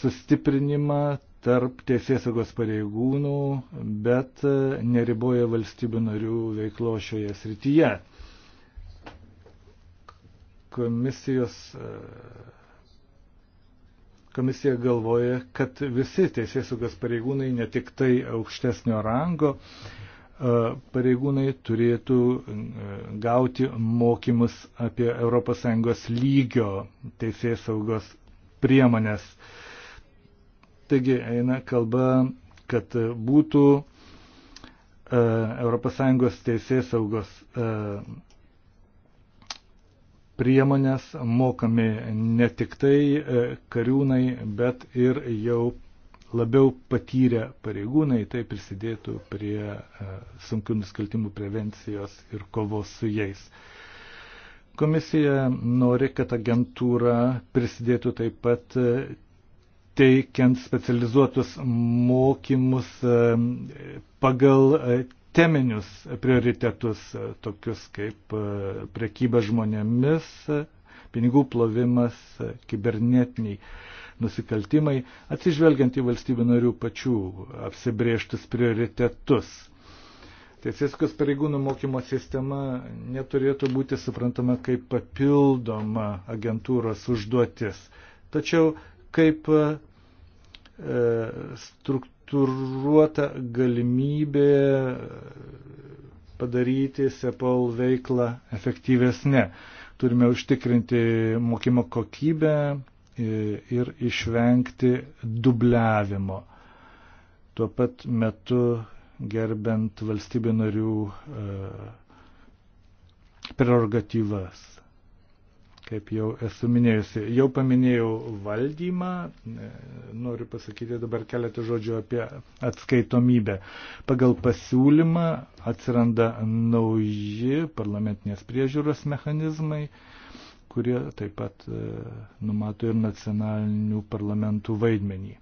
[SPEAKER 2] sustiprinimą tarp teisėsaugos pareigūnų, bet neriboja valstybių narių veiklo šioje srityje. Komisijos Komisija galvoja, kad visi teisėsaugos pareigūnai, ne tik tai aukštesnio rango, e, pareigūnai turėtų e, gauti mokymus apie ES lygio teisėsaugos priemonės. Taigi eina kalba, kad būtų e, ES teisėsaugos priemonės mokami ne tik tai e, kariūnai, bet ir jau labiau patyrę pareigūnai, tai prisidėtų prie e, sunkių nusikaltimų prevencijos ir kovos su jais. Komisija nori, kad agentūra prisidėtų taip pat e, teikiant specializuotus mokymus pagal teminius prioritetus, e, tokius kaip e, prekyba žmonėmis, e, pinigų plovimas, kibernetiniai nusikaltimai, atsižvelgiant į valstybių narių pačių apsibrieštus prioritetus. Teisėskos pareigūnų mokymo sistema neturėtų būti suprantama kaip papildoma agentūros užduotis, tačiau kaip e, struktūra struktūruota galimybė padaryti SEPOL veiklą efektyvesnė. Turime užtikrinti mokymo kokybę ir išvengti dubliavimo. Tuo pat metu gerbent valstybių narių e, prerogatyvas kaip jau esu minėjusi. Jau paminėjau valdymą, e, noriu pasakyti dabar keletą žodžių apie atskaitomybę. Pagal pasiūlymą atsiranda nauji parlamentinės priežiūros mechanizmai, kurie taip pat e, numato ir nacionalinių parlamentų vaidmenį.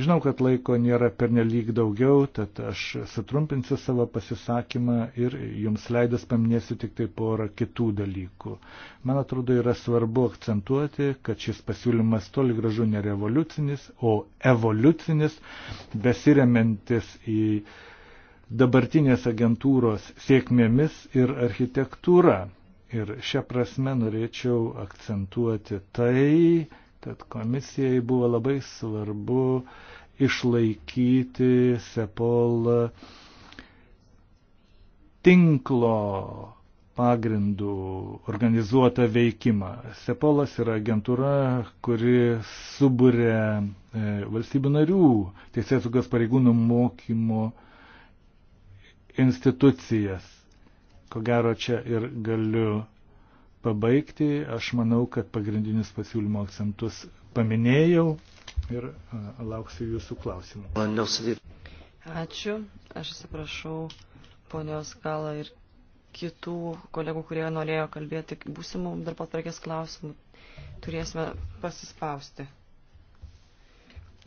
[SPEAKER 2] Žinau, kad laiko nėra pernelyg daugiau, tad aš sutrumpinsiu savo pasisakymą ir jums leidus paminėsiu tik tai porą kitų dalykų. Man atrodo, yra svarbu akcentuoti, kad šis pasiūlymas toli gražu ne revoliucinis, o evoliucinis, besiriamentis į dabartinės agentūros sėkmėmis ir architektūrą. Ir šią prasme norėčiau akcentuoti tai, Tad komisijai buvo labai svarbu išlaikyti Sepol tinklo pagrindų organizuotą veikimą. Sepolas yra agentūra, kuri subūrė e, valstybių narių teisėsaugos pareigūnų mokymo institucijas. Ko gero čia ir galiu pabaigti. Aš manau, kad pagrindinius pasiūlymo akcentus paminėjau ir lauksiu jūsų
[SPEAKER 1] klausimų.
[SPEAKER 3] Ačiū. Aš atsiprašau ponios Kalą ir kitų kolegų, kurie norėjo kalbėti būsimų darbo atvarkės klausimų. Turėsime pasispausti.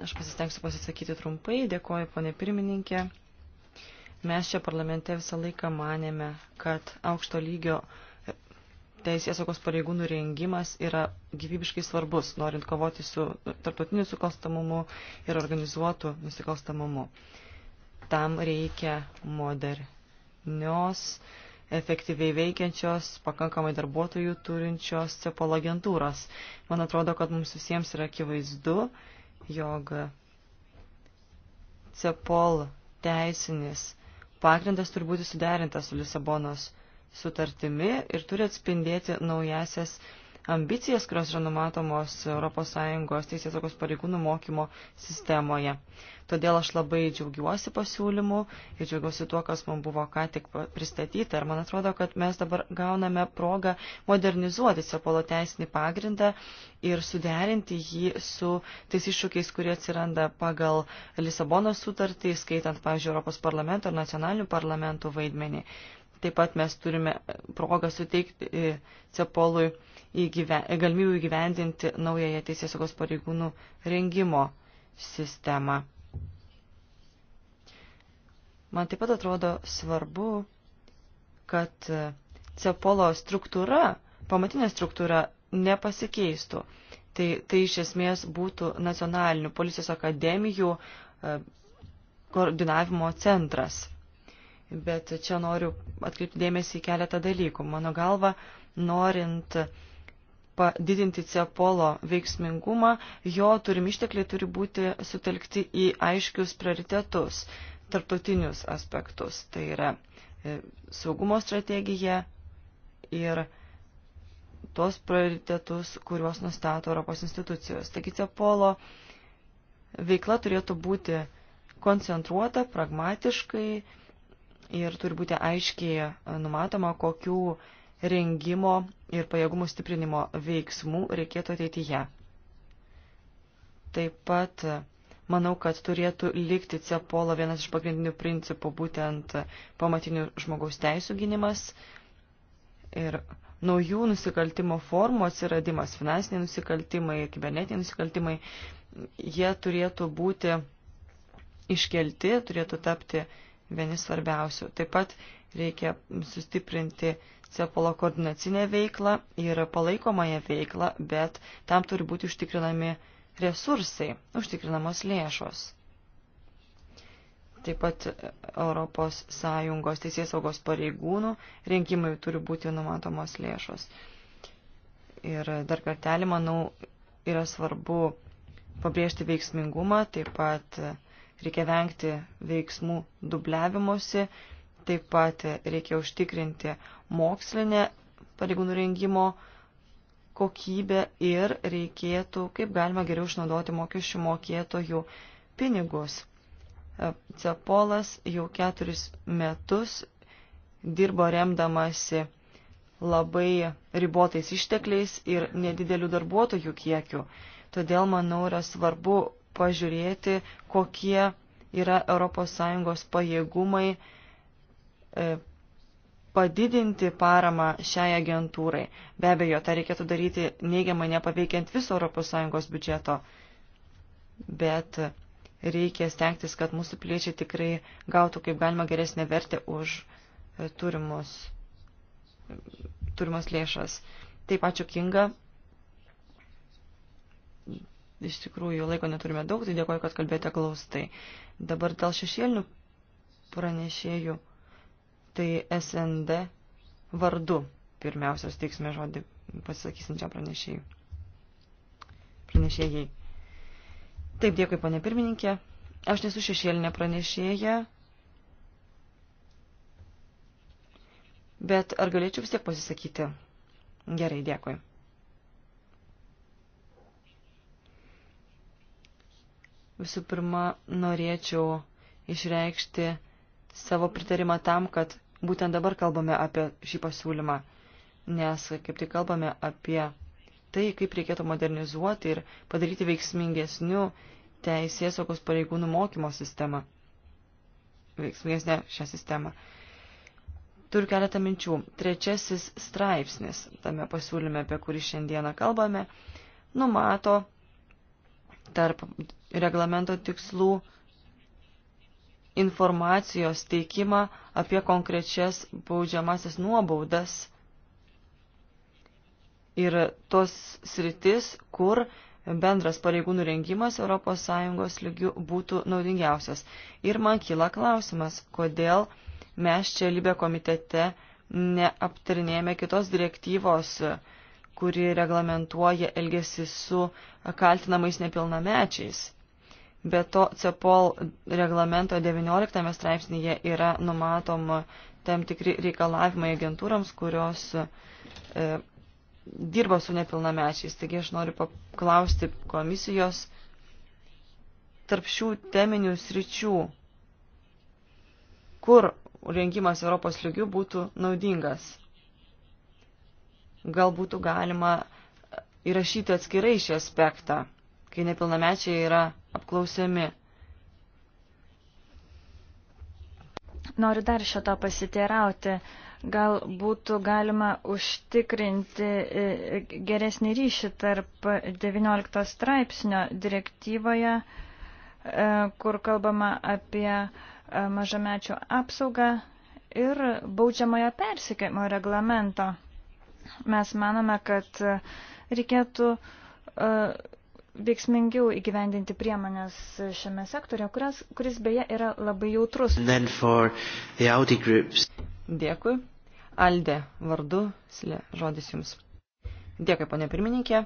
[SPEAKER 3] Aš pasistengsiu pasisakyti trumpai. Dėkoju, ponė pirmininkė. Mes čia parlamente visą laiką manėme, kad aukšto lygio teisės saugos pareigūnų rengimas yra gyvybiškai svarbus, norint kovoti su tarptautiniu nusikalstamumu ir organizuotu nusikalstamumu. Tam reikia modernios, efektyviai veikiančios, pakankamai darbuotojų turinčios CEPOL agentūros. Man atrodo, kad mums visiems yra akivaizdu, jog CEPOL teisinis pagrindas turi būti suderintas su Lisabonos sutartimi ir turi atspindėti naujasias ambicijas, kurios yra numatomos ES teisėsaugos pareigūnų mokymo sistemoje. Todėl aš labai džiaugiuosi pasiūlymu ir džiaugiuosi tuo, kas man buvo ką tik pristatyta. Ir man atrodo, kad mes dabar gauname progą modernizuoti Cepolo teisinį pagrindą ir suderinti jį su tais iššūkiais, kurie atsiranda pagal Lisabono sutartį, skaitant, pavyzdžiui, Europos parlamento ir nacionalinių parlamentų vaidmenį. Taip pat mes turime progą suteikti e, Cepolui įgyven, e, galimybių įgyvendinti naująją teisėsaugos pareigūnų rengimo sistemą. Man taip pat atrodo svarbu, kad e, Cepolo struktūra, pamatinė struktūra nepasikeistų. Tai, tai iš esmės būtų nacionalinių policijos akademijų koordinavimo centras bet čia noriu atkreipti dėmesį į keletą dalykų. Mano galva, norint padidinti CEPOLO veiksmingumą, jo turim ištekliai turi būti sutelkti į aiškius prioritetus, tarptautinius aspektus. Tai yra e, saugumo strategija ir tos prioritetus, kuriuos nustato Europos institucijos. Taigi CEPOLO veikla turėtų būti koncentruota, pragmatiškai, ir turi būti aiškiai e, numatoma, kokių rengimo ir pajėgumų stiprinimo veiksmų reikėtų ateityje. Taip pat e, manau, kad turėtų likti CEPOLO vienas iš pagrindinių principų būtent pamatinių žmogaus teisų gynimas ir naujų nusikaltimo formų atsiradimas, finansiniai nusikaltimai, kibernetiniai nusikaltimai, jie turėtų būti iškelti, turėtų tapti vieni svarbiausių. Taip pat reikia sustiprinti CEPOLO koordinacinę veiklą ir palaikomąją veiklą, bet tam turi būti užtikrinami resursai, užtikrinamos lėšos. Taip pat ES teisės saugos pareigūnų rinkimai turi būti numatomos lėšos. Ir dar kartelį, manau, yra svarbu pabrėžti veiksmingumą, taip pat reikia vengti veiksmų dubliavimuose, taip pat reikia užtikrinti mokslinę pareigūnų rengimo kokybę ir reikėtų kaip galima geriau išnaudoti mokesčių mokėtojų pinigus. E, Cepolas jau keturis metus dirbo remdamasi labai ribotais ištekliais ir nedidelių darbuotojų kiekiu. Todėl, manau, yra svarbu pažiūrėti, kokie yra ES pajėgumai e, padidinti paramą šiai agentūrai. Be abejo, tą reikėtų daryti neigiamai nepaveikiant viso ES biudžeto, bet reikia stengtis, kad mūsų piliečiai tikrai gautų kaip galima geresnę vertę už e, turimus, turimas lėšas. Taip, ačiū Kinga iš tikrųjų laiko neturime daug, tai dėkoju, kad kalbėjote glaustai. Dabar dėl šešėlinių pranešėjų, tai SND vardu pirmiausia steiksime žodį pasisakysinčią pranešėjų. Pranešėjai. Taip, dėkui, ponė pirmininkė. Aš nesu šešėlinė pranešėja, bet ar galėčiau vis tiek pasisakyti? Gerai, dėkui. Visų pirma, norėčiau išreikšti savo pritarimą tam, kad būtent dabar kalbame apie šį pasiūlymą, nes kaip tik kalbame apie tai, kaip reikėtų modernizuoti ir padaryti veiksmingesnių teisės saugos pareigūnų mokymo sistemą. Veiksmingesnė šią sistemą. Turiu keletą minčių. Trečiasis straipsnis tame pasiūlyme, apie kurį šiandieną kalbame, numato tarp reglamento tikslų informacijos teikimą apie konkrečias baudžiamasis nuobaudas ir tos sritis, kur bendras pareigūnų rengimas ES lygių būtų naudingiausias. Ir man kyla klausimas, kodėl mes čia Libė komitete neaptarinėjame kitos direktyvos kuri reglamentuoja elgesį su kaltinamais nepilnamečiais. Be to, CEPOL reglamento 19 straipsnėje yra numatoma tam tikri reikalavimai agentūrams, kurios e, dirba su nepilnamečiais. Taigi aš noriu paklausti komisijos tarp šių teminių sričių, kur rengimas Europos lygių būtų naudingas gal būtų galima įrašyti atskirai šį aspektą, kai nepilnamečiai yra apklausiami.
[SPEAKER 4] Noriu dar šito pasiteirauti. Gal būtų galima užtikrinti e, e, geresnį ryšį tarp 19 straipsnio direktyvoje, e, kur kalbama apie mažamečių apsaugą ir baudžiamojo persikėjimo reglamento. Mes manome, kad e, reikėtų e, veiksmingiau įgyvendinti priemonės šiame sektorio, kurios, kuris beje yra labai jautrus.
[SPEAKER 3] Dėkui. Alde vardu, slė, žodis jums. Dėkui, ponė pirmininkė.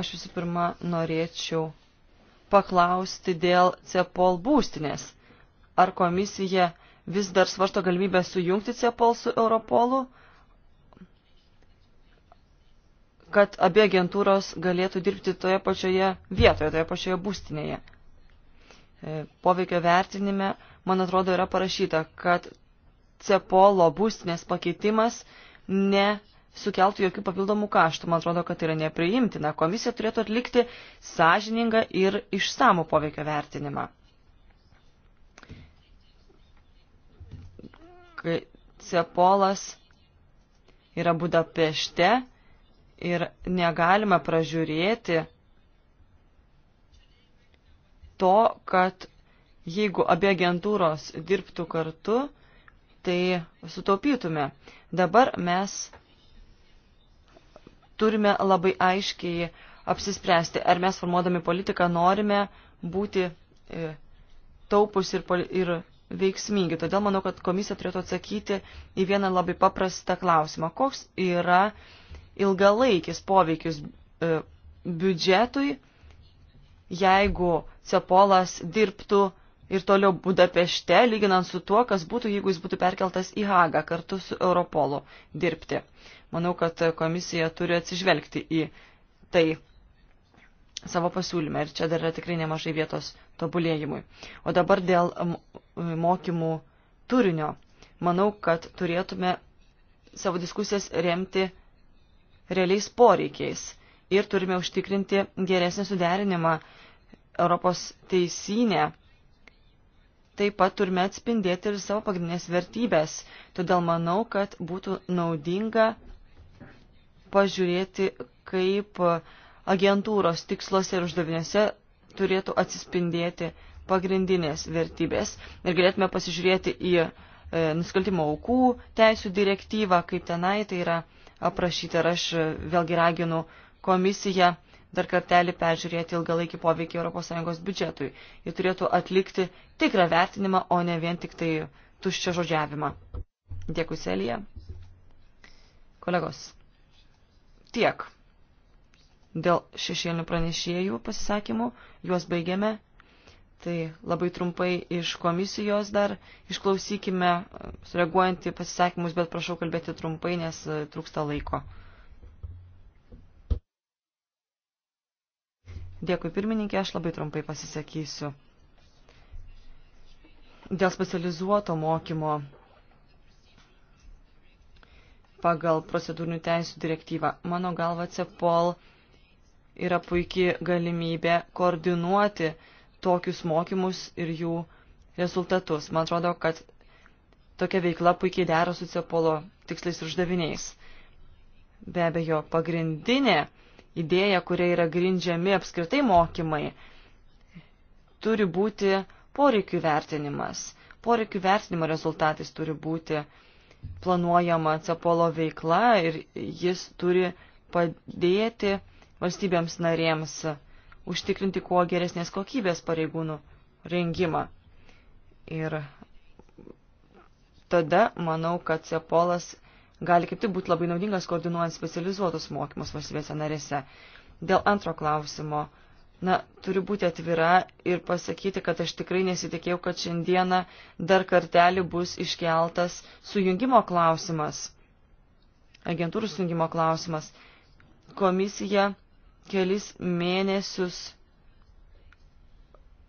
[SPEAKER 3] Aš visų pirma norėčiau paklausti dėl CEPOL būstinės. Ar komisija vis dar svarsto galimybę sujungti CEPOL su Europolu? Uh, kad abie agentūros galėtų dirbti toje pačioje vietoje, toje pačioje būstinėje. E, poveikio vertinime, man atrodo, yra parašyta, kad CEPOLO būstinės pakeitimas ne sukeltų jokių papildomų kaštų. Man atrodo, kad tai yra nepriimtina. Komisija turėtų atlikti sąžiningą ir išsamų poveikio vertinimą. Kai Cepolas yra Budapešte, ir negalima pražiūrėti to, kad jeigu abie agentūros dirbtų kartu, tai sutaupytume. Dabar mes turime labai aiškiai apsispręsti, ar mes formuodami politiką norime būti e, taupus ir, ir veiksmingi. Todėl manau, kad komisija turėtų atsakyti į vieną labai paprastą klausimą. Koks yra uh, ilgalaikis poveikis e, biudžetui, jeigu Cepolas dirbtų ir toliau Budapešte, lyginant su tuo, kas būtų, jeigu jis būtų perkeltas į Hagą kartu su Europolu dirbti. Manau, kad komisija turi atsižvelgti į tai savo pasiūlyme ir čia dar yra tikrai nemažai vietos tobulėjimui. O dabar dėl mokymų turinio. Manau, kad turėtume savo diskusijas remti realiais poreikiais ir turime užtikrinti geresnį suderinimą Europos teisinę. Taip pat turime atspindėti ir savo pagrindinės vertybės. Todėl manau, kad būtų naudinga pažiūrėti, kaip agentūros tiksluose ir uždaviniuose turėtų atsispindėti pagrindinės vertybės. Ir galėtume pasižiūrėti į e, nusikaltimo aukų teisų direktyvą, kaip tenai tai yra aprašyti ir aš vėlgi raginu komisiją dar kartelį peržiūrėti ilgalaikį poveikį ES biudžetui. Ji turėtų atlikti tikrą vertinimą, o ne vien tik tai tuščia žodžiavimą. Dėkui, Selija. Kolegos, tiek dėl šešėlinių pranešėjų pasisakymų. Juos baigiame. Tai labai trumpai iš komisijos dar išklausykime, sureaguojant į pasisakymus, bet prašau kalbėti trumpai, nes e, trūksta laiko. Dėkui pirmininkė, aš labai trumpai pasisakysiu. Dėl specializuoto mokymo pagal procedūrinių teisų direktyvą, mano galva, CEPOL yra puikiai galimybė koordinuoti tokius mokymus ir jų rezultatus. Man atrodo, kad tokia veikla puikiai dera su Cepolo tikslais ir uždaviniais. Be abejo, pagrindinė idėja, kuria yra grindžiami apskritai mokymai, turi būti poreikių vertinimas. Poreikių vertinimo rezultatais turi būti planuojama Cepolo veikla ir jis turi padėti valstybėms narėms užtikrinti kuo geresnės kokybės pareigūnų rengimą. Ir tada manau, kad Cepolas gali kaip tik būti labai naudingas koordinuojant specializuotus mokymus valstybėse narėse. Dėl antro klausimo, na, turiu būti atvira ir pasakyti, kad aš tikrai nesitikėjau, kad šiandieną dar kartelį bus iškeltas sujungimo klausimas, agentūrų sujungimo klausimas. Komisija kelis mėnesius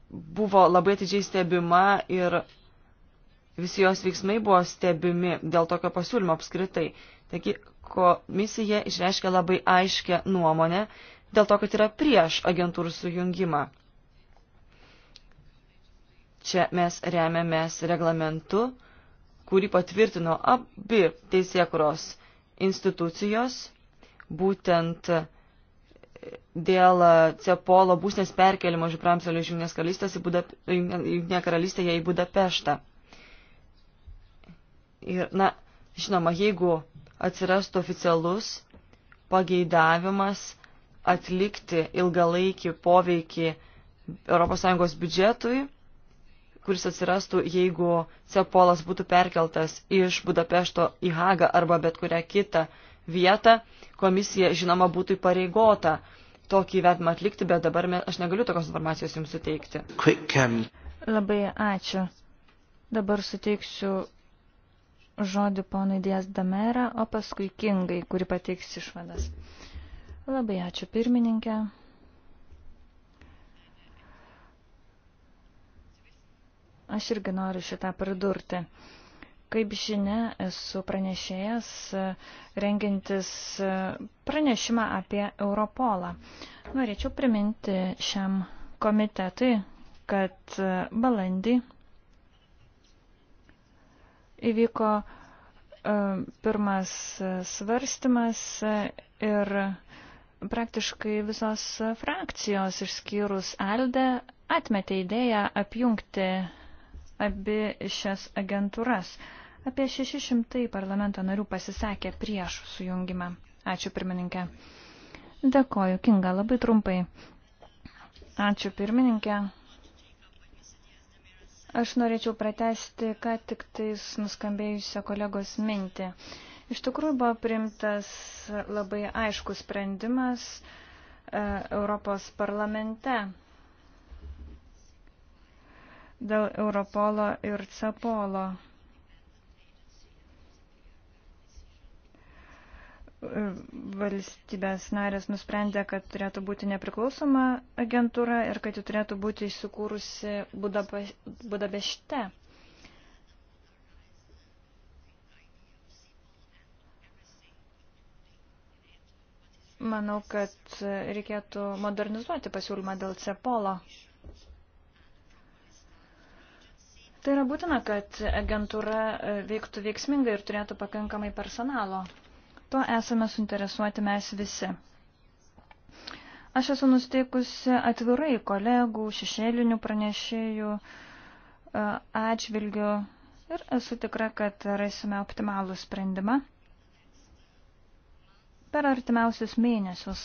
[SPEAKER 3] buvo labai atidžiai stebima ir visi jos veiksmai buvo stebimi dėl tokio pasiūlymo apskritai. Taigi komisija išreiškia labai aiškę nuomonę dėl to, kad yra prieš agentūrų sujungimą. Čia mes remiamės reglamentu, kurį patvirtino abi teisėkuros institucijos, būtent dėl e, Cepolo būsnės perkelimo iš Bramselio iš Junktinės karalystės į Budap... Junktinę karalystę į Budapeštą. Ir, na, žinoma, jeigu atsirastų oficialus pageidavimas atlikti ilgalaikį poveikį ES biudžetui, kuris atsirastų, jeigu Cepolas būtų perkeltas iš Budapešto į Hagą arba bet kurią kitą uh, vietą, komisija žinoma būtų įpareigota tokį įvedimą atlikti, bet dabar aš negaliu tokios informacijos jums suteikti.
[SPEAKER 1] Um,
[SPEAKER 4] Labai ačiū. Dabar suteiksiu žodį ponui Dijas Damera, o paskui Kingai, kuri pateiks išvadas. Labai ačiū pirmininkė. Aš irgi noriu šitą pridurti. Kaip žinia, esu pranešėjas rengintis pranešimą apie Europolą. Norėčiau priminti šiam komitetui, kad balandį įvyko e, pirmas svarstymas ir praktiškai visos frakcijos išskyrus Alde atmetė idėją apjungti abi šias agentūras. Apie 600 parlamento narių pasisakė prieš sujungimą. Ačiū pirmininkė. Dėkoju, Kinga, labai trumpai. Ačiū pirmininkė. Aš norėčiau pratesti, ką tik tais nuskambėjusią kolegos mintį. Iš tikrųjų buvo priimtas labai aiškus sprendimas e, Europos parlamente dėl Europolo ir Cepolo. valstybės narės nusprendė, kad turėtų būti nepriklausoma agentūra ir kad ji turėtų būti įsikūrusi Budapa, Budapešte. Manau, kad reikėtų modernizuoti pasiūlymą dėl CEPOLO. Tai yra būtina, kad agentūra veiktų veiksmingai ir turėtų pakankamai personalo. Tuo esame suinteresuoti mes visi. Aš esu nusteikusi atvirai kolegų, šešėlinių pranešėjų e, atžvilgių ir esu tikra, kad rasime optimalų sprendimą per artimiausius mėnesius.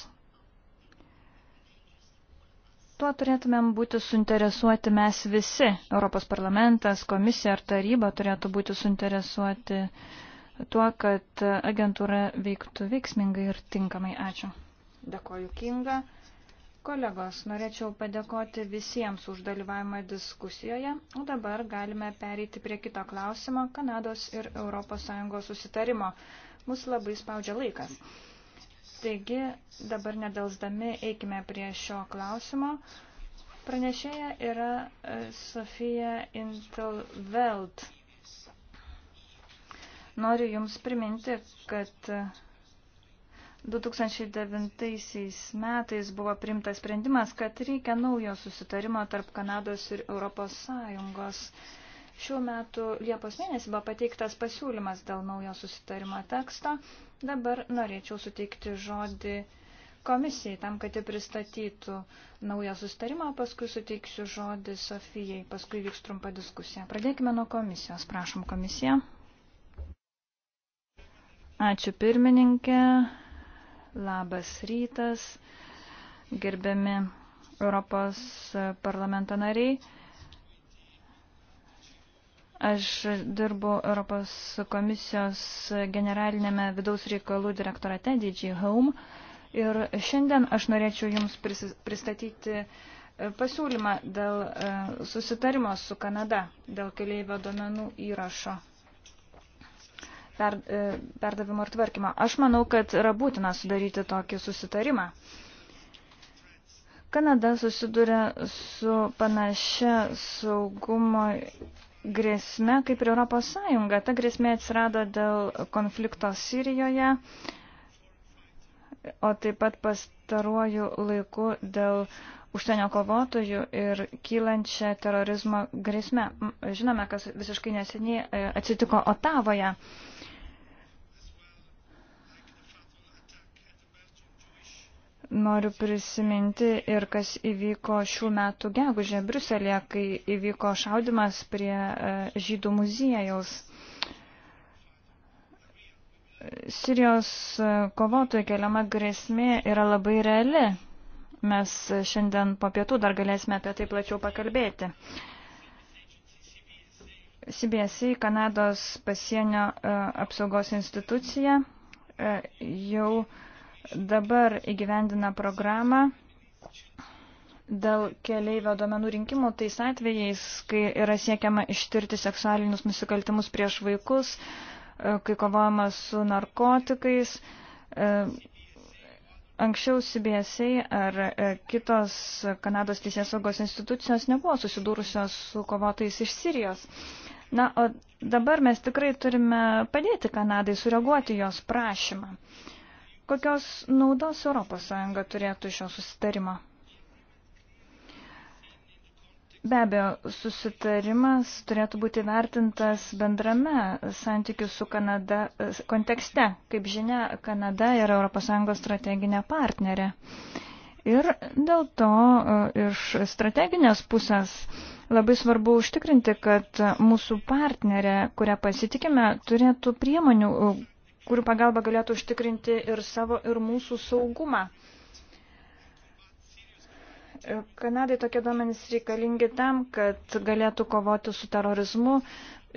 [SPEAKER 4] Tuo turėtumėm būti suinteresuoti mes visi. Europos parlamentas, komisija ar taryba turėtų būti suinteresuoti uh, tuo, kad agentūra veiktų veiksmingai ir tinkamai. Ačiū. Dėkoju, Kinga. Kolegos, norėčiau padėkoti visiems už dalyvavimą diskusijoje, o dabar galime pereiti prie kito klausimo - Kanados ir ES susitarimo. Mus labai spaudžia laikas. Taigi, dabar nedelsdami eikime prie šio klausimo. Pranešėja yra e, Sofija Intelveld. Noriu Jums priminti, kad 2009 metais buvo primtas sprendimas, kad reikia naujo susitarimo tarp Kanados ir Europos Sąjungos. Šiuo metu Liepos mėnesį buvo pateiktas pasiūlymas dėl naujo susitarimo teksto. Dabar norėčiau suteikti žodį komisijai tam, kad jie pristatytų naują sustarimą, paskui suteiksiu žodį Sofijai, paskui vyks trumpa diskusija. Pradėkime nuo komisijos. Prašom komisiją. Ačiū pirmininkė, labas rytas, gerbiami Europos parlamento nariai. Aš dirbu Europos komisijos generalinėme vidaus reikalų direktorate DG Home ir šiandien aš norėčiau Jums pristatyti e, pasiūlymą dėl e, susitarimo su Kanada dėl keleivio domenų įrašo per, e, perdavimo ir tvarkymo. Aš manau, kad yra būtina sudaryti tokį susitarimą. Kanada susiduria su panašia saugumo grėsme kaip ir Europos Sąjunga. Ta grėsmė atsirado dėl konflikto Sirijoje, o taip pat pastaruoju laiku dėl užsienio kovotojų ir kylančią terorizmo grėsmę. Žinome, kas visiškai neseniai e, atsitiko Otavoje. Noriu prisiminti ir kas įvyko šių metų gegužė Bruselėje, kai įvyko šaudimas prie e, žydų muziejaus. Sirijos e, kovotojų keliama grėsmė yra labai reali. Mes šiandien po pietų dar galėsime apie tai plačiau pakalbėti. CBSI, Kanados pasienio e, apsaugos institucija, jau dabar įgyvendina programą dėl keleivio duomenų rinkimų tais atvejais, kai yra siekiama ištirti seksualinius nusikaltimus prieš vaikus, e, kai kovojama su narkotikais. E, anksčiau CBSA ar e, kitos Kanados teisės saugos institucijos nebuvo susidūrusios su kovotojais iš Sirijos. Na, o dabar mes tikrai turime padėti Kanadai sureaguoti jos prašymą. Uh, Kokios naudos ES turėtų šio susitarimo? Be abejo, susitarimas turėtų būti vertintas bendrame santykių su Kanada kontekste. Kaip žinia, Kanada yra ES strateginė partnerė. Ir dėl to e, iš strateginės pusės labai svarbu užtikrinti, kad mūsų partnerė, kurią pasitikime, turėtų priemonių, kurių pagalba galėtų užtikrinti ir savo, ir mūsų saugumą. Kanadai tokie duomenys reikalingi tam, kad galėtų kovoti su terorizmu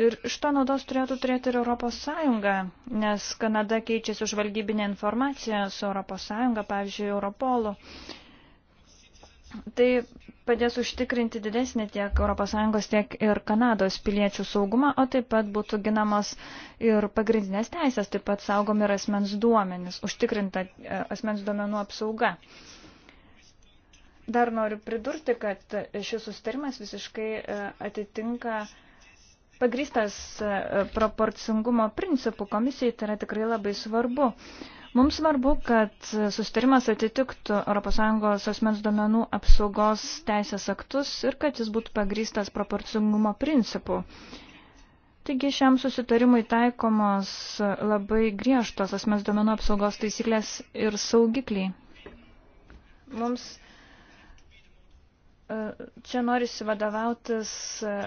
[SPEAKER 4] ir iš to naudos turėtų turėti ir Europos Sąjunga, nes Kanada keičiasi žvalgybinė informacija su Europos Sąjunga, pavyzdžiui, Europolu. Tai padės užtikrinti didesnį tiek ES, tiek ir Kanados piliečių saugumą, o taip pat būtų ginamos ir pagrindinės teisės, taip pat saugomi ir asmens duomenis, užtikrinta e, asmens duomenų apsauga. Dar noriu pridurti, kad šis sustarimas visiškai e, atitinka pagrįstas e, proporcingumo principų komisijai, tai yra tikrai labai svarbu. Mums svarbu, kad sustarimas atitiktų ES asmens duomenų apsaugos teisės aktus ir kad jis būtų pagrystas proporcingumo principu. Taigi šiam susitarimui taikomos labai griežtos asmens duomenų apsaugos taisyklės ir saugikliai. Mums e, čia norisi vadovautis e,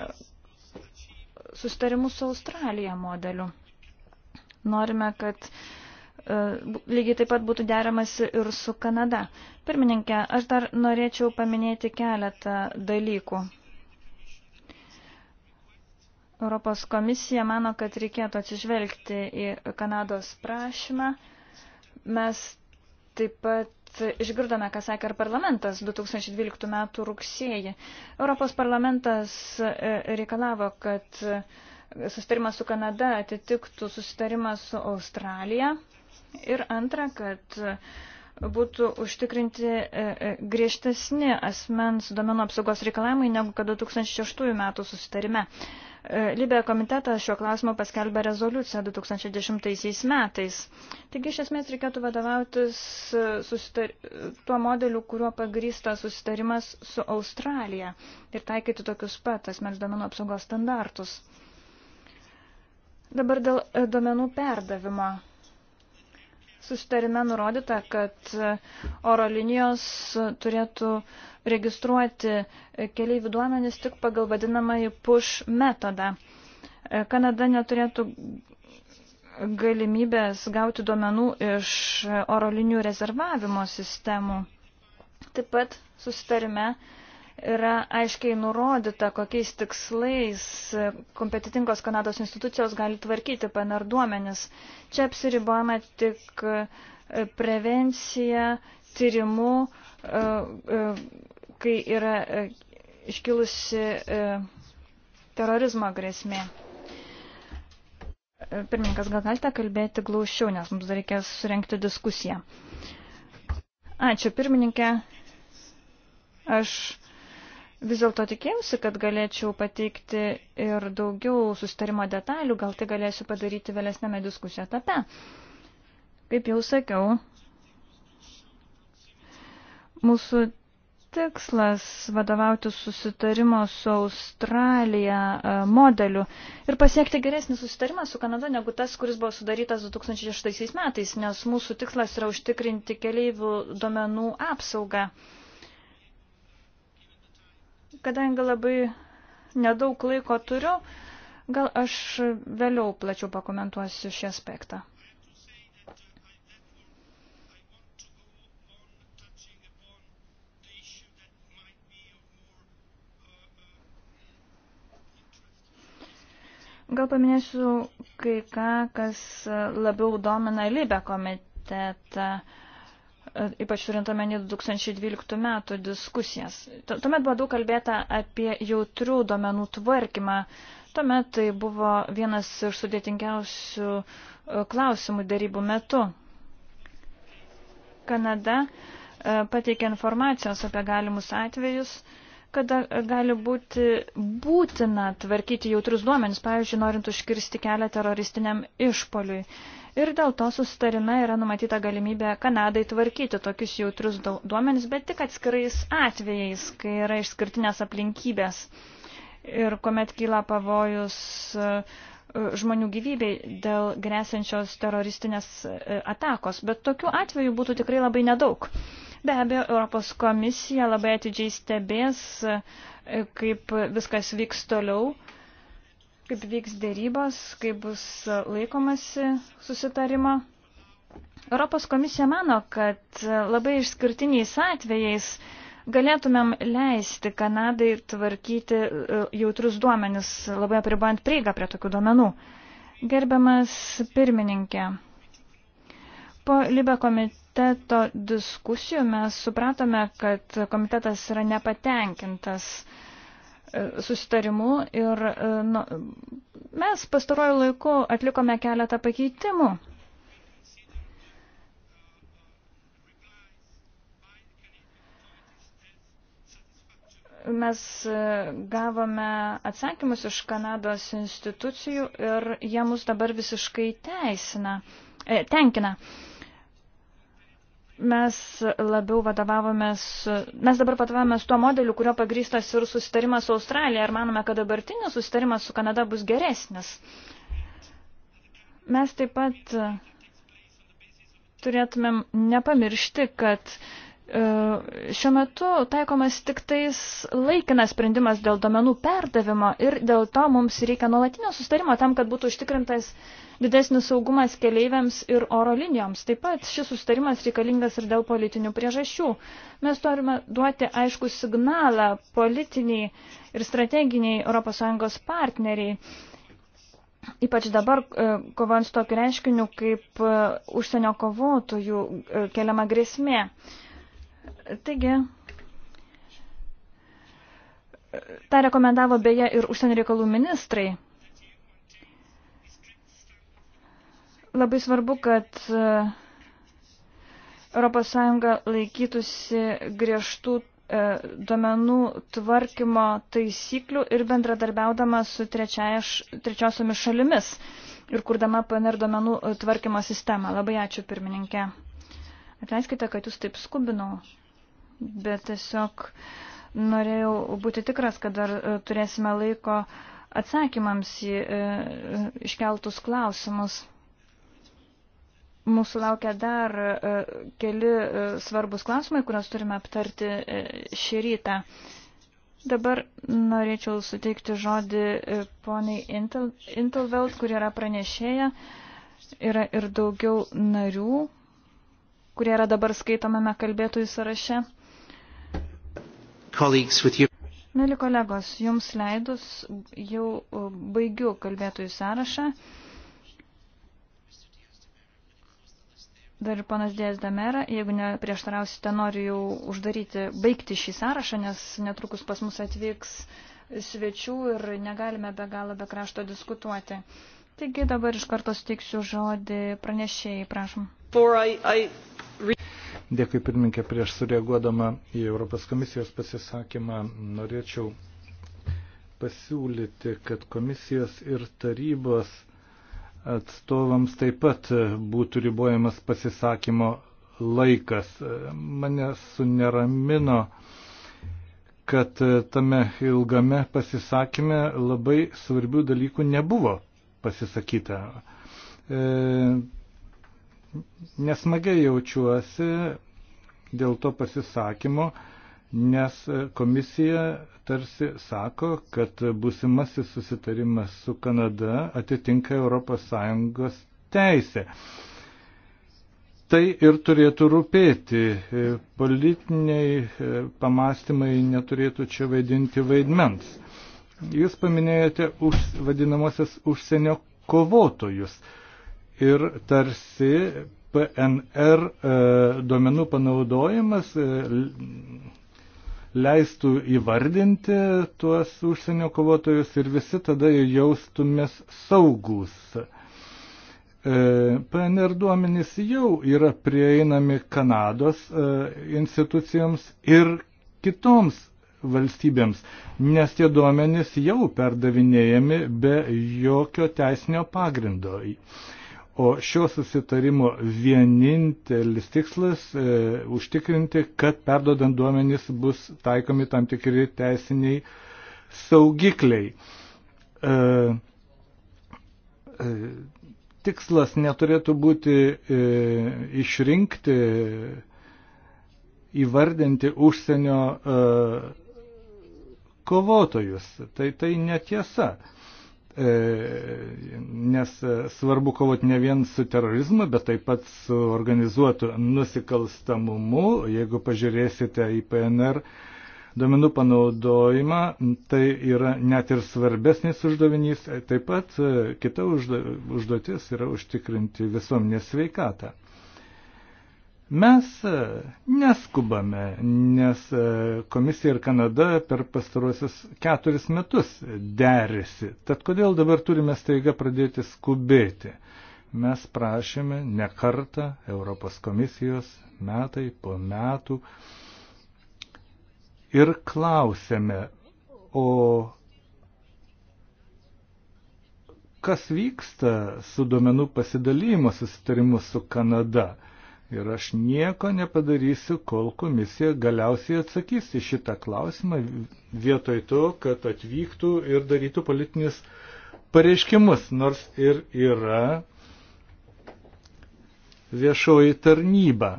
[SPEAKER 4] susitarimu su Australija modeliu. Norime, kad E, lygiai taip pat būtų deramasi ir su Kanada. Pirmininkė, aš dar norėčiau paminėti keletą dalykų. Europos komisija mano, kad reikėtų atsižvelgti į Kanados prašymą. Mes taip pat išgirdome, ką sakė ir parlamentas 2012 m. rugsėjį. Europos parlamentas e, reikalavo, kad susitarimas su Kanada atitiktų susitarimą su Australija. Ir antra, kad būtų užtikrinti e, e, griežtesni asmens domenų apsaugos reikalavimai negu kad 2006 metų susitarime. E, Libė komitetas šiuo klausimu paskelbė rezoliuciją 2010 metais. Taigi iš esmės reikėtų vadovautis susitar... tuo modeliu, kuriuo pagrįsta susitarimas su Australija ir taikyti tokius pat asmens domenų apsaugos standartus. Dabar dėl domenų perdavimo. Susitarime nurodyta, kad oro linijos turėtų registruoti keliaivių duomenis tik pagal vadinamąjį push metodą. Kanada neturėtų galimybės gauti duomenų iš oro linijų rezervavimo sistemų. Taip pat susitarime uh, yra aiškiai nurodyta, kokiais tikslais kompetitingos Kanados institucijos gali tvarkyti PNR duomenis. Čia apsiribojama tik e, prevencija, tyrimu, e, e, kai yra iškilusi terorizmo grėsmė. Pirmininkas, gal galite kalbėti glaušiau, nes mums dar reikės surenkti diskusiją. Ačiū, pirmininkė. Aš Vis dėlto tikėjausi, kad galėčiau pateikti ir daugiau sustarimo detalių, gal tai galėsiu padaryti vėlesnėme diskusijų etape. Kaip jau sakiau, mūsų tikslas vadovauti susitarimo su Australija e, modeliu ir pasiekti geresnį susitarimą su Kanada negu tas, kuris buvo sudarytas 2006 metais, nes mūsų tikslas yra užtikrinti keleivių duomenų apsaugą. Kadangi labai nedaug laiko turiu, gal aš vėliau plačiau pakomentuosiu šį aspektą. Gal paminėsiu kai ką, kas labiau domina Libę komitetą. Uh, ypač turint omeny 2012 metų diskusijas. Tuomet buvo daug kalbėta apie jautrių duomenų tvarkymą. Tuomet tai buvo vienas iš sudėtingiausių e, klausimų darybų metu. Kanada e, pateikė informacijos apie galimus atvejus, kada e, gali būti būtina tvarkyti jautrus duomenis, pavyzdžiui, norint užkirsti kelią teroristiniam išpoliui. Ir dėl to susitarime yra numatyta galimybė Kanadai tvarkyti tokius jautrius duomenis, bet tik atskirais atvejais, kai yra išskirtinės aplinkybės ir kuomet kyla pavojus e, žmonių gyvybei dėl grėsiančios teroristinės e, atakos. Bet tokių atvejų būtų tikrai labai nedaug. Be abejo, Europos komisija labai atidžiai stebės, e, kaip viskas vyks toliau kaip vyks dėrybos, kaip bus laikomasi susitarimo. Europos komisija mano, kad labai išskirtiniais atvejais galėtumėm leisti Kanadai tvarkyti e, jautrus duomenis, labai apribojant prieigą prie tokių duomenų. Gerbiamas pirmininkė, po Libe komiteto diskusijų mes supratome, kad komitetas yra nepatenkintas uh, susitarimu ir nu, mes pastaruoju laiku atlikome keletą pakeitimų. Mes e, gavome atsakymus iš Kanados institucijų ir jie mus dabar visiškai teisina, e, tenkina. E, mes labiau vadovavomės, mes dabar vadovavomės tuo modeliu, kurio pagrystas ir susitarimas su Australija ir manome, kad dabartinis susitarimas su Kanada bus geresnis. Mes taip pat turėtumėm nepamiršti, kad uh, E, šiuo metu taikomas tik tais laikinas sprendimas dėl domenų perdavimo ir dėl to mums reikia nuolatinio sustarimo tam, kad būtų užtikrintas didesnis saugumas keleiviams ir oro linijoms. Taip pat šis sustarimas reikalingas ir dėl politinių priežasčių. Mes turime duoti aišku signalą politiniai ir strateginiai ES partneriai. Ypač dabar, e, kovant su tokiu reiškiniu, kaip e, užsienio kovotojų keliama grėsmė. Taigi, tą rekomendavo beje ir užsienio reikalų ministrai. Labai svarbu, kad ES laikytųsi griežtų e, duomenų tvarkymo taisyklių ir bendradarbiaudama su trečiosiomis šalimis ir kurdama PNR duomenų e, tvarkymo sistemą. Labai ačiū pirmininkė. Atleiskite, kad jūs taip skubinau, bet tiesiog norėjau būti tikras, kad dar e, turėsime laiko atsakymams į e, e, iškeltus klausimus. Mūsų laukia dar keli svarbus klausimai, kuriuos turime aptarti šį rytą. Dabar norėčiau suteikti žodį poniai Intelveld, kur yra pranešėja. Yra ir daugiau narių, kurie yra dabar skaitomame kalbėtojų sąraše. Mėly kolegos, jums leidus jau uh, baigiu kalbėtojų sąrašą. Dar ir panas Dėjas Damera, jeigu neprieštarausite, noriu jau uždaryti, baigti šį sąrašą, nes netrukus pas mus atvyks svečių ir negalime be galo be krašto diskutuoti. Taigi dabar iš karto steiksiu žodį pranešėjai, prašom.
[SPEAKER 2] Dėkui pirminkė, prieš sureaguodama į Europos komisijos pasisakymą norėčiau pasiūlyti, kad komisijos ir tarybos atstovams taip pat būtų ribojamas pasisakymo laikas. Mane suneramino, kad tame ilgame pasisakime labai svarbių dalykų nebuvo pasisakyta. E, nesmagiai jaučiuosi dėl to pasisakymo, nes komisija tarsi sako, kad būsimasis susitarimas su Kanada atitinka ES teisę. Tai ir turėtų rūpėti. E, politiniai e, pamastymai neturėtų čia vaidinti vaidmens. Jūs paminėjote už, vadinamosios užsienio kovotojus ir tarsi PNR e, duomenų panaudojimas e, leistų įvardinti tuos užsienio kovotojus ir visi tada jaustumės saugus. E, PNR duomenys jau yra prieinami Kanados e, institucijoms ir kitoms valstybėms, nes tie duomenys jau perdavinėjami be jokio teisinio pagrindo. O šio susitarimo vienintelis tikslas e, užtikrinti, kad perdodant duomenys bus taikomi tam tikri teisiniai saugikliai. E, e, tikslas neturėtų būti e, išrinkti, įvardinti užsienio e, kovotojus. Tai tai netiesa. E, nes e, svarbu kovoti ne vien su terorizmu, bet taip pat su organizuotu nusikalstamumu. Jeigu pažiūrėsite į PNR duomenų panaudojimą, tai yra net ir svarbesnis uždavinys. Taip pat e, kita užduotis yra užtikrinti visuomenės sveikatą. Mes e, neskubame, nes e, komisija ir Kanada per pastaruosius keturis metus derisi. Tad kodėl dabar turime staiga pradėti skubėti? Mes prašėme ne kartą Europos komisijos metai po metų ir klausėme, o kas vyksta su duomenų pasidalymo susitarimu su Kanada? Ir aš nieko nepadarysiu, kol komisija galiausiai atsakys į šitą klausimą, vietoj to, kad atvyktų ir darytų politinis pareiškimus, nors ir yra viešoji tarnyba.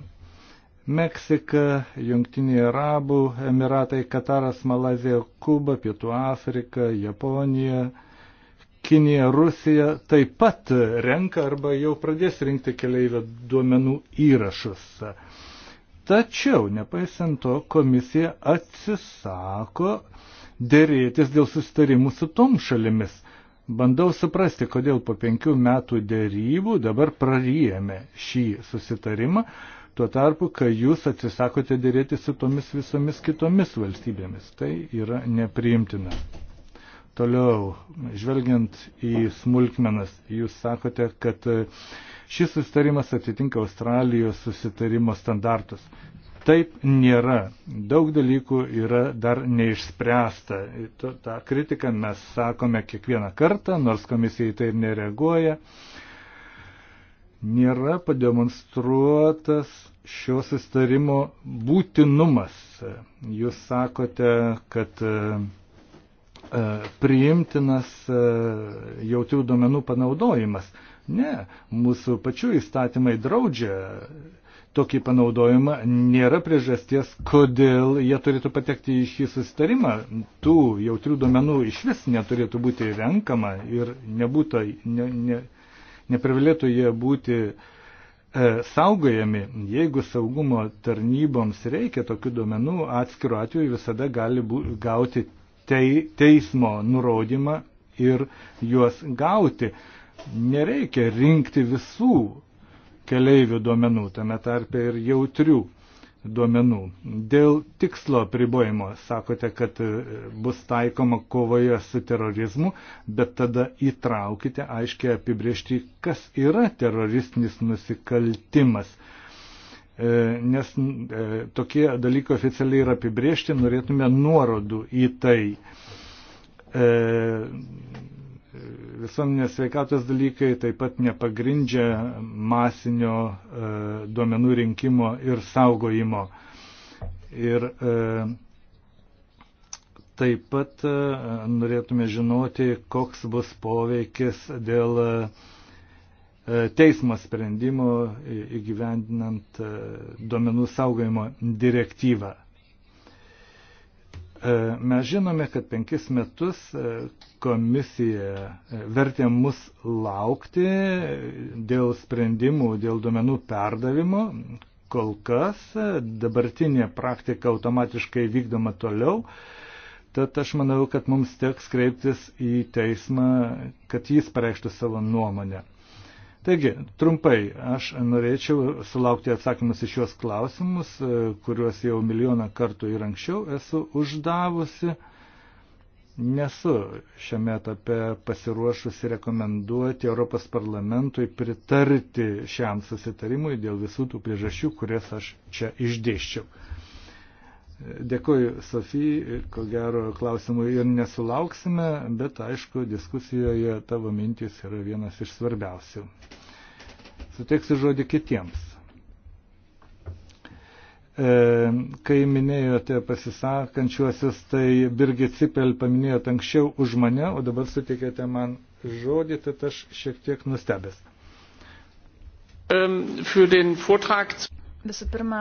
[SPEAKER 2] Meksika, Junktiniai Arabų Emiratai, Kataras, Malazija, Kuba, Pietų Afrika, Japonija, Kinija, Rusija taip pat renka arba jau pradės rinkti keliaivio duomenų įrašus. Tačiau, nepaisant to, komisija atsisako dėrėtis dėl sustarimų su tom šalimis. Bandau suprasti, kodėl po penkių metų dėrybų dabar prarijėme šį susitarimą, tuo tarpu, kai jūs atsisakote dėrėti su tomis visomis kitomis valstybėmis. Tai yra nepriimtina. Toliau, žvelgiant į smulkmenas, jūs sakote, kad e, šis susitarimas atitinka Australijos susitarimo standartus. Taip nėra. Daug dalykų yra dar neišspręsta. Ta kritika mes sakome kiekvieną kartą, nors komisija į tai ir nereaguoja. Nėra pademonstruotas šio sustarimo būtinumas. Jūs sakote, kad e, E, priimtinas e, jautrių duomenų panaudojimas. Ne, mūsų pačių įstatymai draudžia tokį panaudojimą, nėra priežasties, kodėl jie turėtų patekti į šį susitarimą. Tų jautrių duomenų iš vis neturėtų būti renkama ir nebūtų, ne, ne, neprivalėtų jie būti e, saugojami. Jeigu saugumo tarnyboms reikia tokių duomenų, atskiru atveju visada gali bū, gauti tei, teismo nurodymą ir juos gauti. Nereikia rinkti visų keleivių duomenų, tame tarpe ir jautrių duomenų. Dėl tikslo pribojimo sakote, kad e, bus taikoma kovoje su terorizmu, bet tada įtraukite aiškiai apibriežti, kas yra teroristinis nusikaltimas. E, nes e, tokie dalykai oficialiai yra apibriežti, norėtume nuorodų į tai. E, visuomenės sveikatos dalykai taip pat nepagrindžia masinio duomenų rinkimo ir saugojimo. Ir taip pat norėtume žinoti, koks bus poveikis dėl uh, E, teismo sprendimo įgyvendinant e, duomenų saugojimo direktyvą. E, mes žinome, kad penkis metus komisija vertė mus laukti dėl sprendimų, dėl duomenų perdavimo. Kol kas dabartinė praktika automatiškai vykdoma toliau. Tad aš manau, kad mums teks kreiptis į teismą, kad jis pareikštų savo nuomonę. Taigi, trumpai, aš norėčiau sulaukti atsakymus iš juos klausimus, e, kuriuos jau milijoną kartų ir anksčiau esu uždavusi. Nesu šiame etape pasiruošusi rekomenduoti Europos parlamentui pritarti šiam susitarimui dėl visų tų priežasčių, kurias aš čia išdėščiau. Dėkuoju, Sofija, ir ko gero klausimų ir nesulauksime, bet aišku, diskusijoje tavo mintis yra vienas iš svarbiausių. Suteiksiu žodį kitiems. E, kai minėjote pasisakančiuosius, tai Birgit Cipel paminėjote anksčiau už mane, o dabar suteikėte man žodį, tad aš šiek tiek nustebęs.
[SPEAKER 3] Um, Visų
[SPEAKER 4] pirma,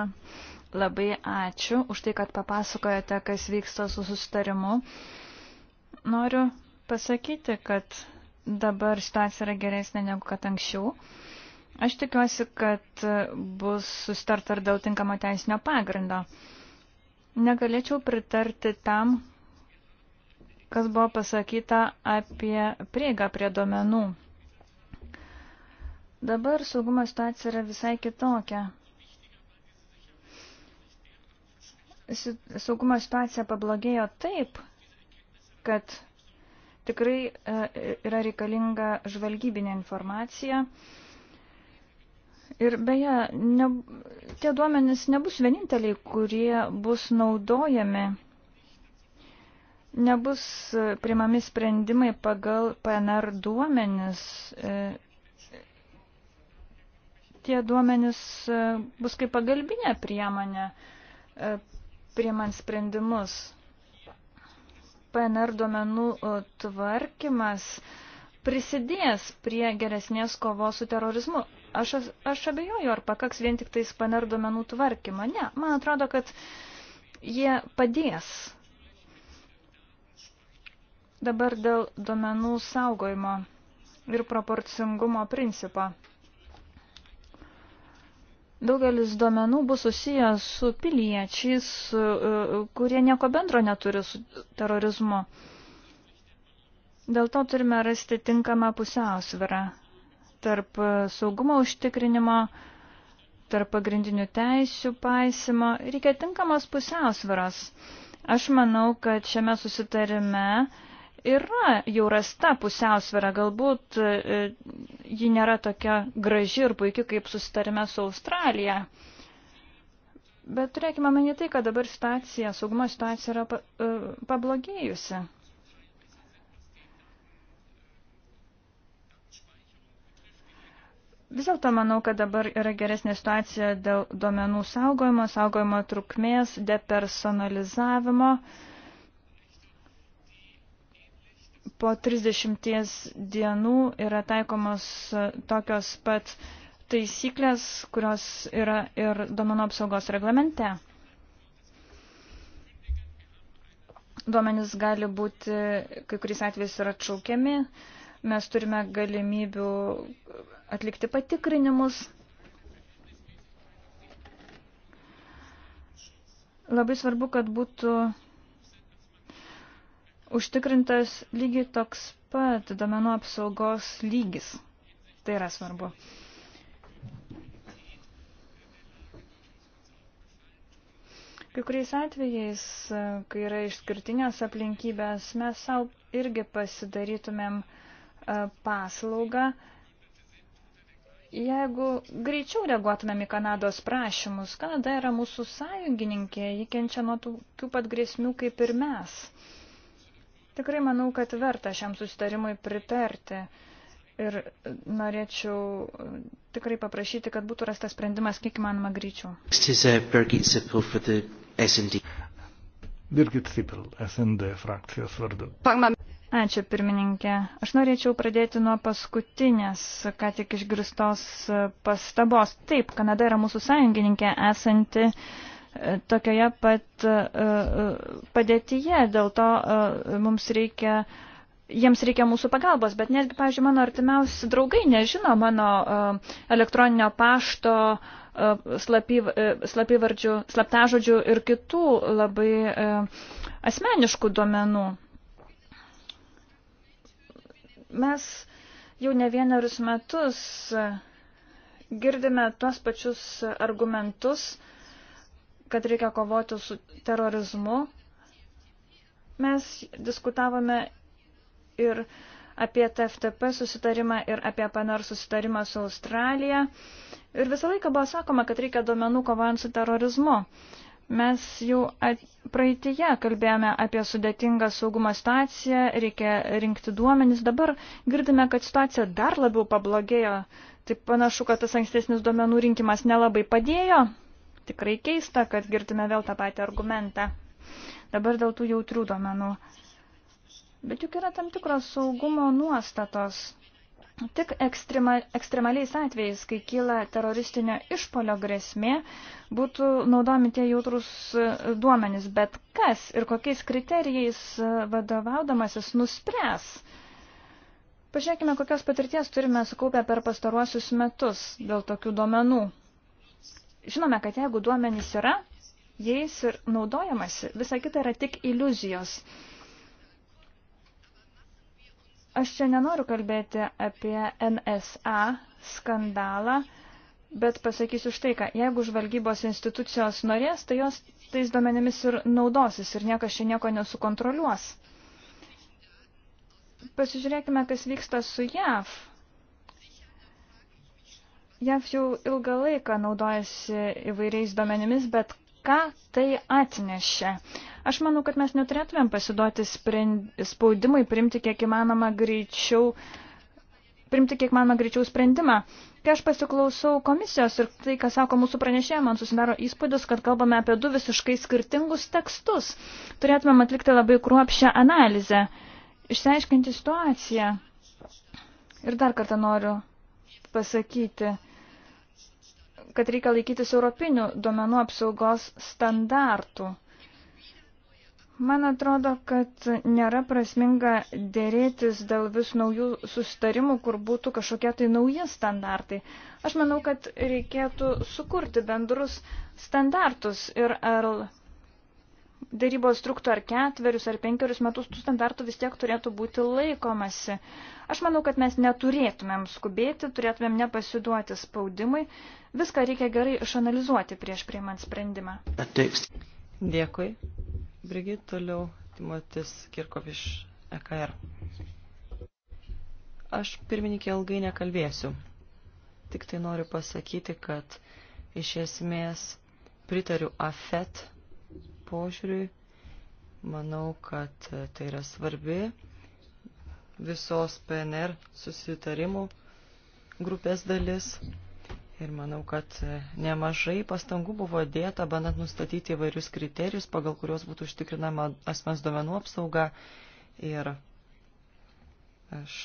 [SPEAKER 4] Labai ačiū už tai, kad papasakojate, kas vyksta su susitarimu. Noriu pasakyti, kad dabar situacija yra geresnė negu kad anksčiau. Aš tikiuosi, kad bus sustarta ir dėl tinkamo teisinio pagrindo. Negalėčiau pritarti tam, kas buvo pasakyta apie prieigą prie domenų. Dabar saugumo situacija yra visai kitokia. saugumo situacija pablogėjo taip, kad tikrai e, yra reikalinga žvalgybinė informacija. Ir beje, ne, tie duomenys nebus vieninteliai, kurie bus naudojami, nebus e, primami sprendimai pagal PNR duomenys. E, tie duomenys bus kaip pagalbinė priemonė priimant sprendimus. PNR duomenų e, tvarkymas prisidės prie geresnės kovos su terorizmu. Aš, aš abejoju, ar pakaks vien tik tais PNR duomenų tvarkymą. Ne, man atrodo, kad jie padės. Dabar dėl duomenų saugojimo ir proporcingumo principo. Daugelis duomenų bus susijęs su piliečiais, e, kurie nieko bendro neturi su terorizmu. Dėl to turime rasti tinkamą pusiausvyrą tarp e, saugumo užtikrinimo, tarp pagrindinių teisių paisimo. Reikia tinkamos pusiausviros. Aš manau, kad šiame susitarime yra jau rasta pusiausvėra, galbūt e, ji nėra tokia graži ir puikia, kaip susitarime su Australija. Bet turėkime menį tai, kad dabar situacija, saugumo situacija yra pa, uh, pablogėjusi. Vis dėlto manau, kad dabar yra geresnė situacija dėl duomenų saugojimo, saugojimo trukmės, depersonalizavimo. Uh, po 30 dienų yra taikomos e, tokios pat taisyklės, kurios yra ir domenų apsaugos reglamente. Duomenys gali būti, kai kuriais atvejais yra atšaukiami, mes turime galimybių atlikti patikrinimus. Labai svarbu, kad būtų užtikrintas lygiai toks pat domenų apsaugos lygis. Tai yra svarbu. Kai kuriais atvejais, kai yra išskirtinės aplinkybės, mes savo irgi pasidarytumėm e, paslaugą, jeigu greičiau reaguotumėm į Kanados prašymus. Kanada yra mūsų sąjungininkė, ji kenčia nuo tokių pat grėsmių kaip ir mes. Tikrai manau, kad verta šiam susitarimui pritarti. Ir norėčiau e, tikrai paprašyti, kad būtų rastas sprendimas kiek įmanoma greičiau.
[SPEAKER 1] Birgit Sipil, SND frakcijos vardu.
[SPEAKER 4] Ačiū, pirmininkė. Aš norėčiau pradėti nuo paskutinės, ką tik išgirstos e, pastabos. Taip, Kanada yra mūsų sąjungininkė esanti uh, tokioje pat e, e, padėtyje, dėl to e, mums reikia, jiems reikia mūsų pagalbos, bet netgi, pavyzdžiui, mano artimiausi draugai nežino mano elektroninio pašto slapyvardžių, slaptažodžių ir kitų labai asmeniškų duomenų. Mes jau ne vienerius metus girdime tuos pačius argumentus, uh, kad reikia kovoti su terorizmu. Mes diskutavome ir apie TFTP susitarimą ir apie PNR susitarimą su Australija. Ir visą laiką buvo sakoma, kad reikia duomenų kovant su terorizmu. Mes jau praeitėje kalbėjome apie sudėtingą saugumo situaciją, reikia rinkti duomenis. Dabar girdime, kad situacija dar labiau pablogėjo. Taip panašu, kad tas ankstesnis duomenų rinkimas nelabai padėjo. Tikrai keista, kad girdime vėl tą patį argumentą. Dabar dėl tų jautrių duomenų. Bet juk yra tam tikros saugumo nuostatos. Tik ekstrema, ekstremaliais atvejais, kai kyla teroristinio išpolio grėsmė, būtų naudomi tie jautrus e, duomenys. Bet kas ir kokiais kriterijais e, vadovaudamasis nuspręs, Pažiūrėkime, kokios patirties turime sukaupę per pastaruosius metus dėl tokių duomenų. Žinome, kad jeigu duomenys yra, jais ir naudojamasi. Visa kita yra tik iliuzijos. Aš čia nenoriu kalbėti apie NSA skandalą, bet pasakysiu štai ką. Jeigu žvalgybos institucijos norės, tai jos tais duomenimis ir naudosis ir niekas čia nieko nesukontroliuos. Pasižiūrėkime, kas vyksta su JAV. JAV jau ilgą laiką naudojasi įvairiais duomenimis, bet ką tai atnešė? Aš manau, kad mes neturėtumėm pasiduoti spaudimui priimti kiek įmanoma greičiau priimti kiek manoma greičiau sprendimą. Kai aš pasiklausau komisijos ir tai, ką sako mūsų pranešėjai, man susidaro įspūdis, kad kalbame apie du visiškai skirtingus tekstus. Turėtumėm atlikti labai kruopščią analizę, išsiaiškinti situaciją. Ir dar kartą noriu pasakyti, kad reikia laikytis europinių duomenų apsaugos standartų. Man atrodo, kad nėra prasminga dėrėtis dėl vis naujų sustarimų, kur būtų kažkokie tai nauji standartai. Aš manau, kad reikėtų sukurti bendrus standartus ir ar darybos truktų ar ketverius, ar penkerius metus, tų standartų vis tiek turėtų būti laikomasi. Aš manau, kad mes neturėtumėm skubėti, turėtumėm nepasiduoti spaudimui. Viską reikia gerai išanalizuoti prieš prieimant sprendimą.
[SPEAKER 3] Dėkui. Brigit, toliau Timotis Kirkov iš EKR. Aš pirmininkė ilgai nekalbėsiu. Tik tai noriu pasakyti, kad iš esmės pritariu AFET požiūriui. Manau, kad tai yra svarbi visos PNR susitarimų grupės dalis. Ir manau, kad nemažai pastangų buvo dėta, bandant nustatyti įvairius kriterijus, pagal kuriuos būtų užtikrinama asmens duomenų apsauga. Ir aš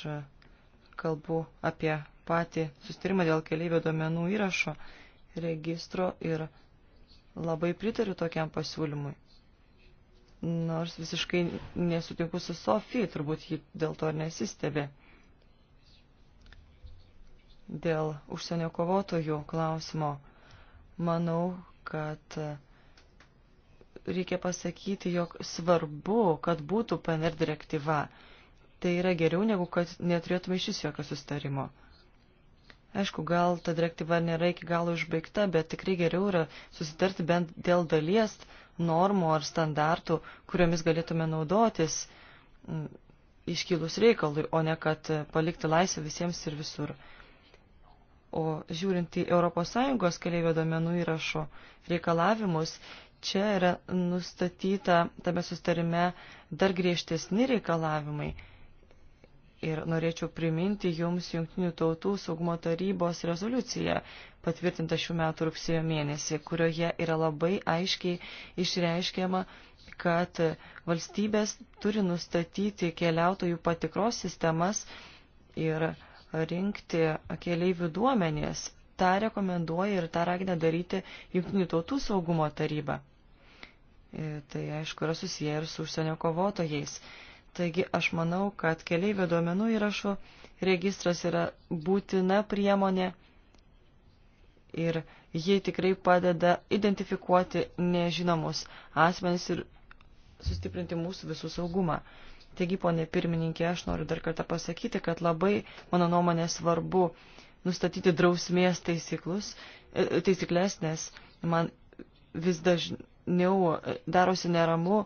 [SPEAKER 3] kalbu apie patį sustarimą dėl keliaivio duomenų įrašo registro ir registro Labai pritariu tokiam pasiūlymui. Nors visiškai nesutinku su Sofija, turbūt ji dėl to nesistebė. Dėl užsienio kovotojų klausimo, manau, kad reikia pasakyti, jog svarbu, kad būtų PNR direktyva. Tai yra geriau negu kad neturėtume iš vis jokio sustarimo. Aišku, gal ta direktyva nėra iki galo išbaigta, bet tikrai geriau yra susitarti bent dėl dalies normų ar standartų, kuriomis galėtume naudotis iškilus reikalui, o ne kad palikti laisvę visiems ir visur. O žiūrint į ES keliaivio domenų įrašo reikalavimus, čia yra nustatyta tame sustarime dar griežtesni reikalavimai ir norėčiau priminti Jums Junktinių tautų saugumo tarybos rezoliuciją patvirtintą šių metų rugsėjo mėnesį, kurioje yra labai aiškiai išreiškiama, kad valstybės turi nustatyti keliautojų patikros sistemas ir rinkti keleivių duomenės. Ta rekomenduoja ir tą ragina daryti Junktinių tautų saugumo taryba. E, tai aišku yra susiję ir su užsienio kovotojais. Taigi aš manau, kad keliaivio duomenų įrašų registras yra būtina priemonė ir ji tikrai padeda identifikuoti nežinomus asmenys ir sustiprinti mūsų visų saugumą. Taigi, ponė pirmininkė, aš noriu dar kartą pasakyti, kad labai, mano nuomonė, svarbu nustatyti drausmės taisyklus, e, taisyklės, nes man vis dažniau darosi neramu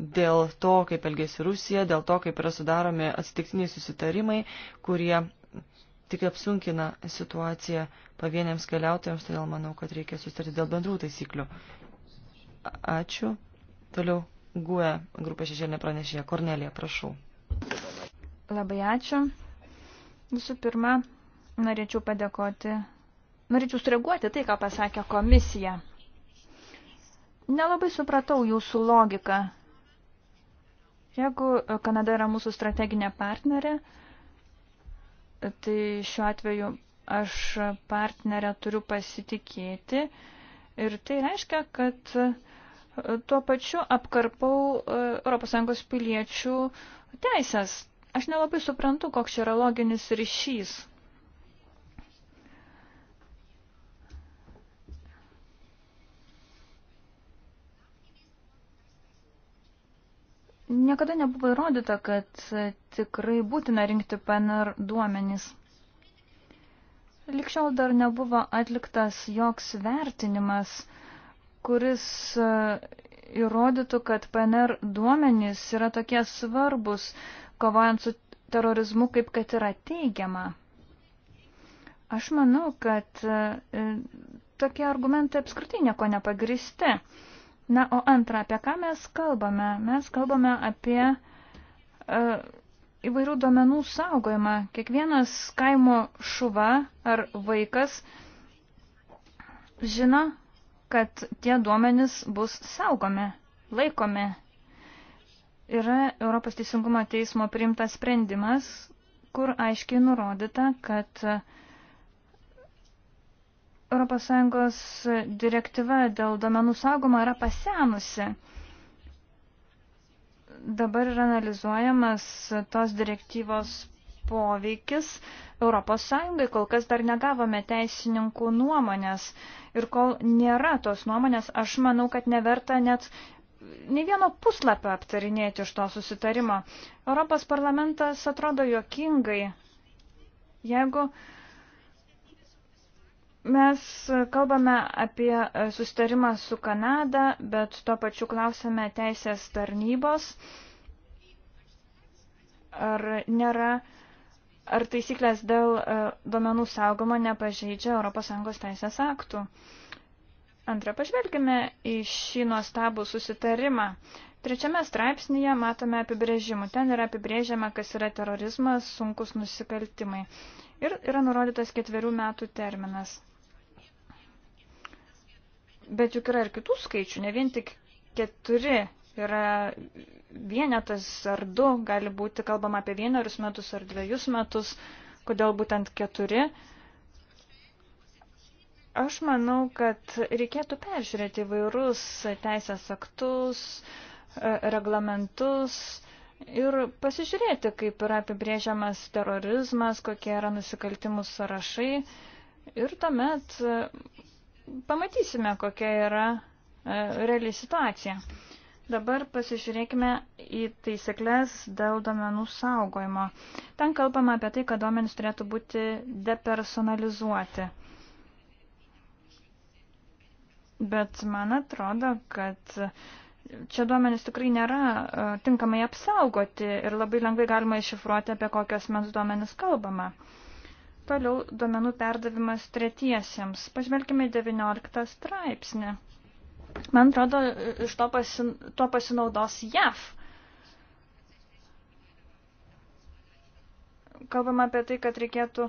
[SPEAKER 3] dėl to, kaip elgėsi Rusija, dėl to, kaip yra sudaromi atsitiktiniai susitarimai, kurie tik apsunkina situaciją pavieniams keliautojams, todėl manau, kad reikia sustarti dėl bendrų taisyklių. Ačiū. Toliau GUE grupė šešėlinė pranešėja. Kornelija, prašau.
[SPEAKER 4] Labai ačiū. Visų pirma, norėčiau padėkoti, norėčiau sureaguoti tai, ką pasakė komisija. Nelabai supratau jūsų logiką. Jeigu Kanada yra mūsų strateginė partnerė, tai šiuo atveju aš partnerę turiu pasitikėti ir tai reiškia, kad e, tuo pačiu apkarpau e, ES piliečių teisės. Aš nelabai suprantu, koks čia yra loginis ryšys Niekada nebuvo įrodyta, kad tikrai būtina rinkti PNR duomenys. Likščiau dar nebuvo atliktas joks vertinimas, kuris e, įrodytų, kad PNR duomenys yra tokie svarbus, kovojant su terorizmu, kaip kad yra teigiama. Aš manau, kad e, tokie argumentai apskritai nieko nepagristi. Na, o antra, apie ką mes kalbame? Mes kalbame apie uh, įvairių duomenų saugojimą. Kiekvienas kaimo šuva ar vaikas žino, kad tie duomenys bus saugomi, laikomi. Yra Europos Teisingumo teismo priimtas sprendimas, kur aiškiai nurodyta, kad uh, ES direktyva dėl domenų saugomo yra pasenusi. Dabar yra analizuojamas tos direktyvos poveikis ES, kol kas dar negavome teisininkų nuomonės. Ir kol nėra tos nuomonės, aš manau, kad neverta net ne vieno puslapio aptarinėti iš to susitarimo. Europos parlamentas atrodo jokingai, jeigu uh, Mes kalbame apie e, sustarimą su Kanada, bet tuo pačiu klausime teisės tarnybos, ar nėra, ar taisyklės dėl e, duomenų saugomo nepažeidžia ES teisės aktų. Antra, pažvelgime į šį nuostabų susitarimą. Trečiame straipsnėje matome apibrėžimų. Ten yra apibrėžiama, kas yra terorizmas, sunkus nusikaltimai. Ir yra nurodytas ketverių metų terminas. Bet juk yra ir kitų skaičių, ne vien tik keturi yra vienetas ar du, gali būti kalbama apie vienerius metus ar dviejus metus, kodėl būtent keturi. Aš manau, kad reikėtų peržiūrėti vairus teisės aktus, e, reglamentus ir pasižiūrėti, kaip yra apibrėžiamas terorizmas, kokie yra nusikaltimų sąrašai. Ir tuomet pamatysime, kokia yra e, reali situacija. Dabar pasižiūrėkime į taisyklės dėl domenų saugojimo. Ten kalbama apie tai, kad duomenys turėtų būti depersonalizuoti. Bet man atrodo, kad čia duomenys tikrai nėra e, tinkamai apsaugoti ir labai lengvai galima iššifruoti, apie kokias mens duomenys kalbama. Uh, Toliau duomenų perdavimas tretiesiems. Pažvelkime 19 straipsnį. Man atrodo, iš to, pasin, to pasinaudos JAV. Kalbama apie tai, kad reikėtų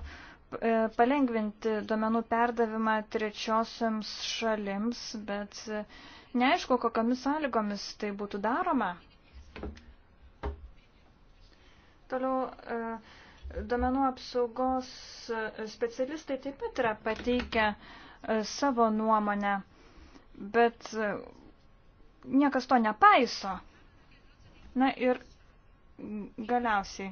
[SPEAKER 4] e, palengvinti duomenų perdavimą trečiosiams šalims, bet e, neaišku, kokiamis sąlygomis tai būtų daroma. Toliau. Uh, Domenų apsaugos specialistai taip pat yra pateikę e, savo nuomonę, bet e, niekas to nepaiso. Na ir galiausiai.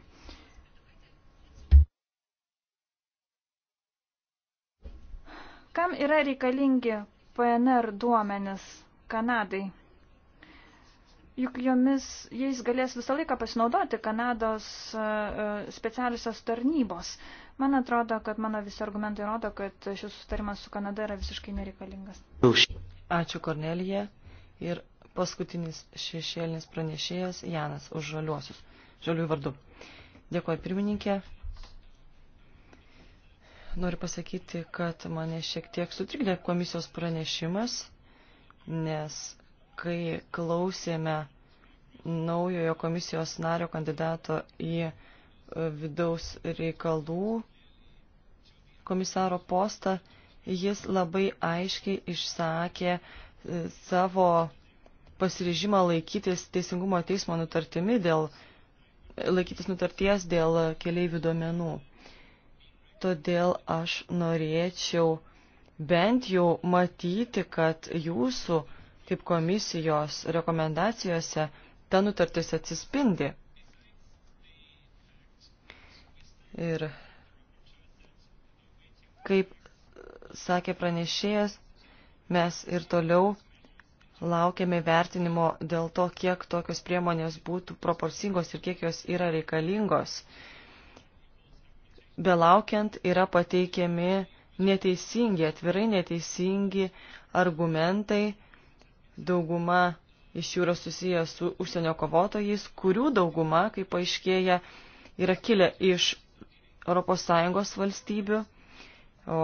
[SPEAKER 4] Kam yra reikalingi PNR duomenis Kanadai? juk jomis, jais galės visą laiką pasinaudoti Kanados e, e, specialiusios tarnybos. Man atrodo, kad mano visi argumentai rodo, kad šis sustarimas su Kanada yra visiškai nereikalingas.
[SPEAKER 3] Ačiū Kornelija ir paskutinis šešėlinis pranešėjas Janas už žaliuosius. Žaliųjų vardu. Dėkuoju pirmininkė. Noriu pasakyti, kad mane šiek tiek sutrikdė komisijos pranešimas, nes kai klausėme naujojo komisijos nario kandidato į e, vidaus reikalų komisaro postą, jis labai aiškiai išsakė e, savo pasiryžimą laikytis Teisingumo teismo nutartimi dėl, laikytis nutarties dėl keliaivių duomenų. Todėl aš norėčiau bent jau matyti, kad jūsų uh, kaip komisijos rekomendacijose ta nutartis atsispindi. Ir kaip sakė pranešėjas, mes ir toliau laukiame vertinimo dėl to, kiek tokios priemonės būtų proporcingos ir kiek jos yra reikalingos. Belaukiant yra pateikiami neteisingi, atvirai neteisingi argumentai, dauguma iš jų yra susijęs su užsienio kovotojais, kurių dauguma, kaip paaiškėja, yra kilę iš ES valstybių. O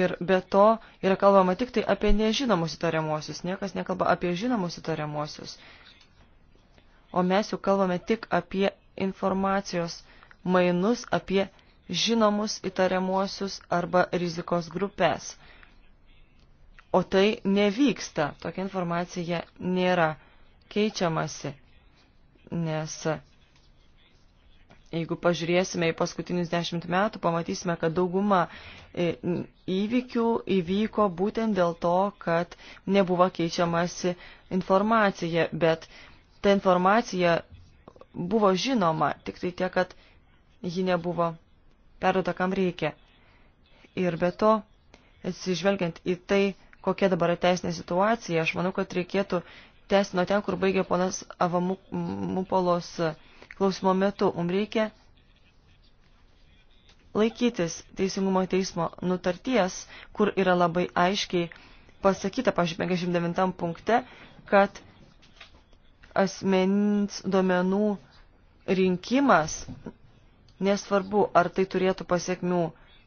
[SPEAKER 3] ir be to yra kalbama tik tai apie nežinomus įtariamuosius, niekas nekalba apie žinomus įtariamuosius. O mes jau kalbame tik apie informacijos mainus, apie žinomus įtariamuosius arba rizikos grupės o tai nevyksta, tokia informacija nėra keičiamasi, nes jeigu pažiūrėsime į paskutinius dešimt metų, pamatysime, kad dauguma e, įvykių įvyko būtent dėl to, kad nebuvo keičiamasi informacija, bet ta informacija buvo žinoma, tik tai tiek, kad ji nebuvo perduota, kam reikia. Ir be to, atsižvelgiant į tai, kokia dabar teisinė situacija. Aš manau, kad reikėtų tęsti nuo ten, kur baigė ponas Avamupolos klausimo metu. Mums reikia laikytis Teisingumo teismo nutarties, kur yra labai aiškiai pasakyta, pažiūrėjau, 59 punkte, kad asmenins duomenų rinkimas, nesvarbu, ar tai turėtų pasiekmių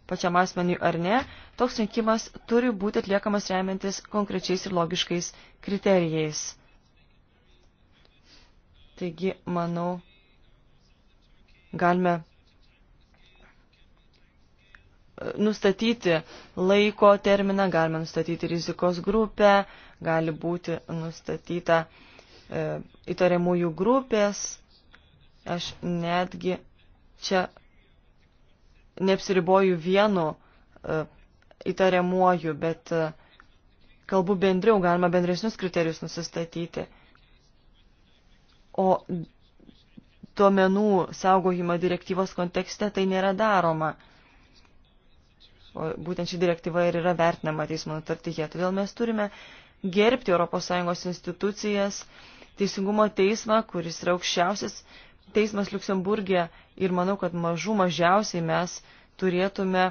[SPEAKER 3] pačiam asmeniui ar ne, toks rinkimas turi būti atliekamas remiantis konkrečiais ir logiškais kriterijais. Taigi, manau, galime e, nustatyti laiko terminą, galime nustatyti rizikos grupę, gali būti nustatyta e, įtariamųjų grupės. Aš netgi čia neapsiriboju vienu e, įtariamuoju, bet e, kalbu bendriau, galima bendresnius kriterijus nusistatyti. O duomenų saugojimo direktyvos kontekste tai nėra daroma. O būtent ši direktyva ir yra vertinama teismo nutartyje. Todėl mes turime gerbti ES institucijas, teisingumo teismą, kuris yra aukščiausias teismas Luksemburgė ir manau, kad mažų mažiausiai mes turėtume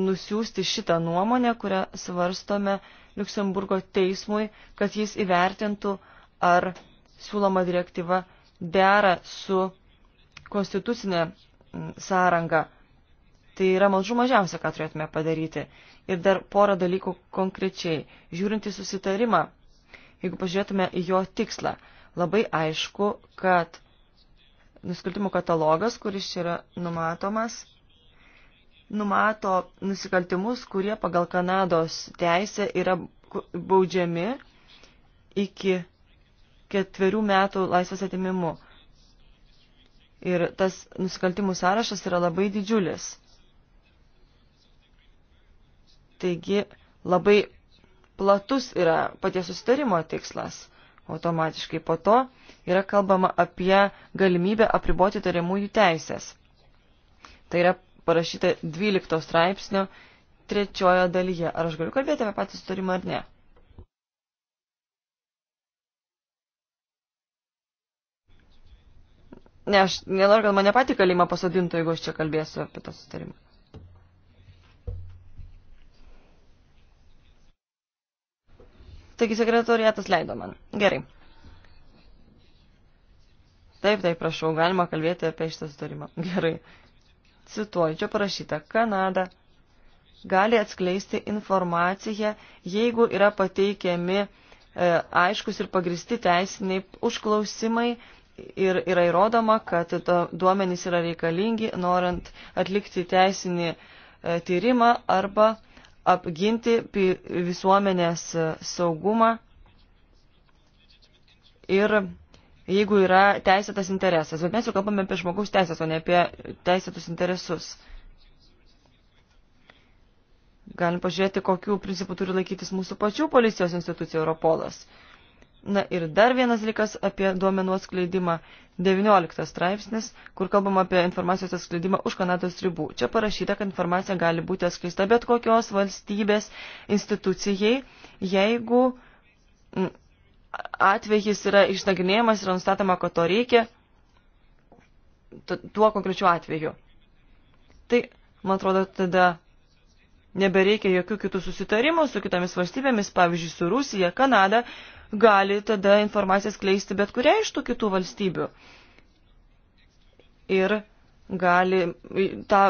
[SPEAKER 3] nusiųsti šitą nuomonę, kurią svarstome Luksemburgo teismui, kad jis įvertintų, ar siūloma direktyva dera su konstitucinė sąranga. Tai yra mažų mažiausia, ką turėtume padaryti. Ir dar porą dalykų konkrečiai. Žiūrint į susitarimą, jeigu pažiūrėtume į jo tikslą, labai aišku, kad nusikaltimų katalogas, kuris yra numatomas, numato nusikaltimus, kurie pagal Kanados teisę yra baudžiami iki ketverių metų laisvės atimimu. Ir tas nusikaltimų sąrašas yra labai didžiulis. Taigi labai platus yra paties susitarimo tikslas automatiškai. Po to yra kalbama apie galimybę apriboti tariamųjų teisės. Tai yra parašyta 12 straipsnio trečiojo dalyje. Ar aš galiu kalbėti apie patį sutarimą ar ne? Ne, aš nenoriu, kad mane patį kalimą pasodintų, jeigu aš čia kalbėsiu apie tą sutarimą. Taigi sekretoriatas leido man. Gerai. Taip, taip, prašau, galima kalbėti apie šitą sutarimą. Gerai. Cituoju, čia parašyta, Kanada gali atskleisti informaciją, jeigu yra pateikiami e, aiškus ir pagristi teisiniai užklausimai ir yra įrodoma, kad duomenys yra reikalingi, norint atlikti teisinį e, tyrimą arba e, apginti visuomenės e, saugumą ir jeigu yra teisėtas interesas. Bet mes jau kalbame apie žmogaus teisės, o ne apie teisėtus interesus. Galim pažiūrėti, kokių principų turi laikytis mūsų pačių policijos institucijų Europolas. Uh, Na ir dar vienas likas apie duomenų atskleidimą. 19 straipsnis, kur kalbam apie informacijos atskleidimą už Kanados ribų. Čia parašyta, kad informacija gali būti atskleista bet kokios valstybės institucijai, jeigu mm, atvejis yra išnagrinėjamas ir nustatoma, ko to reikia tuo konkrečiu atveju. Tai, man atrodo, tada nebereikia jokių kitų susitarimų su kitomis valstybėmis, pavyzdžiui, su Rusija, Kanada, gali tada informaciją skleisti bet kuria iš tų kitų valstybių. Ir gali tą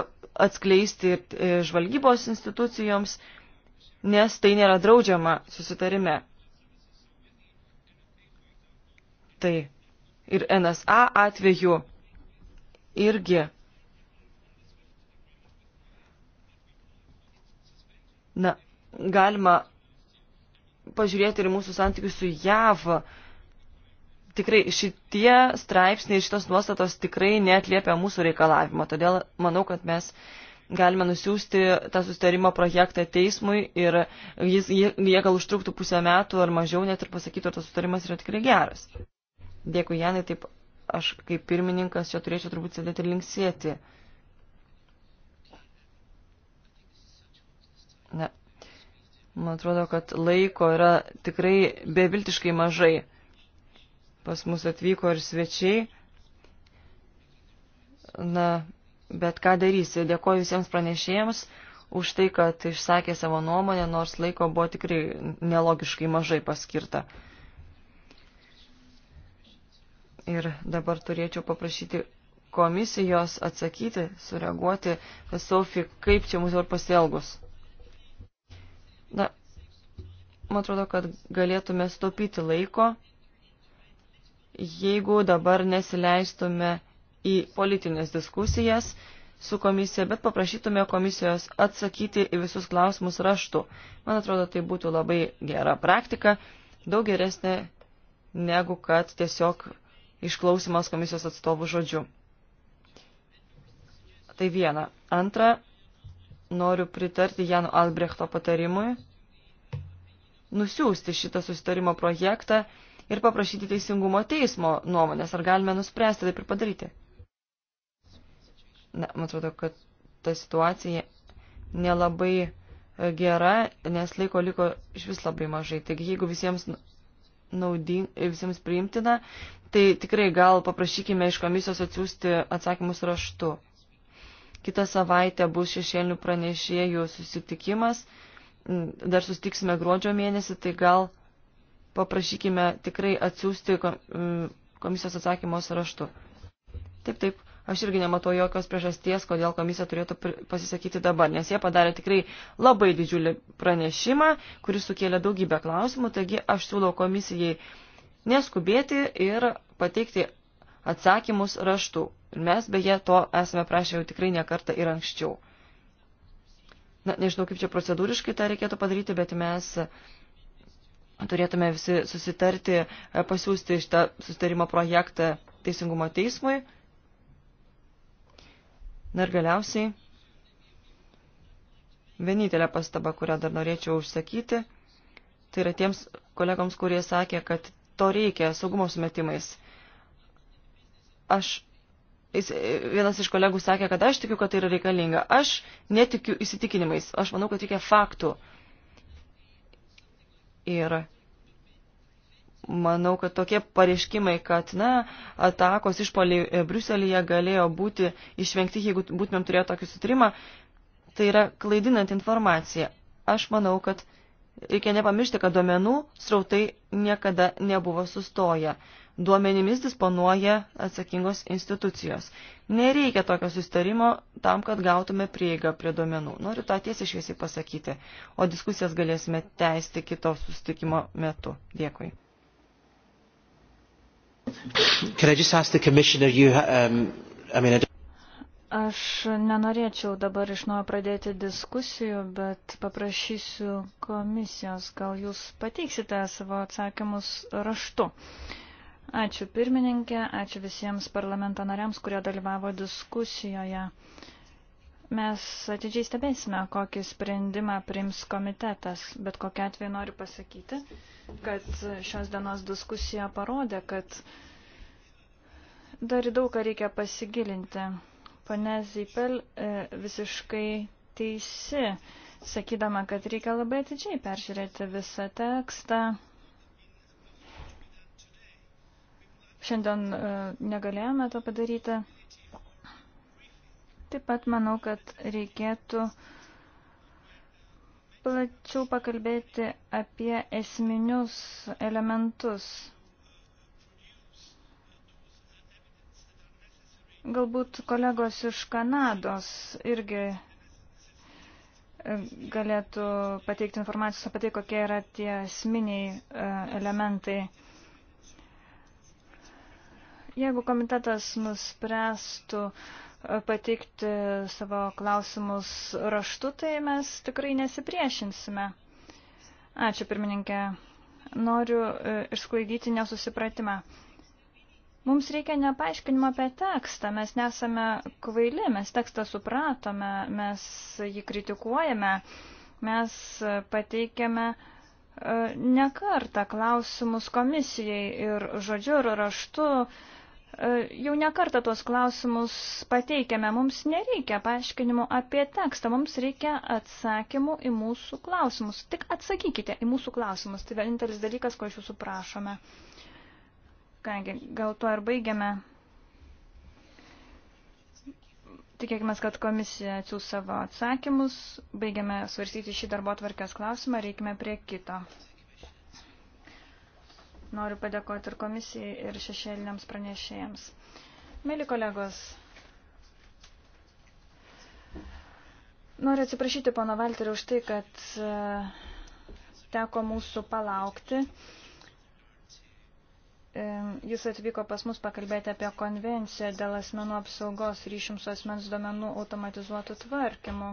[SPEAKER 3] atskleisti e, žvalgybos institucijoms, nes tai nėra draudžiama susitarime. Tai ir NSA atveju irgi na, galima pažiūrėti ir mūsų santykius su JAV. Tikrai šitie straipsniai, šitos nuostatos tikrai netliepia mūsų reikalavimo. Todėl manau, kad mes galime nusiųsti tą sustarimo projektą teismui ir jis, jie, jie gal užtruktų pusę metų ar mažiau net ir pasakytų, ar tas sustarimas yra tikrai geras. Dėkui, Janai, taip aš kaip pirmininkas čia turėčiau turbūt sėdėti ir linksėti. Na, Man atrodo, kad laiko yra tikrai beviltiškai mažai. Pas mus atvyko ir svečiai. Na, bet ką darysi, dėkoju visiems pranešėjams už tai, kad išsakė savo nuomonę, nors laiko buvo tikrai nelogiškai mažai paskirta. Ir dabar turėčiau paprašyti komisijos atsakyti, sureaguoti, Sofija, kaip čia mūsų ir pasielgus. Na, man atrodo, kad galėtume staupyti laiko, jeigu dabar nesileistume į politinės diskusijas su komisija, bet paprašytume komisijos atsakyti į visus klausimus raštu. Man atrodo, tai būtų labai gera praktika, daug geresnė negu kad tiesiog išklausimas komisijos atstovų žodžiu. Tai viena. Antra, noriu pritarti Janu Albrechto patarimui nusiųsti šitą susitarimo projektą ir paprašyti teisingumo teismo nuomonės, ar galime nuspręsti taip ir padaryti. Na, man atrodo, kad ta situacija nelabai e, gera, nes laiko liko iš vis labai mažai. Taigi, jeigu visiems, naudin, visiems priimtina, tai tikrai gal paprašykime iš komisijos atsiųsti atsakymus raštu. Kita savaitė bus šešėlių pranešėjų susitikimas. Mm, dar susitiksime gruodžio mėnesį, tai gal paprašykime tikrai atsiųsti mm, komisijos atsakymos raštu. Taip, taip. Aš irgi nematau jokios priežasties, kodėl komisija turėtų pasisakyti dabar, nes jie padarė tikrai labai didžiulį pranešimą, kuris sukėlė daugybę klausimų, taigi aš siūlau komisijai neskubėti ir pateikti atsakymus raštu. Ir mes beje to esame prašę jau tikrai ne kartą ir anksčiau. Na, nežinau, kaip čia procedūriškai tą reikėtų padaryti, bet mes turėtume visi susitarti, e, pasiūsti šitą susitarimo projektą Teisingumo teismui. Na ir galiausiai, vienintelė pastaba, kurią dar norėčiau užsakyti, tai yra tiems kolegoms, kurie sakė, kad to reikia saugumo sumetimais. Aš jis, e, vienas iš kolegų sakė, kad aš tikiu, kad tai yra reikalinga. Aš netikiu įsitikinimais, aš manau, kad reikia faktų. Ir manau, kad tokie pareiškimai, kad, na, atakos išpoliai e, Briuselėje galėjo būti išvengti, jeigu būtumėm turėję tokį sutrimą, tai yra klaidinant informacija. Aš manau, kad Reikia nepamiršti, kad duomenų srautai niekada nebuvo sustoję. Duomenimis disponuoja atsakingos institucijos. Nereikia tokio sustarimo tam, kad gautume prieigą prie duomenų. Noriu tą tiesiai šviesiai pasakyti, o diskusijas galėsime tęsti kito sustikimo metu. Dėkui.
[SPEAKER 1] Can I just ask the commissioner, you, um, I mean, I don't...
[SPEAKER 4] Aš nenorėčiau dabar iš naujo pradėti diskusijų, bet paprašysiu komisijos, gal jūs pateiksite savo atsakymus raštu. Ačiū pirmininkė, ačiū visiems parlamento nariams, kurie dalyvavo diskusijoje. Mes atidžiai stebėsime, kokį sprendimą priims komitetas, bet kokia atveju noriu pasakyti, kad šios dienos diskusija parodė, kad dar daug ką reikia pasigilinti. Pane Zipel e, visiškai teisi, sakydama, kad reikia labai atidžiai peržiūrėti visą tekstą. Šiandien e, negalėjome to padaryti. Taip pat manau, kad reikėtų plačiau pakalbėti apie esminius elementus Galbūt kolegos iš Kanados irgi e, galėtų pateikti informacijos apie tai, kokie yra tie esminiai e, elementai. Jeigu komitetas nuspręstų e, pateikti savo klausimus raštu, tai mes tikrai nesipriešinsime. Ačiū, pirmininkė. Noriu išsklaidyti nesusipratimą. Mums reikia nepaaiškinimo apie tekstą, mes nesame kvaili, mes tekstą supratome, mes jį kritikuojame, mes pateikėme nekartą klausimus komisijai ir žodžiu ir raštu. E, jau nekartą tuos klausimus pateikėme, mums nereikia paaiškinimo apie tekstą, mums reikia atsakymų į mūsų klausimus. Tik atsakykite į mūsų klausimus, tai vienintelis dalykas, ko iš jūsų prašome. Kągi, gal tuo ir baigiame. Tikėkime, kad komisija atsiūs savo atsakymus. Baigiame svarstyti šį darbo tvarkės klausimą, reikime prie kito. Noriu padėkoti ir komisijai, ir šešėliniams pranešėjams. Mėly kolegos, noriu atsiprašyti pono Valterį už tai, kad e, teko mūsų palaukti. Jis atvyko pas mus pakalbėti apie konvenciją dėl asmenų apsaugos ryšim su asmens duomenų automatizuotų tvarkymu.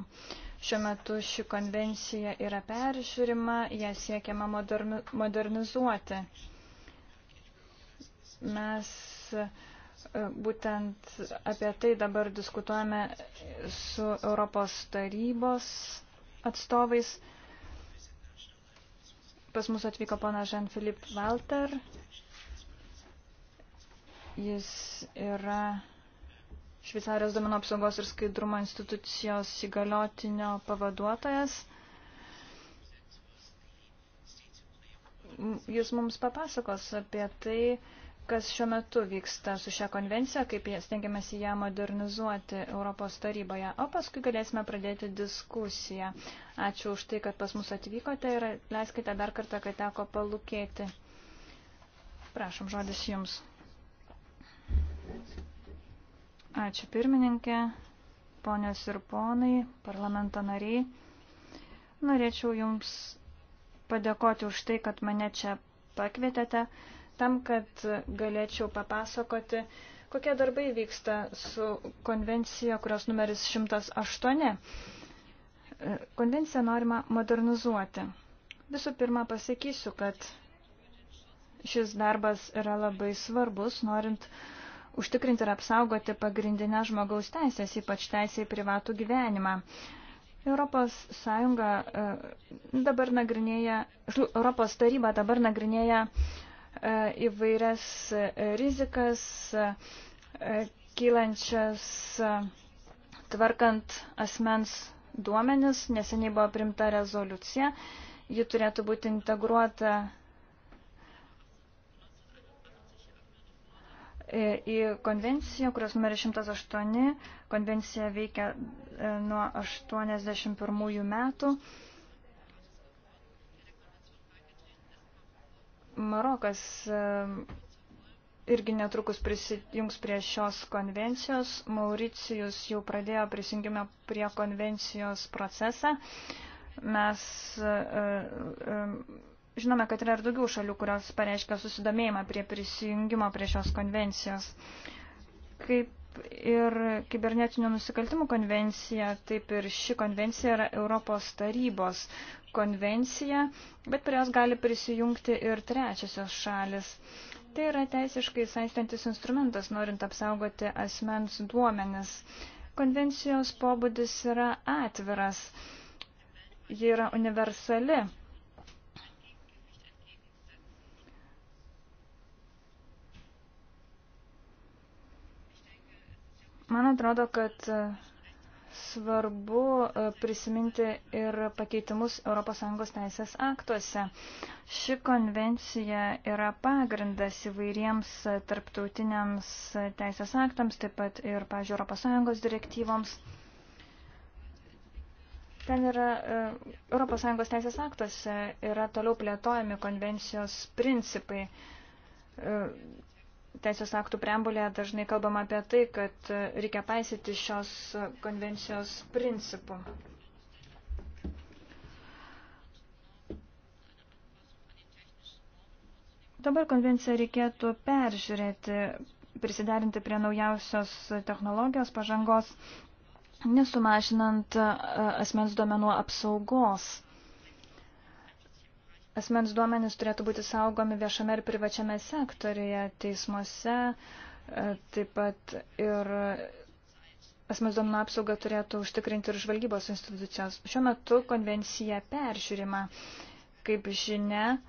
[SPEAKER 4] Šiuo metu ši konvencija yra peržiūrima, ją siekiama moderni, modernizuoti. Mes e, būtent apie tai dabar diskutuojame su Europos tarybos atstovais. Pas mus atvyko pana Jean-Philippe Walter, Jis yra Šveicarijos domino apsaugos ir skaidrumo institucijos įgaliotinio pavaduotojas. Jis mums papasakos apie tai, kas šiuo metu vyksta su šia konvencija, kaip stengiamės ją modernizuoti Europos taryboje, o paskui galėsime pradėti diskusiją. Ačiū už tai, kad pas mus atvykote ir leiskite dar kartą, kad teko palūkėti. Prašom, žodis jums. Ačiū pirmininkė, ponios ir ponai, parlamento nariai. Norėčiau Jums padėkoti už tai, kad mane čia pakvietėte, tam, kad galėčiau papasakoti, kokie darbai vyksta su konvencija, kurios numeris 108. Konvenciją norima modernizuoti. Visų pirma, pasakysiu, kad šis darbas yra labai svarbus, norint uh, užtikrinti ir apsaugoti pagrindinę žmogaus teisės, ypač teisę į privatų gyvenimą. Europos Sąjunga e, dabar nagrinėja, Europos taryba dabar nagrinėja e, įvairias e, rizikas kylančias tvarkant asmens duomenis. Neseniai buvo primta rezoliucija. Ji turėtų būti integruota E, į konvenciją, kurios numeris 108, konvencija veikia e, nuo 81 metų. Marokas e, irgi netrukus prisijungs prie šios konvencijos. Mauricijus jau pradėjo prisijungimą prie konvencijos procesą. Mes Žinome, kad yra ir daugiau šalių, kurios pareiškia susidomėjimą prie prisijungimo prie šios konvencijos. Kaip ir kibernetinių nusikaltimų konvencija, taip ir ši konvencija yra Europos tarybos konvencija, bet prie jos gali prisijungti ir trečiosios šalis. Tai yra teisiškai saistantis instrumentas, norint apsaugoti asmens duomenis. Konvencijos pobūdis yra atviras, ji yra universali Man atrodo, kad e, svarbu e, prisiminti ir pakeitimus ES teisės aktuose. Ši konvencija yra pagrindas įvairiems tarptautiniams teisės aktams, taip pat ir, pažiūrėjau, ES direktyvoms. Ten yra ES teisės aktuose yra toliau plėtojami konvencijos principai e, teisės aktų preambulėje dažnai kalbama apie tai, kad reikia paisyti šios konvencijos principų. Dabar konvenciją reikėtų peržiūrėti, prisidarinti prie naujausios technologijos pažangos, nesumažinant e, asmens duomenų apsaugos. Asmens duomenys turėtų būti saugomi viešame ir privačiame sektoriuje, teismuose, e, taip pat ir asmens duomenų apsaugą turėtų užtikrinti ir žvalgybos institucijos. Šiuo metu konvencija peržiūrima, kaip žinia, e,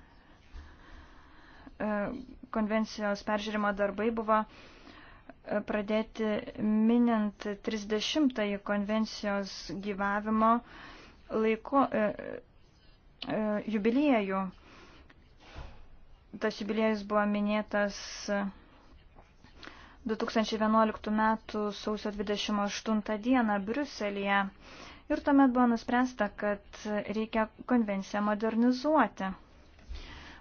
[SPEAKER 4] konvencijos peržiūrimo darbai buvo e, pradėti minint 30-ąjį konvencijos gyvavimo laiko, E, jubiliejų. Tas jubiliejus buvo minėtas 2011 m. sausio 28 d. Briuselėje ir tuomet buvo nuspręsta, kad reikia konvenciją modernizuoti.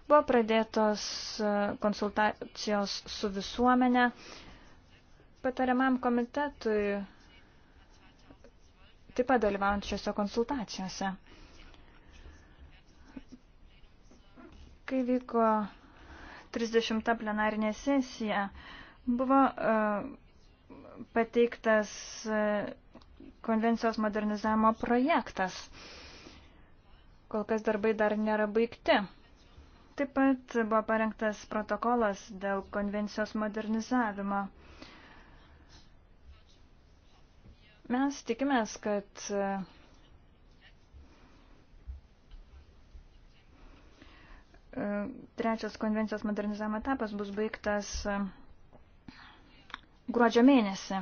[SPEAKER 4] Buvo pradėtos konsultacijos su visuomenė. Patariamam komitetui taip pat dalyvaujant šiuose konsultacijose. Kai vyko 30 plenarinė sesija, buvo e, pateiktas e, konvencijos modernizavimo projektas. Kol kas darbai dar nėra baigti. Taip pat buvo parengtas protokolas dėl konvencijos modernizavimo. Mes tikimės, kad e, trečias konvencijos modernizavimo etapas bus baigtas e, gruodžio mėnesį.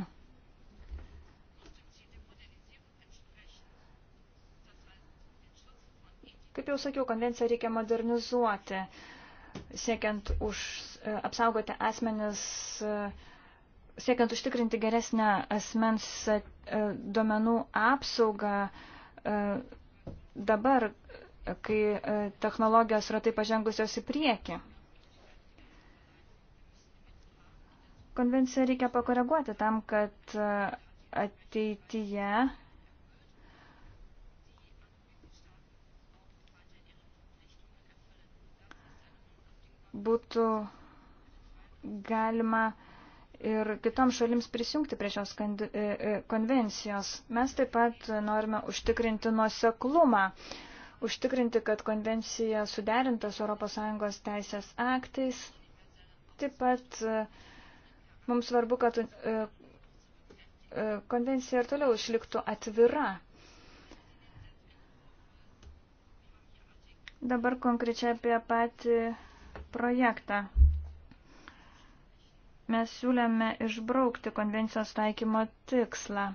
[SPEAKER 4] Kaip jau sakiau, konvenciją reikia modernizuoti, siekiant už, e, apsaugoti asmenis, e, siekiant užtikrinti geresnę asmens duomenų apsaugą. Dabar kai e, technologijos yra taip pažengusios į priekį. Konvenciją reikia pakoreguoti tam, kad e, ateityje būtų galima ir kitoms šalims prisijungti prie šios e, konvencijos. Mes taip pat norime užtikrinti nuoseklumą užtikrinti, kad konvencija suderinta su ES teisės aktais. Taip pat e, mums svarbu, kad e, e, konvencija ir toliau išliktų atvira. Dabar konkrečiai apie patį projektą. Mes siūlėme išbraukti konvencijos taikymo tikslą.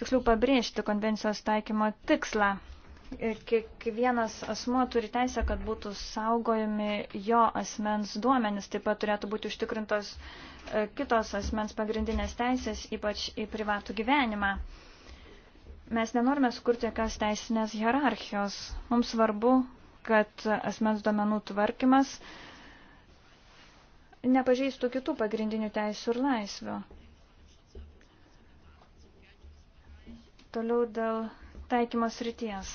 [SPEAKER 4] tiksliau pabrėžti konvencijos taikymo tikslą. Kiekvienas asmuo turi teisę, kad būtų saugojami jo asmens duomenys, taip pat turėtų būti užtikrintos e, kitos asmens pagrindinės teisės, ypač į privatų gyvenimą. Mes nenorime sukurti jokios teisinės hierarchijos. Mums svarbu, kad asmens duomenų tvarkymas nepažeistų kitų pagrindinių teisų ir laisvių. Toliau dėl taikymo srities.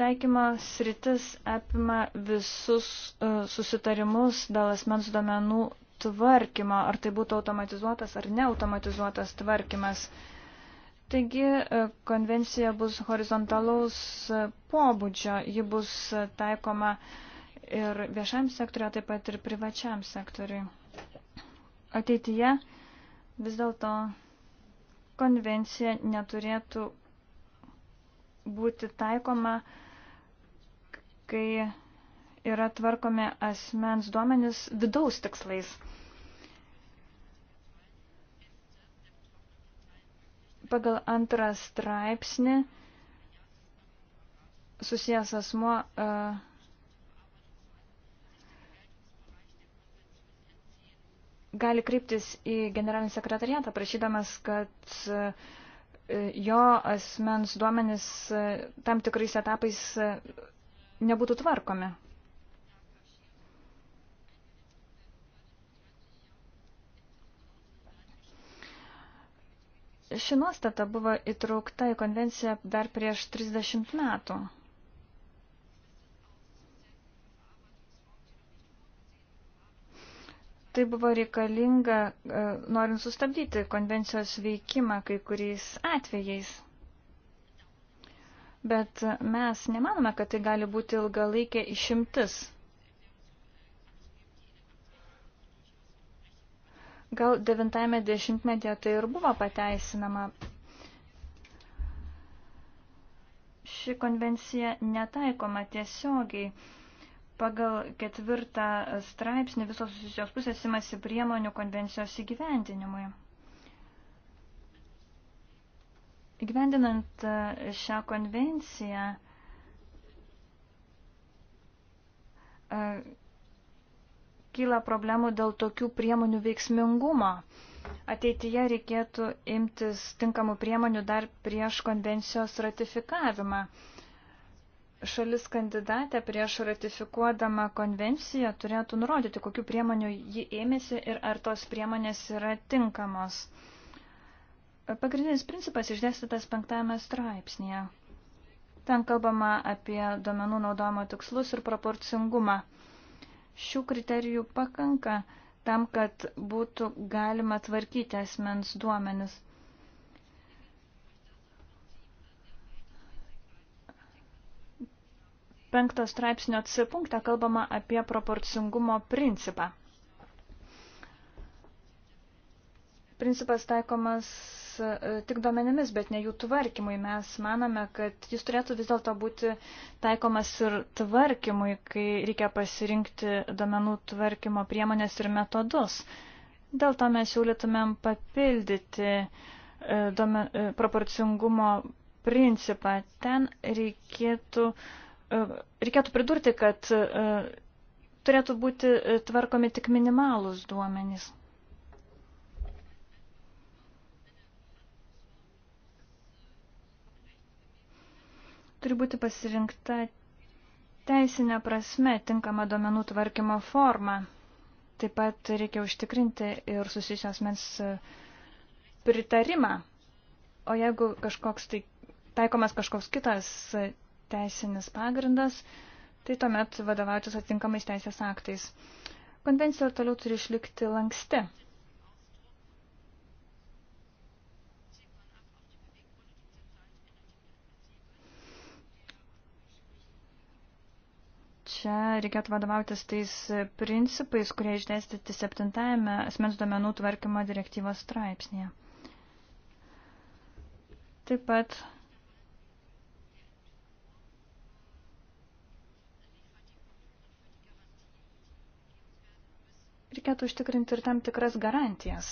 [SPEAKER 4] Taikymo sritis apima visus e, susitarimus dėl asmens duomenų tvarkymo, ar tai būtų automatizuotas ar neautomatizuotas tvarkymas. Taigi e, konvencija bus horizontalaus e, pobūdžio, ji bus taikoma ir viešam sektoriu, taip pat ir privačiam sektoriui. Ateityje vis dėlto konvencija neturėtų būti taikoma, kai yra tvarkomi asmens duomenis vidaus tikslais. Pagal antrą straipsnį susijęs asmuo uh, gali kreiptis į generalinį sekretariatą, prašydamas, kad e, jo asmens duomenis e, tam tikrais etapais e, nebūtų tvarkomi. Ši nuostata buvo įtraukta į konvenciją dar prieš 30 metų. Tai buvo reikalinga, e, norint sustabdyti konvencijos veikimą kai kuriais atvejais. Bet mes nemanome, kad tai gali būti ilgalaikė išimtis. Gal 90-metyje tai ir buvo pateisinama. Ši konvencija netaikoma tiesiogiai Pagal ketvirtą straipsnį visos susijusios pusės imasi priemonių konvencijos įgyvendinimui. Įgyvendinant e, šią konvenciją, e, kyla problemų dėl tokių priemonių veiksmingumo. Ateityje reikėtų imtis tinkamų priemonių dar prieš konvencijos ratifikavimą šalis kandidatė prieš ratifikuodama konvenciją turėtų nurodyti, kokiu priemoniu ji ėmėsi ir ar tos priemonės yra tinkamos. Pagrindinis principas išdėstytas penktame straipsnėje. Ten kalbama apie duomenų naudojimo tikslus ir proporcingumą. Šių kriterijų pakanka tam, kad būtų galima tvarkyti asmens duomenis. penktos straipsnio C punktą kalbama apie proporcingumo principą. Principas taikomas e, tik duomenimis, bet ne jų tvarkymui. Mes manome, kad jis turėtų vis dėlto būti taikomas ir tvarkymui, kai reikia pasirinkti duomenų tvarkymo priemonės ir metodus. Dėl to mes siūlytumėm papildyti e, duomen, e, proporcingumo principą. Ten reikėtų uh, E, reikėtų pridurti, kad e, turėtų būti e, tvarkomi tik minimalūs duomenys. Turi būti pasirinkta teisinė prasme tinkama duomenų tvarkymo forma. Taip pat reikia užtikrinti ir susijusios mens pritarimą. O jeigu kažkoks tai taikomas kažkoks kitas teisinis pagrindas, tai tuomet vadovautis atitinkamais teisės aktais. Konvencija toliau turi išlikti lanksti. Čia reikėtų vadovautis tais principais, kurie išdėstyti septintajame asmens duomenų tvarkymo direktyvos straipsnėje. Taip pat reikėtų užtikrinti ir tam tikras garantijas.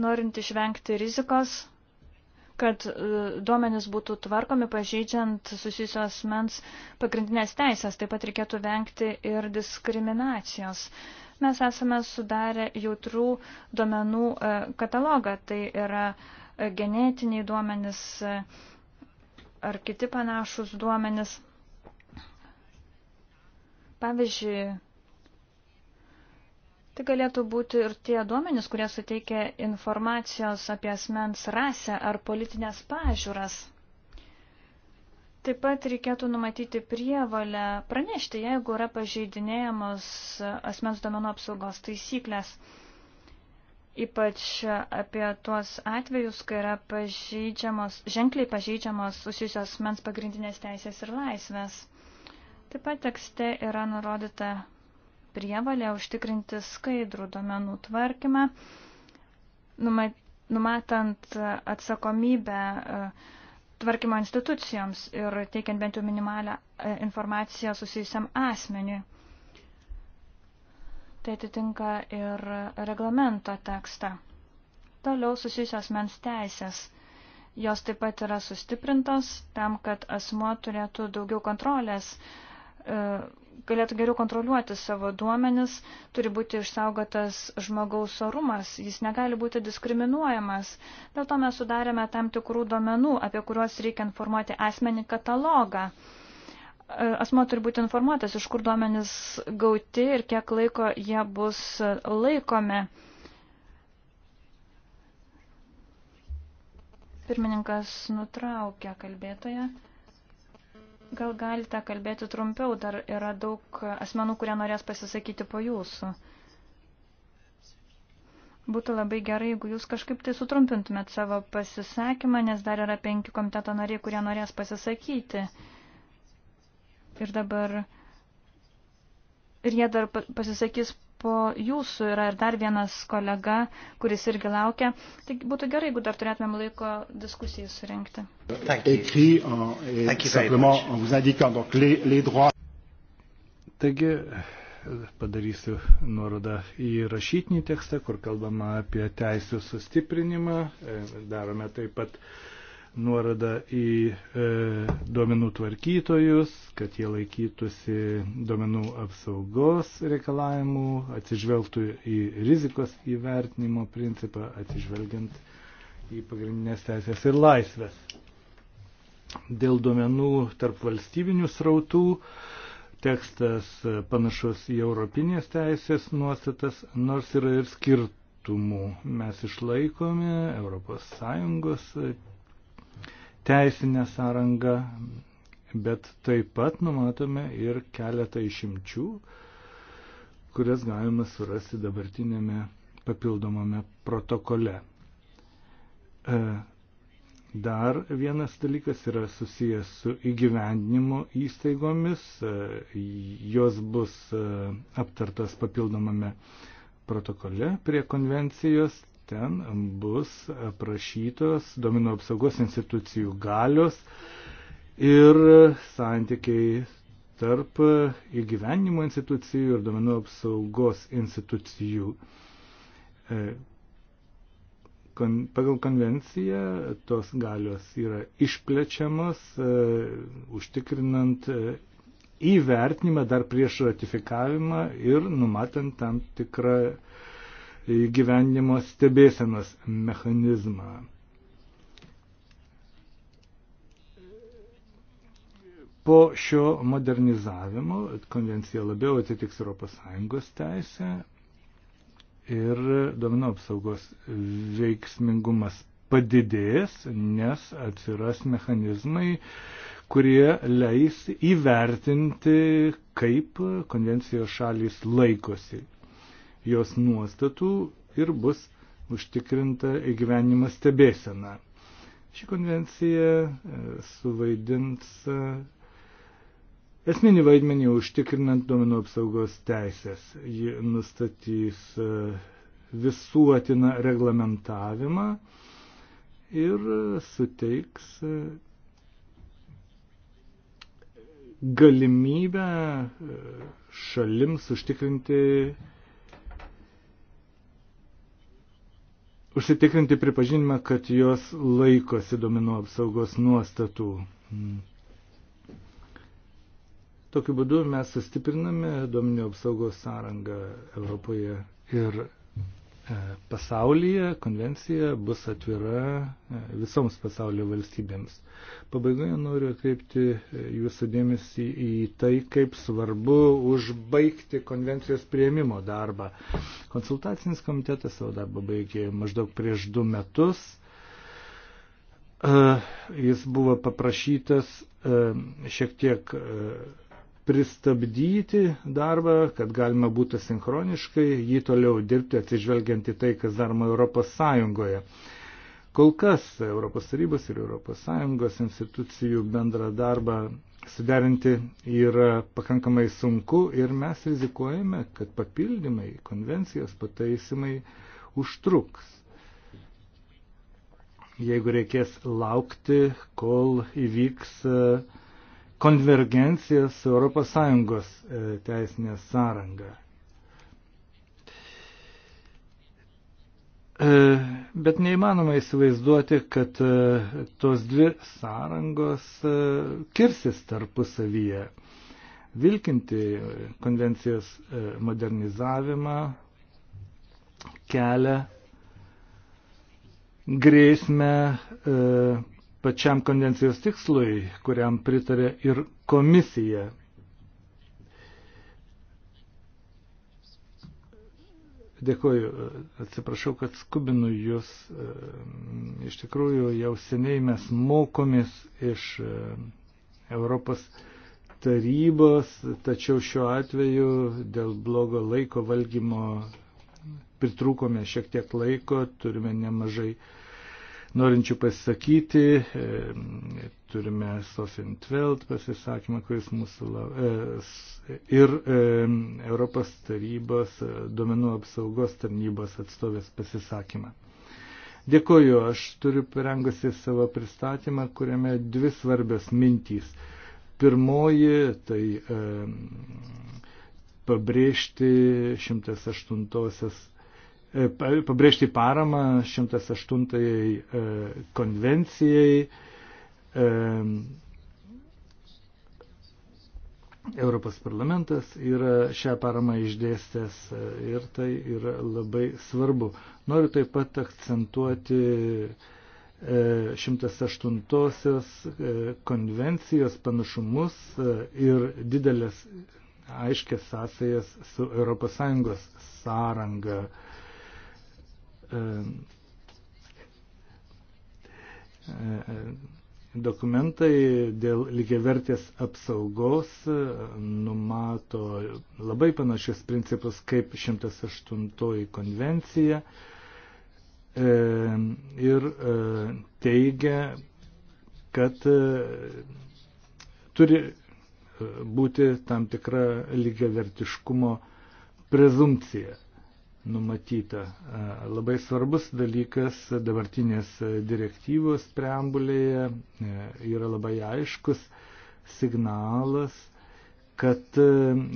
[SPEAKER 4] Norint išvengti rizikos, kad e, duomenys būtų tvarkomi pažeidžiant susijusios mens pagrindinės teisės, taip pat reikėtų vengti ir diskriminacijos. Mes esame sudarę jautrų duomenų e, katalogą, tai yra e, genetiniai duomenys ar kiti panašus duomenys. Pavyzdžiui, Tai galėtų būti ir tie duomenys, kurie suteikia informacijos apie asmens rasę ar politinės pažiūras. Taip pat reikėtų numatyti prievalę pranešti, jeigu yra pažeidinėjamos asmens domenų apsaugos taisyklės. Ypač apie tuos atvejus, kai yra pažeidžiamos, ženkliai pažeidžiamos susijusios asmens pagrindinės teisės ir laisvės. Taip pat tekste yra nurodyta prievalė užtikrinti skaidrų duomenų tvarkymą, numatant atsakomybę e, tvarkymo institucijoms ir teikiant bent jau minimalę e, informaciją susijusiam asmeniui. Tai atitinka ir reglamento tekstą. Toliau susijusios mens teisės. Jos taip pat yra sustiprintos tam, kad asmuo turėtų daugiau kontrolės e, galėtų geriau kontroliuoti savo duomenis, turi būti išsaugotas žmogaus orumas, jis negali būti diskriminuojamas. Dėl to mes sudarėme tam tikrų duomenų, apie kuriuos reikia informuoti asmenį katalogą. E, Asmo turi būti informuotas, iš kur duomenys gauti ir kiek laiko jie bus laikomi. Pirmininkas nutraukė kalbėtoją. Gal galite kalbėti trumpiau, dar yra daug asmenų, kurie norės pasisakyti po jūsų. Būtų labai gerai, jeigu jūs kažkaip tai sutrumpintumėt savo pasisakymą, nes dar yra penki komiteto nariai, kurie norės pasisakyti. Ir dabar, ir jie dar pasisakys po jūsų yra ir dar vienas kolega, kuris irgi laukia. Tai būtų gerai, jeigu dar turėtumėm laiko diskusijai surinkti.
[SPEAKER 1] Euh,
[SPEAKER 2] Taigi padarysiu nuorodą į rašytinį tekstą, kur kalbama apie teisų sustiprinimą. E, darome taip pat uh, nuorodą į e, duomenų tvarkytojus, kad jie laikytųsi duomenų apsaugos reikalavimų, atsižvelgtų į rizikos įvertinimo principą, atsižvelgiant į pagrindinės teisės ir laisvės. Dėl duomenų tarp valstybinių srautų tekstas panašus į europinės teisės nuostatas, nors yra ir skirtumų. Mes išlaikome ES teisinę sąrangą, bet taip pat numatome ir keletą išimčių, kurias galima surasti dabartinėme papildomame protokole. E, dar vienas dalykas yra susijęs su įgyvendinimo įstaigomis. E, jos bus e, aptartas papildomame protokole prie konvencijos. Ten bus aprašytos domino apsaugos institucijų galios ir santykiai tarp įgyvenimo institucijų ir domenų apsaugos institucijų. E, kon, pagal konvenciją tos galios yra išplečiamos, e, užtikrinant e, įvertinimą dar prieš ratifikavimą ir numatant tam tikrą įgyvendimo stebėsenos mechanizmą. Po šio modernizavimo konvencija labiau atitiks ES teisę ir domino apsaugos veiksmingumas padidės, nes atsiras mechanizmai, kurie leis įvertinti, kaip konvencijos šalys laikosi jos nuostatų ir bus užtikrinta įgyvenimo stebėsena. Ši konvencija e, suvaidins e, esminį vaidmenį užtikrinant duomenų apsaugos teisės. Ji nustatys e, visuotiną reglamentavimą ir suteiks galimybę šalims užtikrinti užsitikrinti pripažinimą, kad jos laikosi domino apsaugos nuostatų. Hmm. Tokiu būdu mes sustipriname domino apsaugos sąrangą Europoje ir E, pasaulyje konvencija bus atvira e, visoms pasaulio valstybėms. Pabaigoje noriu atkreipti e, jūsų dėmesį į tai, kaip svarbu užbaigti konvencijos prieimimo darbą. Konsultacinis komitetas savo darbą baigė maždaug prieš du metus. Jis buvo paprašytas šiek tiek pristabdyti darbą, kad galima būtų sinchroniškai jį toliau dirbti atsižvelgiant į tai, kas daroma Europos Sąjungoje. Kol kas Europos tarybos ir Europos Sąjungos institucijų bendrą darbą suderinti yra pakankamai sunku ir mes rizikuojame, kad papildymai, konvencijos pataisimai užtruks jeigu reikės laukti, kol įvyks uh, konvergencija su ES e, teisinė sąranga. E, bet neįmanoma įsivaizduoti, kad e, tos dvi sąrangos kirsis tarpusavyje. Vilkinti konvencijos modernizavimą kelia grėsmę pačiam konvencijos tikslui, kuriam pritarė ir komisija. Dėkoju, atsiprašau, kad skubinu jūs. E, iš tikrųjų, jau seniai mes mokomės iš e, Europos tarybos, tačiau šiuo atveju dėl blogo laiko valgymo pritrūkome šiek tiek laiko, turime nemažai uh, norinčių pasisakyti. E, turime Sofintveld pasisakymą, kuris mūsų laukia. E, ir e, Europos tarybos duomenų apsaugos tarnybos atstovės pasisakymą. Dėkoju, aš turiu parengusi savo pristatymą, kuriame dvi svarbios mintys. Pirmoji, tai e, pabrėžti 108 E, pabrėžti paramą 108 e, konvencijai. E, Europos parlamentas yra šią paramą išdėstęs ir tai yra labai svarbu. Noriu taip pat akcentuoti 108 konvencijos panašumus ir didelės aiškės sąsajas su ES sąranga. E, e, dokumentai dėl lygiavertės apsaugos e, numato labai panašius principus kaip 108 konvencija ir teigia, kad turi būti tam tikra lygiavertiškumo prezumcija numatyta. Labai svarbus dalykas dabartinės direktyvos preambulėje e, yra labai aiškus signalas, kad e,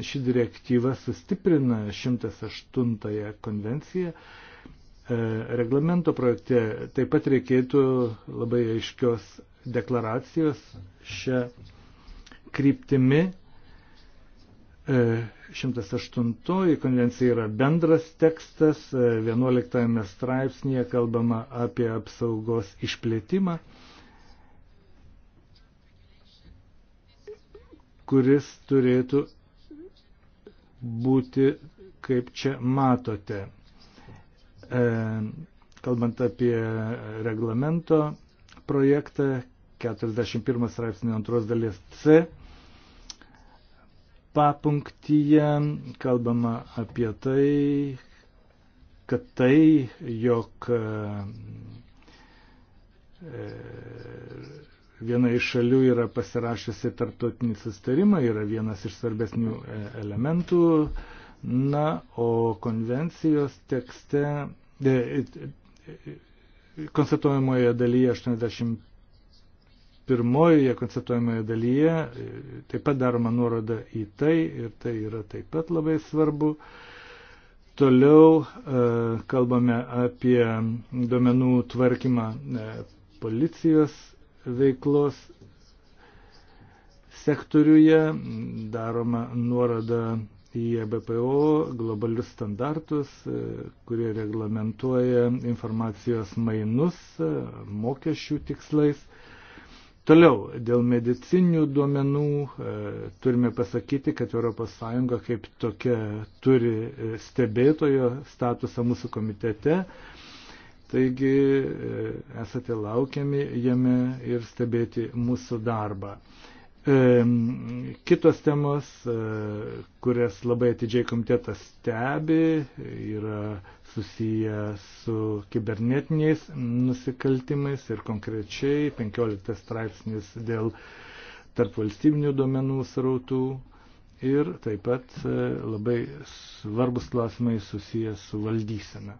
[SPEAKER 2] ši direktyva sustiprina 108 konvenciją. E, reglamento projekte taip pat reikėtų labai aiškios deklaracijos šią kryptimi 108 e, konvencija yra bendras tekstas, 11 e, straipsnėje kalbama apie apsaugos išplėtimą, kuris turėtų būti, kaip čia matote, e, kalbant apie reglamento projektą 41 straipsnio antros dalies C papunktyje kalbama apie tai, kad tai, jog e, viena iš šalių yra pasirašęs į tarptautinį sustarimą, yra vienas iš svarbesnių e, elementų. Na, o konvencijos tekste, e, konstatuojamoje dalyje 85 pirmojoje konceptuojamoje dalyje taip pat daroma nuoroda į tai ir tai yra taip pat labai svarbu. Toliau e, kalbame apie duomenų tvarkymą e, policijos veiklos sektoriuje, daroma nuoroda į EBPO globalius standartus, e, kurie reglamentuoja informacijos mainus mokesčių tikslais. Toliau, dėl medicinių duomenų e, turime pasakyti, kad ES kaip tokia turi e, stebėtojo statusą mūsų komitete. Taigi e, esate laukiami jame ir stebėti mūsų darbą. Kitos temos, e, kurias labai atidžiai komitetas stebi, yra susiję su kibernetiniais nusikaltimais ir konkrečiai 15 straipsnis dėl tarp valstybinių duomenų srautų ir taip pat e, labai svarbus klausimai susiję su valdysena.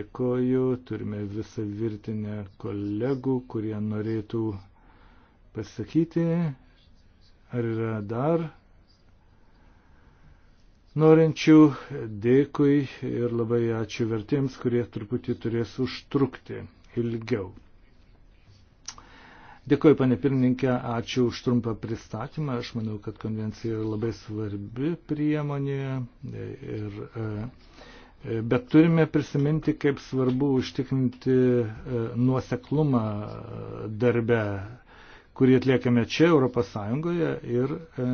[SPEAKER 2] Dėkoju, turime visą virtinę kolegų, kurie norėtų pasakyti, ar yra dar norinčių. Dėkui ir labai ačiū vertėms, kurie truputį turės užtrukti ilgiau. Dėkuoju, panė pirmininkė, ačiū už trumpą pristatymą. Aš manau, kad konvencija yra labai svarbi priemonė, ir, e, bet turime prisiminti, kaip svarbu užtikrinti e, nuoseklumą e, darbe kurį atliekame čia Europos Sąjungoje ir e,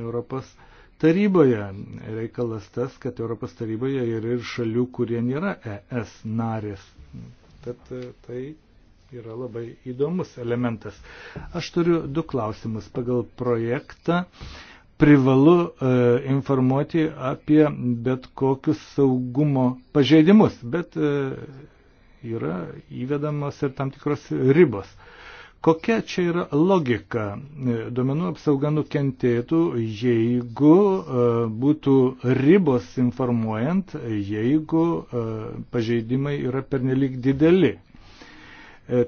[SPEAKER 2] Europos taryboje. Reikalas tas, kad Europos taryboje yra ir šalių, kurie nėra ES narės. Tad e, tai yra labai įdomus elementas. Aš turiu du klausimus. Pagal projektą privalu e, informuoti apie bet kokius saugumo pažeidimus, bet e, yra įvedamos ir tam tikros ribos. E, Kokia čia yra logika? E, duomenų apsauga nukentėtų, jeigu e, būtų ribos informuojant, jeigu e, pažeidimai yra pernelik dideli.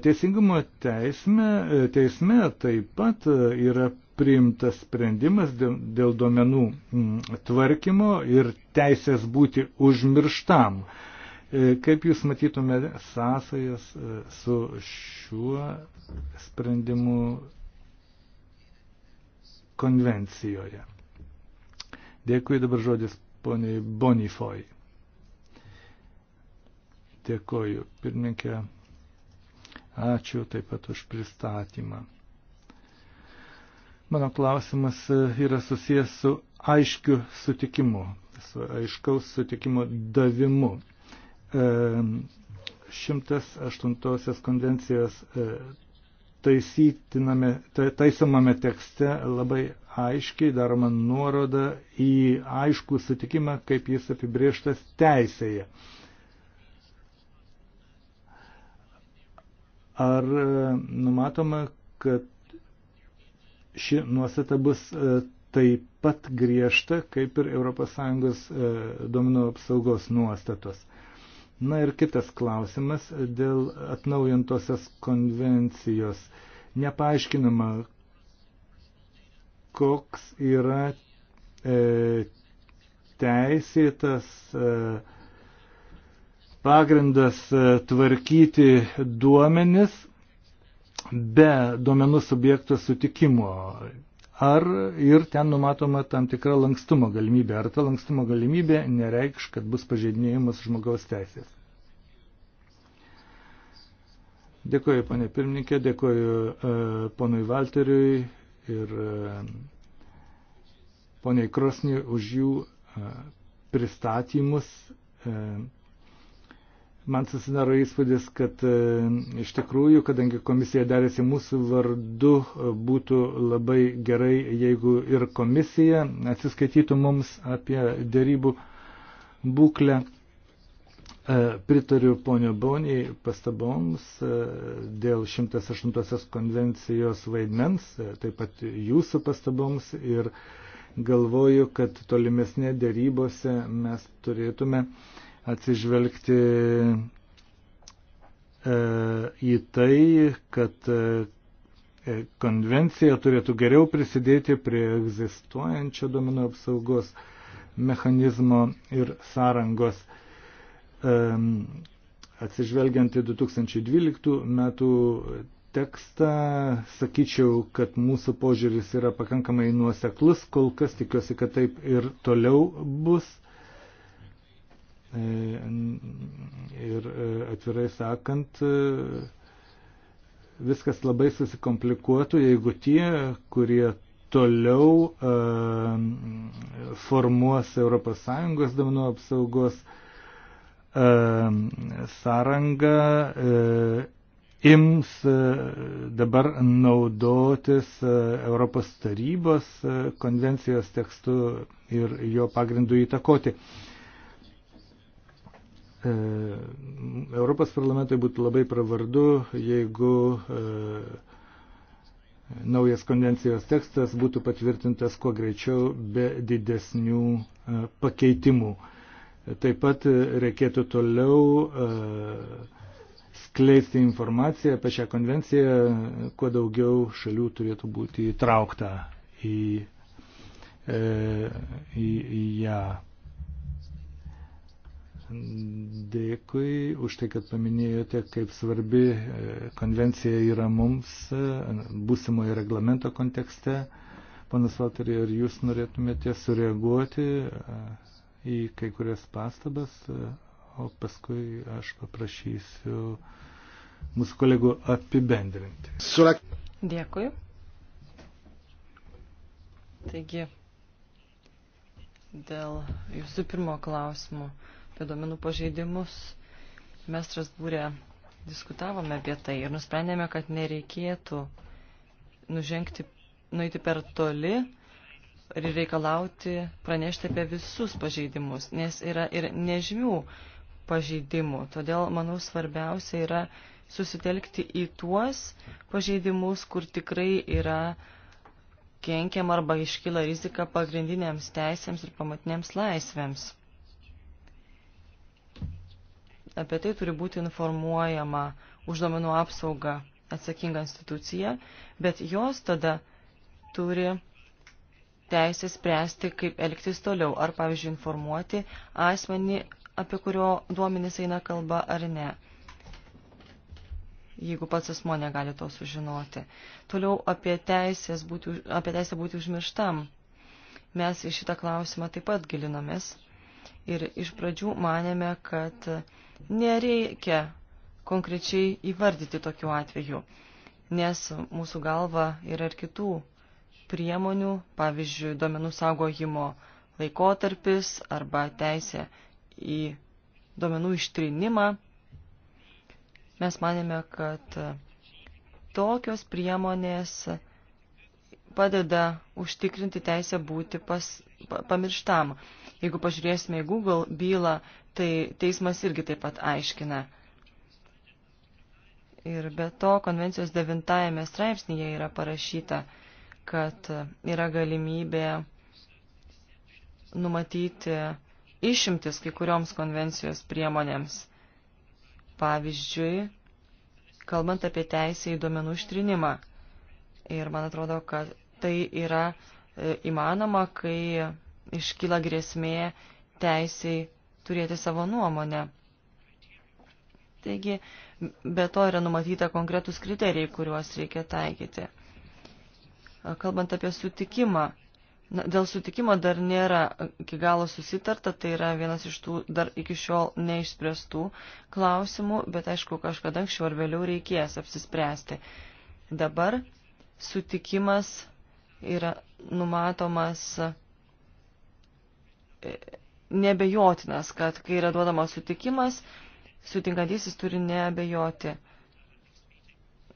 [SPEAKER 2] Teisingumo teisme, teisme taip pat yra priimtas sprendimas dėl duomenų tvarkymo ir teisės būti užmirštam. Kaip Jūs matytumėte sąsajas su šiuo sprendimų konvencijoje. Dėkui dabar žodis poniai Bonifoj. Dėkoju, pirmininkė. Ačiū taip pat už pristatymą. Mano klausimas yra susijęs su aiškiu sutikimu, su aiškaus sutikimo davimu. 108 konvencijos e, Tai taisomame tekste labai aiškiai daroma nuoroda į aiškų sutikimą, kaip jis apibrieštas teisėje. Ar e, numatoma, kad ši nuostata bus e, taip pat griežta, kaip ir ES e, duomenų apsaugos nuostatos? Na ir kitas klausimas dėl atnaujintosios konvencijos. Nepaaiškinama, koks yra e, teisėtas e, pagrindas e, tvarkyti duomenis be duomenų subjekto sutikimo ar ir ten numatoma tam tikra lankstumo galimybė, ar ta lankstumo galimybė nereikš, kad bus pažeidinėjimas žmogaus teisės. Dėkuoju, ponė pirmininkė, dėkuoju e, ponui Valteriui ir e, poniai Krosni už jų e, pristatymus. E, Man susidaro įspūdis, kad e, iš tikrųjų, kadangi komisija derėsi mūsų vardu, e, būtų labai gerai, jeigu ir komisija atsiskaitytų mums apie dėrybų būklę. E, pritariu ponio Boniai pastaboms dėl 108 konvencijos vaidmens, taip pat jūsų pastaboms ir galvoju, kad tolimesnė dėrybose mes turėtume uh, atsižvelgti e, į tai, kad e, konvencija turėtų geriau prisidėti prie egzistuojančio domino apsaugos mechanizmo ir sąrangos. E, atsižvelgiant į 2012 metų tekstą, sakyčiau, kad mūsų požiūris yra pakankamai nuoseklus, kol kas tikiuosi, kad taip ir toliau bus. E, ir e, atvirai sakant, e, viskas labai susikomplikuotų, jeigu tie, kurie toliau formuos ES duomenų apsaugos sąrangą, ims dabar naudotis Europos tarybos konvencijos tekstu ir jo pagrindu įtakoti E, Europos parlamentui būtų labai pravardu, jeigu e, naujas konvencijos tekstas būtų patvirtintas kuo greičiau be didesnių e, pakeitimų. Taip pat reikėtų toliau skleisti informaciją apie šią konvenciją, kuo daugiau šalių turėtų būti įtraukta į, į, į ją. Ja. Dėkui už tai, kad paminėjote, kaip svarbi e, konvencija yra mums e, būsimojo reglamento kontekste. Panas Valterį, ar jūs norėtumėte sureaguoti e, į kai kurias pastabas, o paskui aš paprašysiu mūsų kolegų apibendrinti.
[SPEAKER 3] Dėkui. Taigi, dėl jūsų pirmo klausimo apie domenų pažeidimus. Mes Strasbūrė diskutavome apie tai ir nusprendėme, kad nereikėtų nužengti, nueiti per toli ir reikalauti pranešti apie visus pažeidimus, nes yra ir nežymių pažeidimų. Todėl, manau, svarbiausia yra susitelkti į tuos pažeidimus, kur tikrai yra kenkiam arba iškyla rizika pagrindiniams teisėms ir pamatiniams laisvėms apie tai turi būti informuojama už duomenų apsaugą atsakinga institucija, bet jos tada turi teisę spręsti, kaip elgtis toliau, ar, pavyzdžiui, informuoti asmenį, apie kurio duomenys eina kalba ar ne, jeigu pats asmo negali to sužinoti. Toliau apie, būti, apie teisę būti užmirštam. Mes į šitą klausimą taip pat gilinomės ir iš pradžių manėme, kad nereikia konkrečiai įvardyti tokių atvejų, nes mūsų galva yra ir kitų priemonių, pavyzdžiui, duomenų saugojimo laikotarpis arba teisė į duomenų ištrinimą. Mes manėme, kad tokios priemonės padeda užtikrinti teisę būti pas, pa, pamirštam. Jeigu pažiūrėsime į Google bylą, tai teismas irgi taip pat aiškina. Ir be to, konvencijos devintajame straipsnėje yra parašyta, kad yra galimybė numatyti išimtis kai kurioms konvencijos priemonėms. Pavyzdžiui, kalbant apie teisę į duomenų ištrinimą. Ir man atrodo, kad tai yra e, įmanoma, kai iškyla grėsmė teisiai turėti savo nuomonę. Taigi, be to yra numatyta konkretus kriterijai, kuriuos reikia taikyti. Kalbant apie sutikimą, na, dėl sutikimo dar nėra iki galo susitarta, tai yra vienas iš tų dar iki šiol neišspręstų klausimų, bet aišku, kažkada anksčiau ar vėliau reikės apsispręsti. Dabar sutikimas yra numatomas nebejotinas, kad kai yra duodamas sutikimas, sutinkantysis turi neabejoti.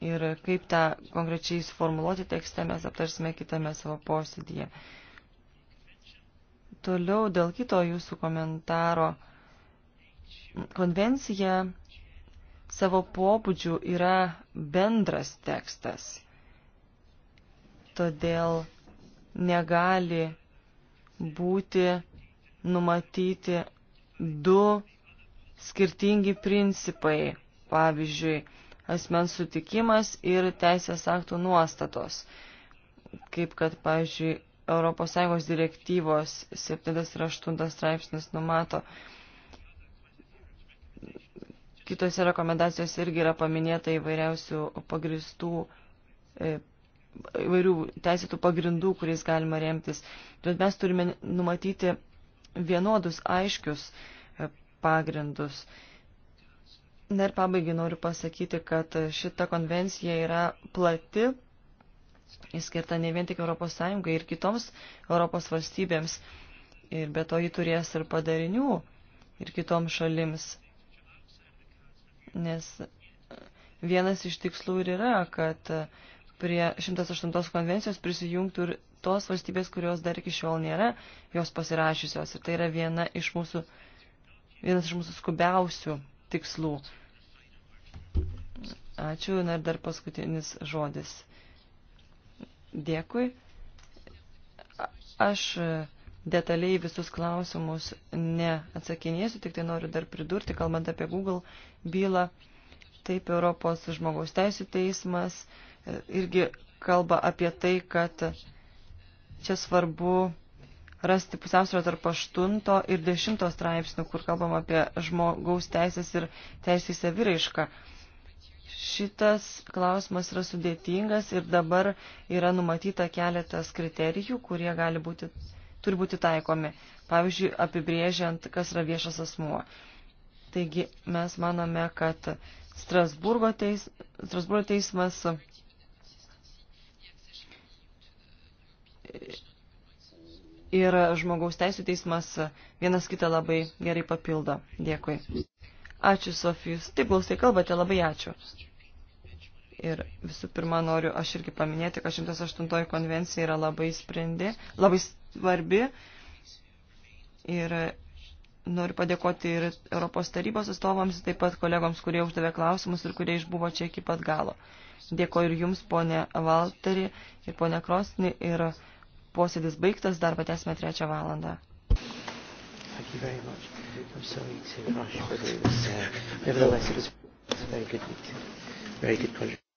[SPEAKER 3] Ir kaip tą konkrečiai suformuluoti tekste mes aptarsime kitame savo posėdėje. Toliau dėl kito jūsų komentaro. Konvencija savo pobūdžių yra bendras tekstas. Todėl negali būti numatyti du skirtingi principai, pavyzdžiui, asmens sutikimas ir teisės aktų nuostatos, kaip kad, pavyzdžiui, ES direktyvos 7 ir 8 straipsnis numato. Kitose rekomendacijose irgi yra paminėta įvairiausių pagristų e, įvairių teisėtų pagrindų, kuriais galima remtis. Bet mes turime numatyti vienodus, aiškius e, pagrindus. Na ir pabaigai noriu pasakyti, kad šita konvencija yra plati, įskirta ne vien tik ES ir kitoms Europos valstybėms. Ir be to ji turės ir padarinių ir kitoms šalims. Nes vienas iš tikslų ir yra, kad prie 108 konvencijos prisijungtų ir tos valstybės, kurios dar iki šiol nėra jos pasirašysios. Ir tai yra viena iš mūsų, vienas iš mūsų skubiausių tikslų. Ačiū. Na ir dar paskutinis žodis. Dėkui. Aš detaliai visus klausimus neatsakinėsiu, tik tai noriu dar pridurti, kalbant apie Google bylą. Taip Europos žmogaus teisų teismas irgi kalba apie tai, kad čia svarbu rasti pusiausvyrą tarp 8 ir 10 straipsnių, kur kalbam apie žmogaus teisės ir teisės saviraišką. Šitas klausimas yra sudėtingas ir dabar yra numatyta keletas kriterijų, kurie gali būti, turi būti taikomi. Pavyzdžiui, apibrėžiant, kas yra viešas asmuo. Taigi mes manome, kad Strasburgo, teis, Strasburgo teismas ir žmogaus teisų teismas vienas kitą labai gerai papildo. Dėkui. Ačiū, Sofijus. Taip, glaustai kalbate, labai ačiū. Ir visų pirma, noriu aš irgi paminėti, kad 108 konvencija yra labai sprendi, labai svarbi. Ir noriu padėkoti ir Europos tarybos atstovams, taip pat kolegoms, kurie uždavė klausimus ir kurie išbuvo čia iki pat galo. Dėkoju ir jums, ponė Valteri ir ponė Krosni. Ir Posėdis baigtas, darbą tęsime trečią valandą.
[SPEAKER 1] Thank you very much. I'm sorry to rush, but it was, uh, nevertheless, it was a very good meeting. Very good project.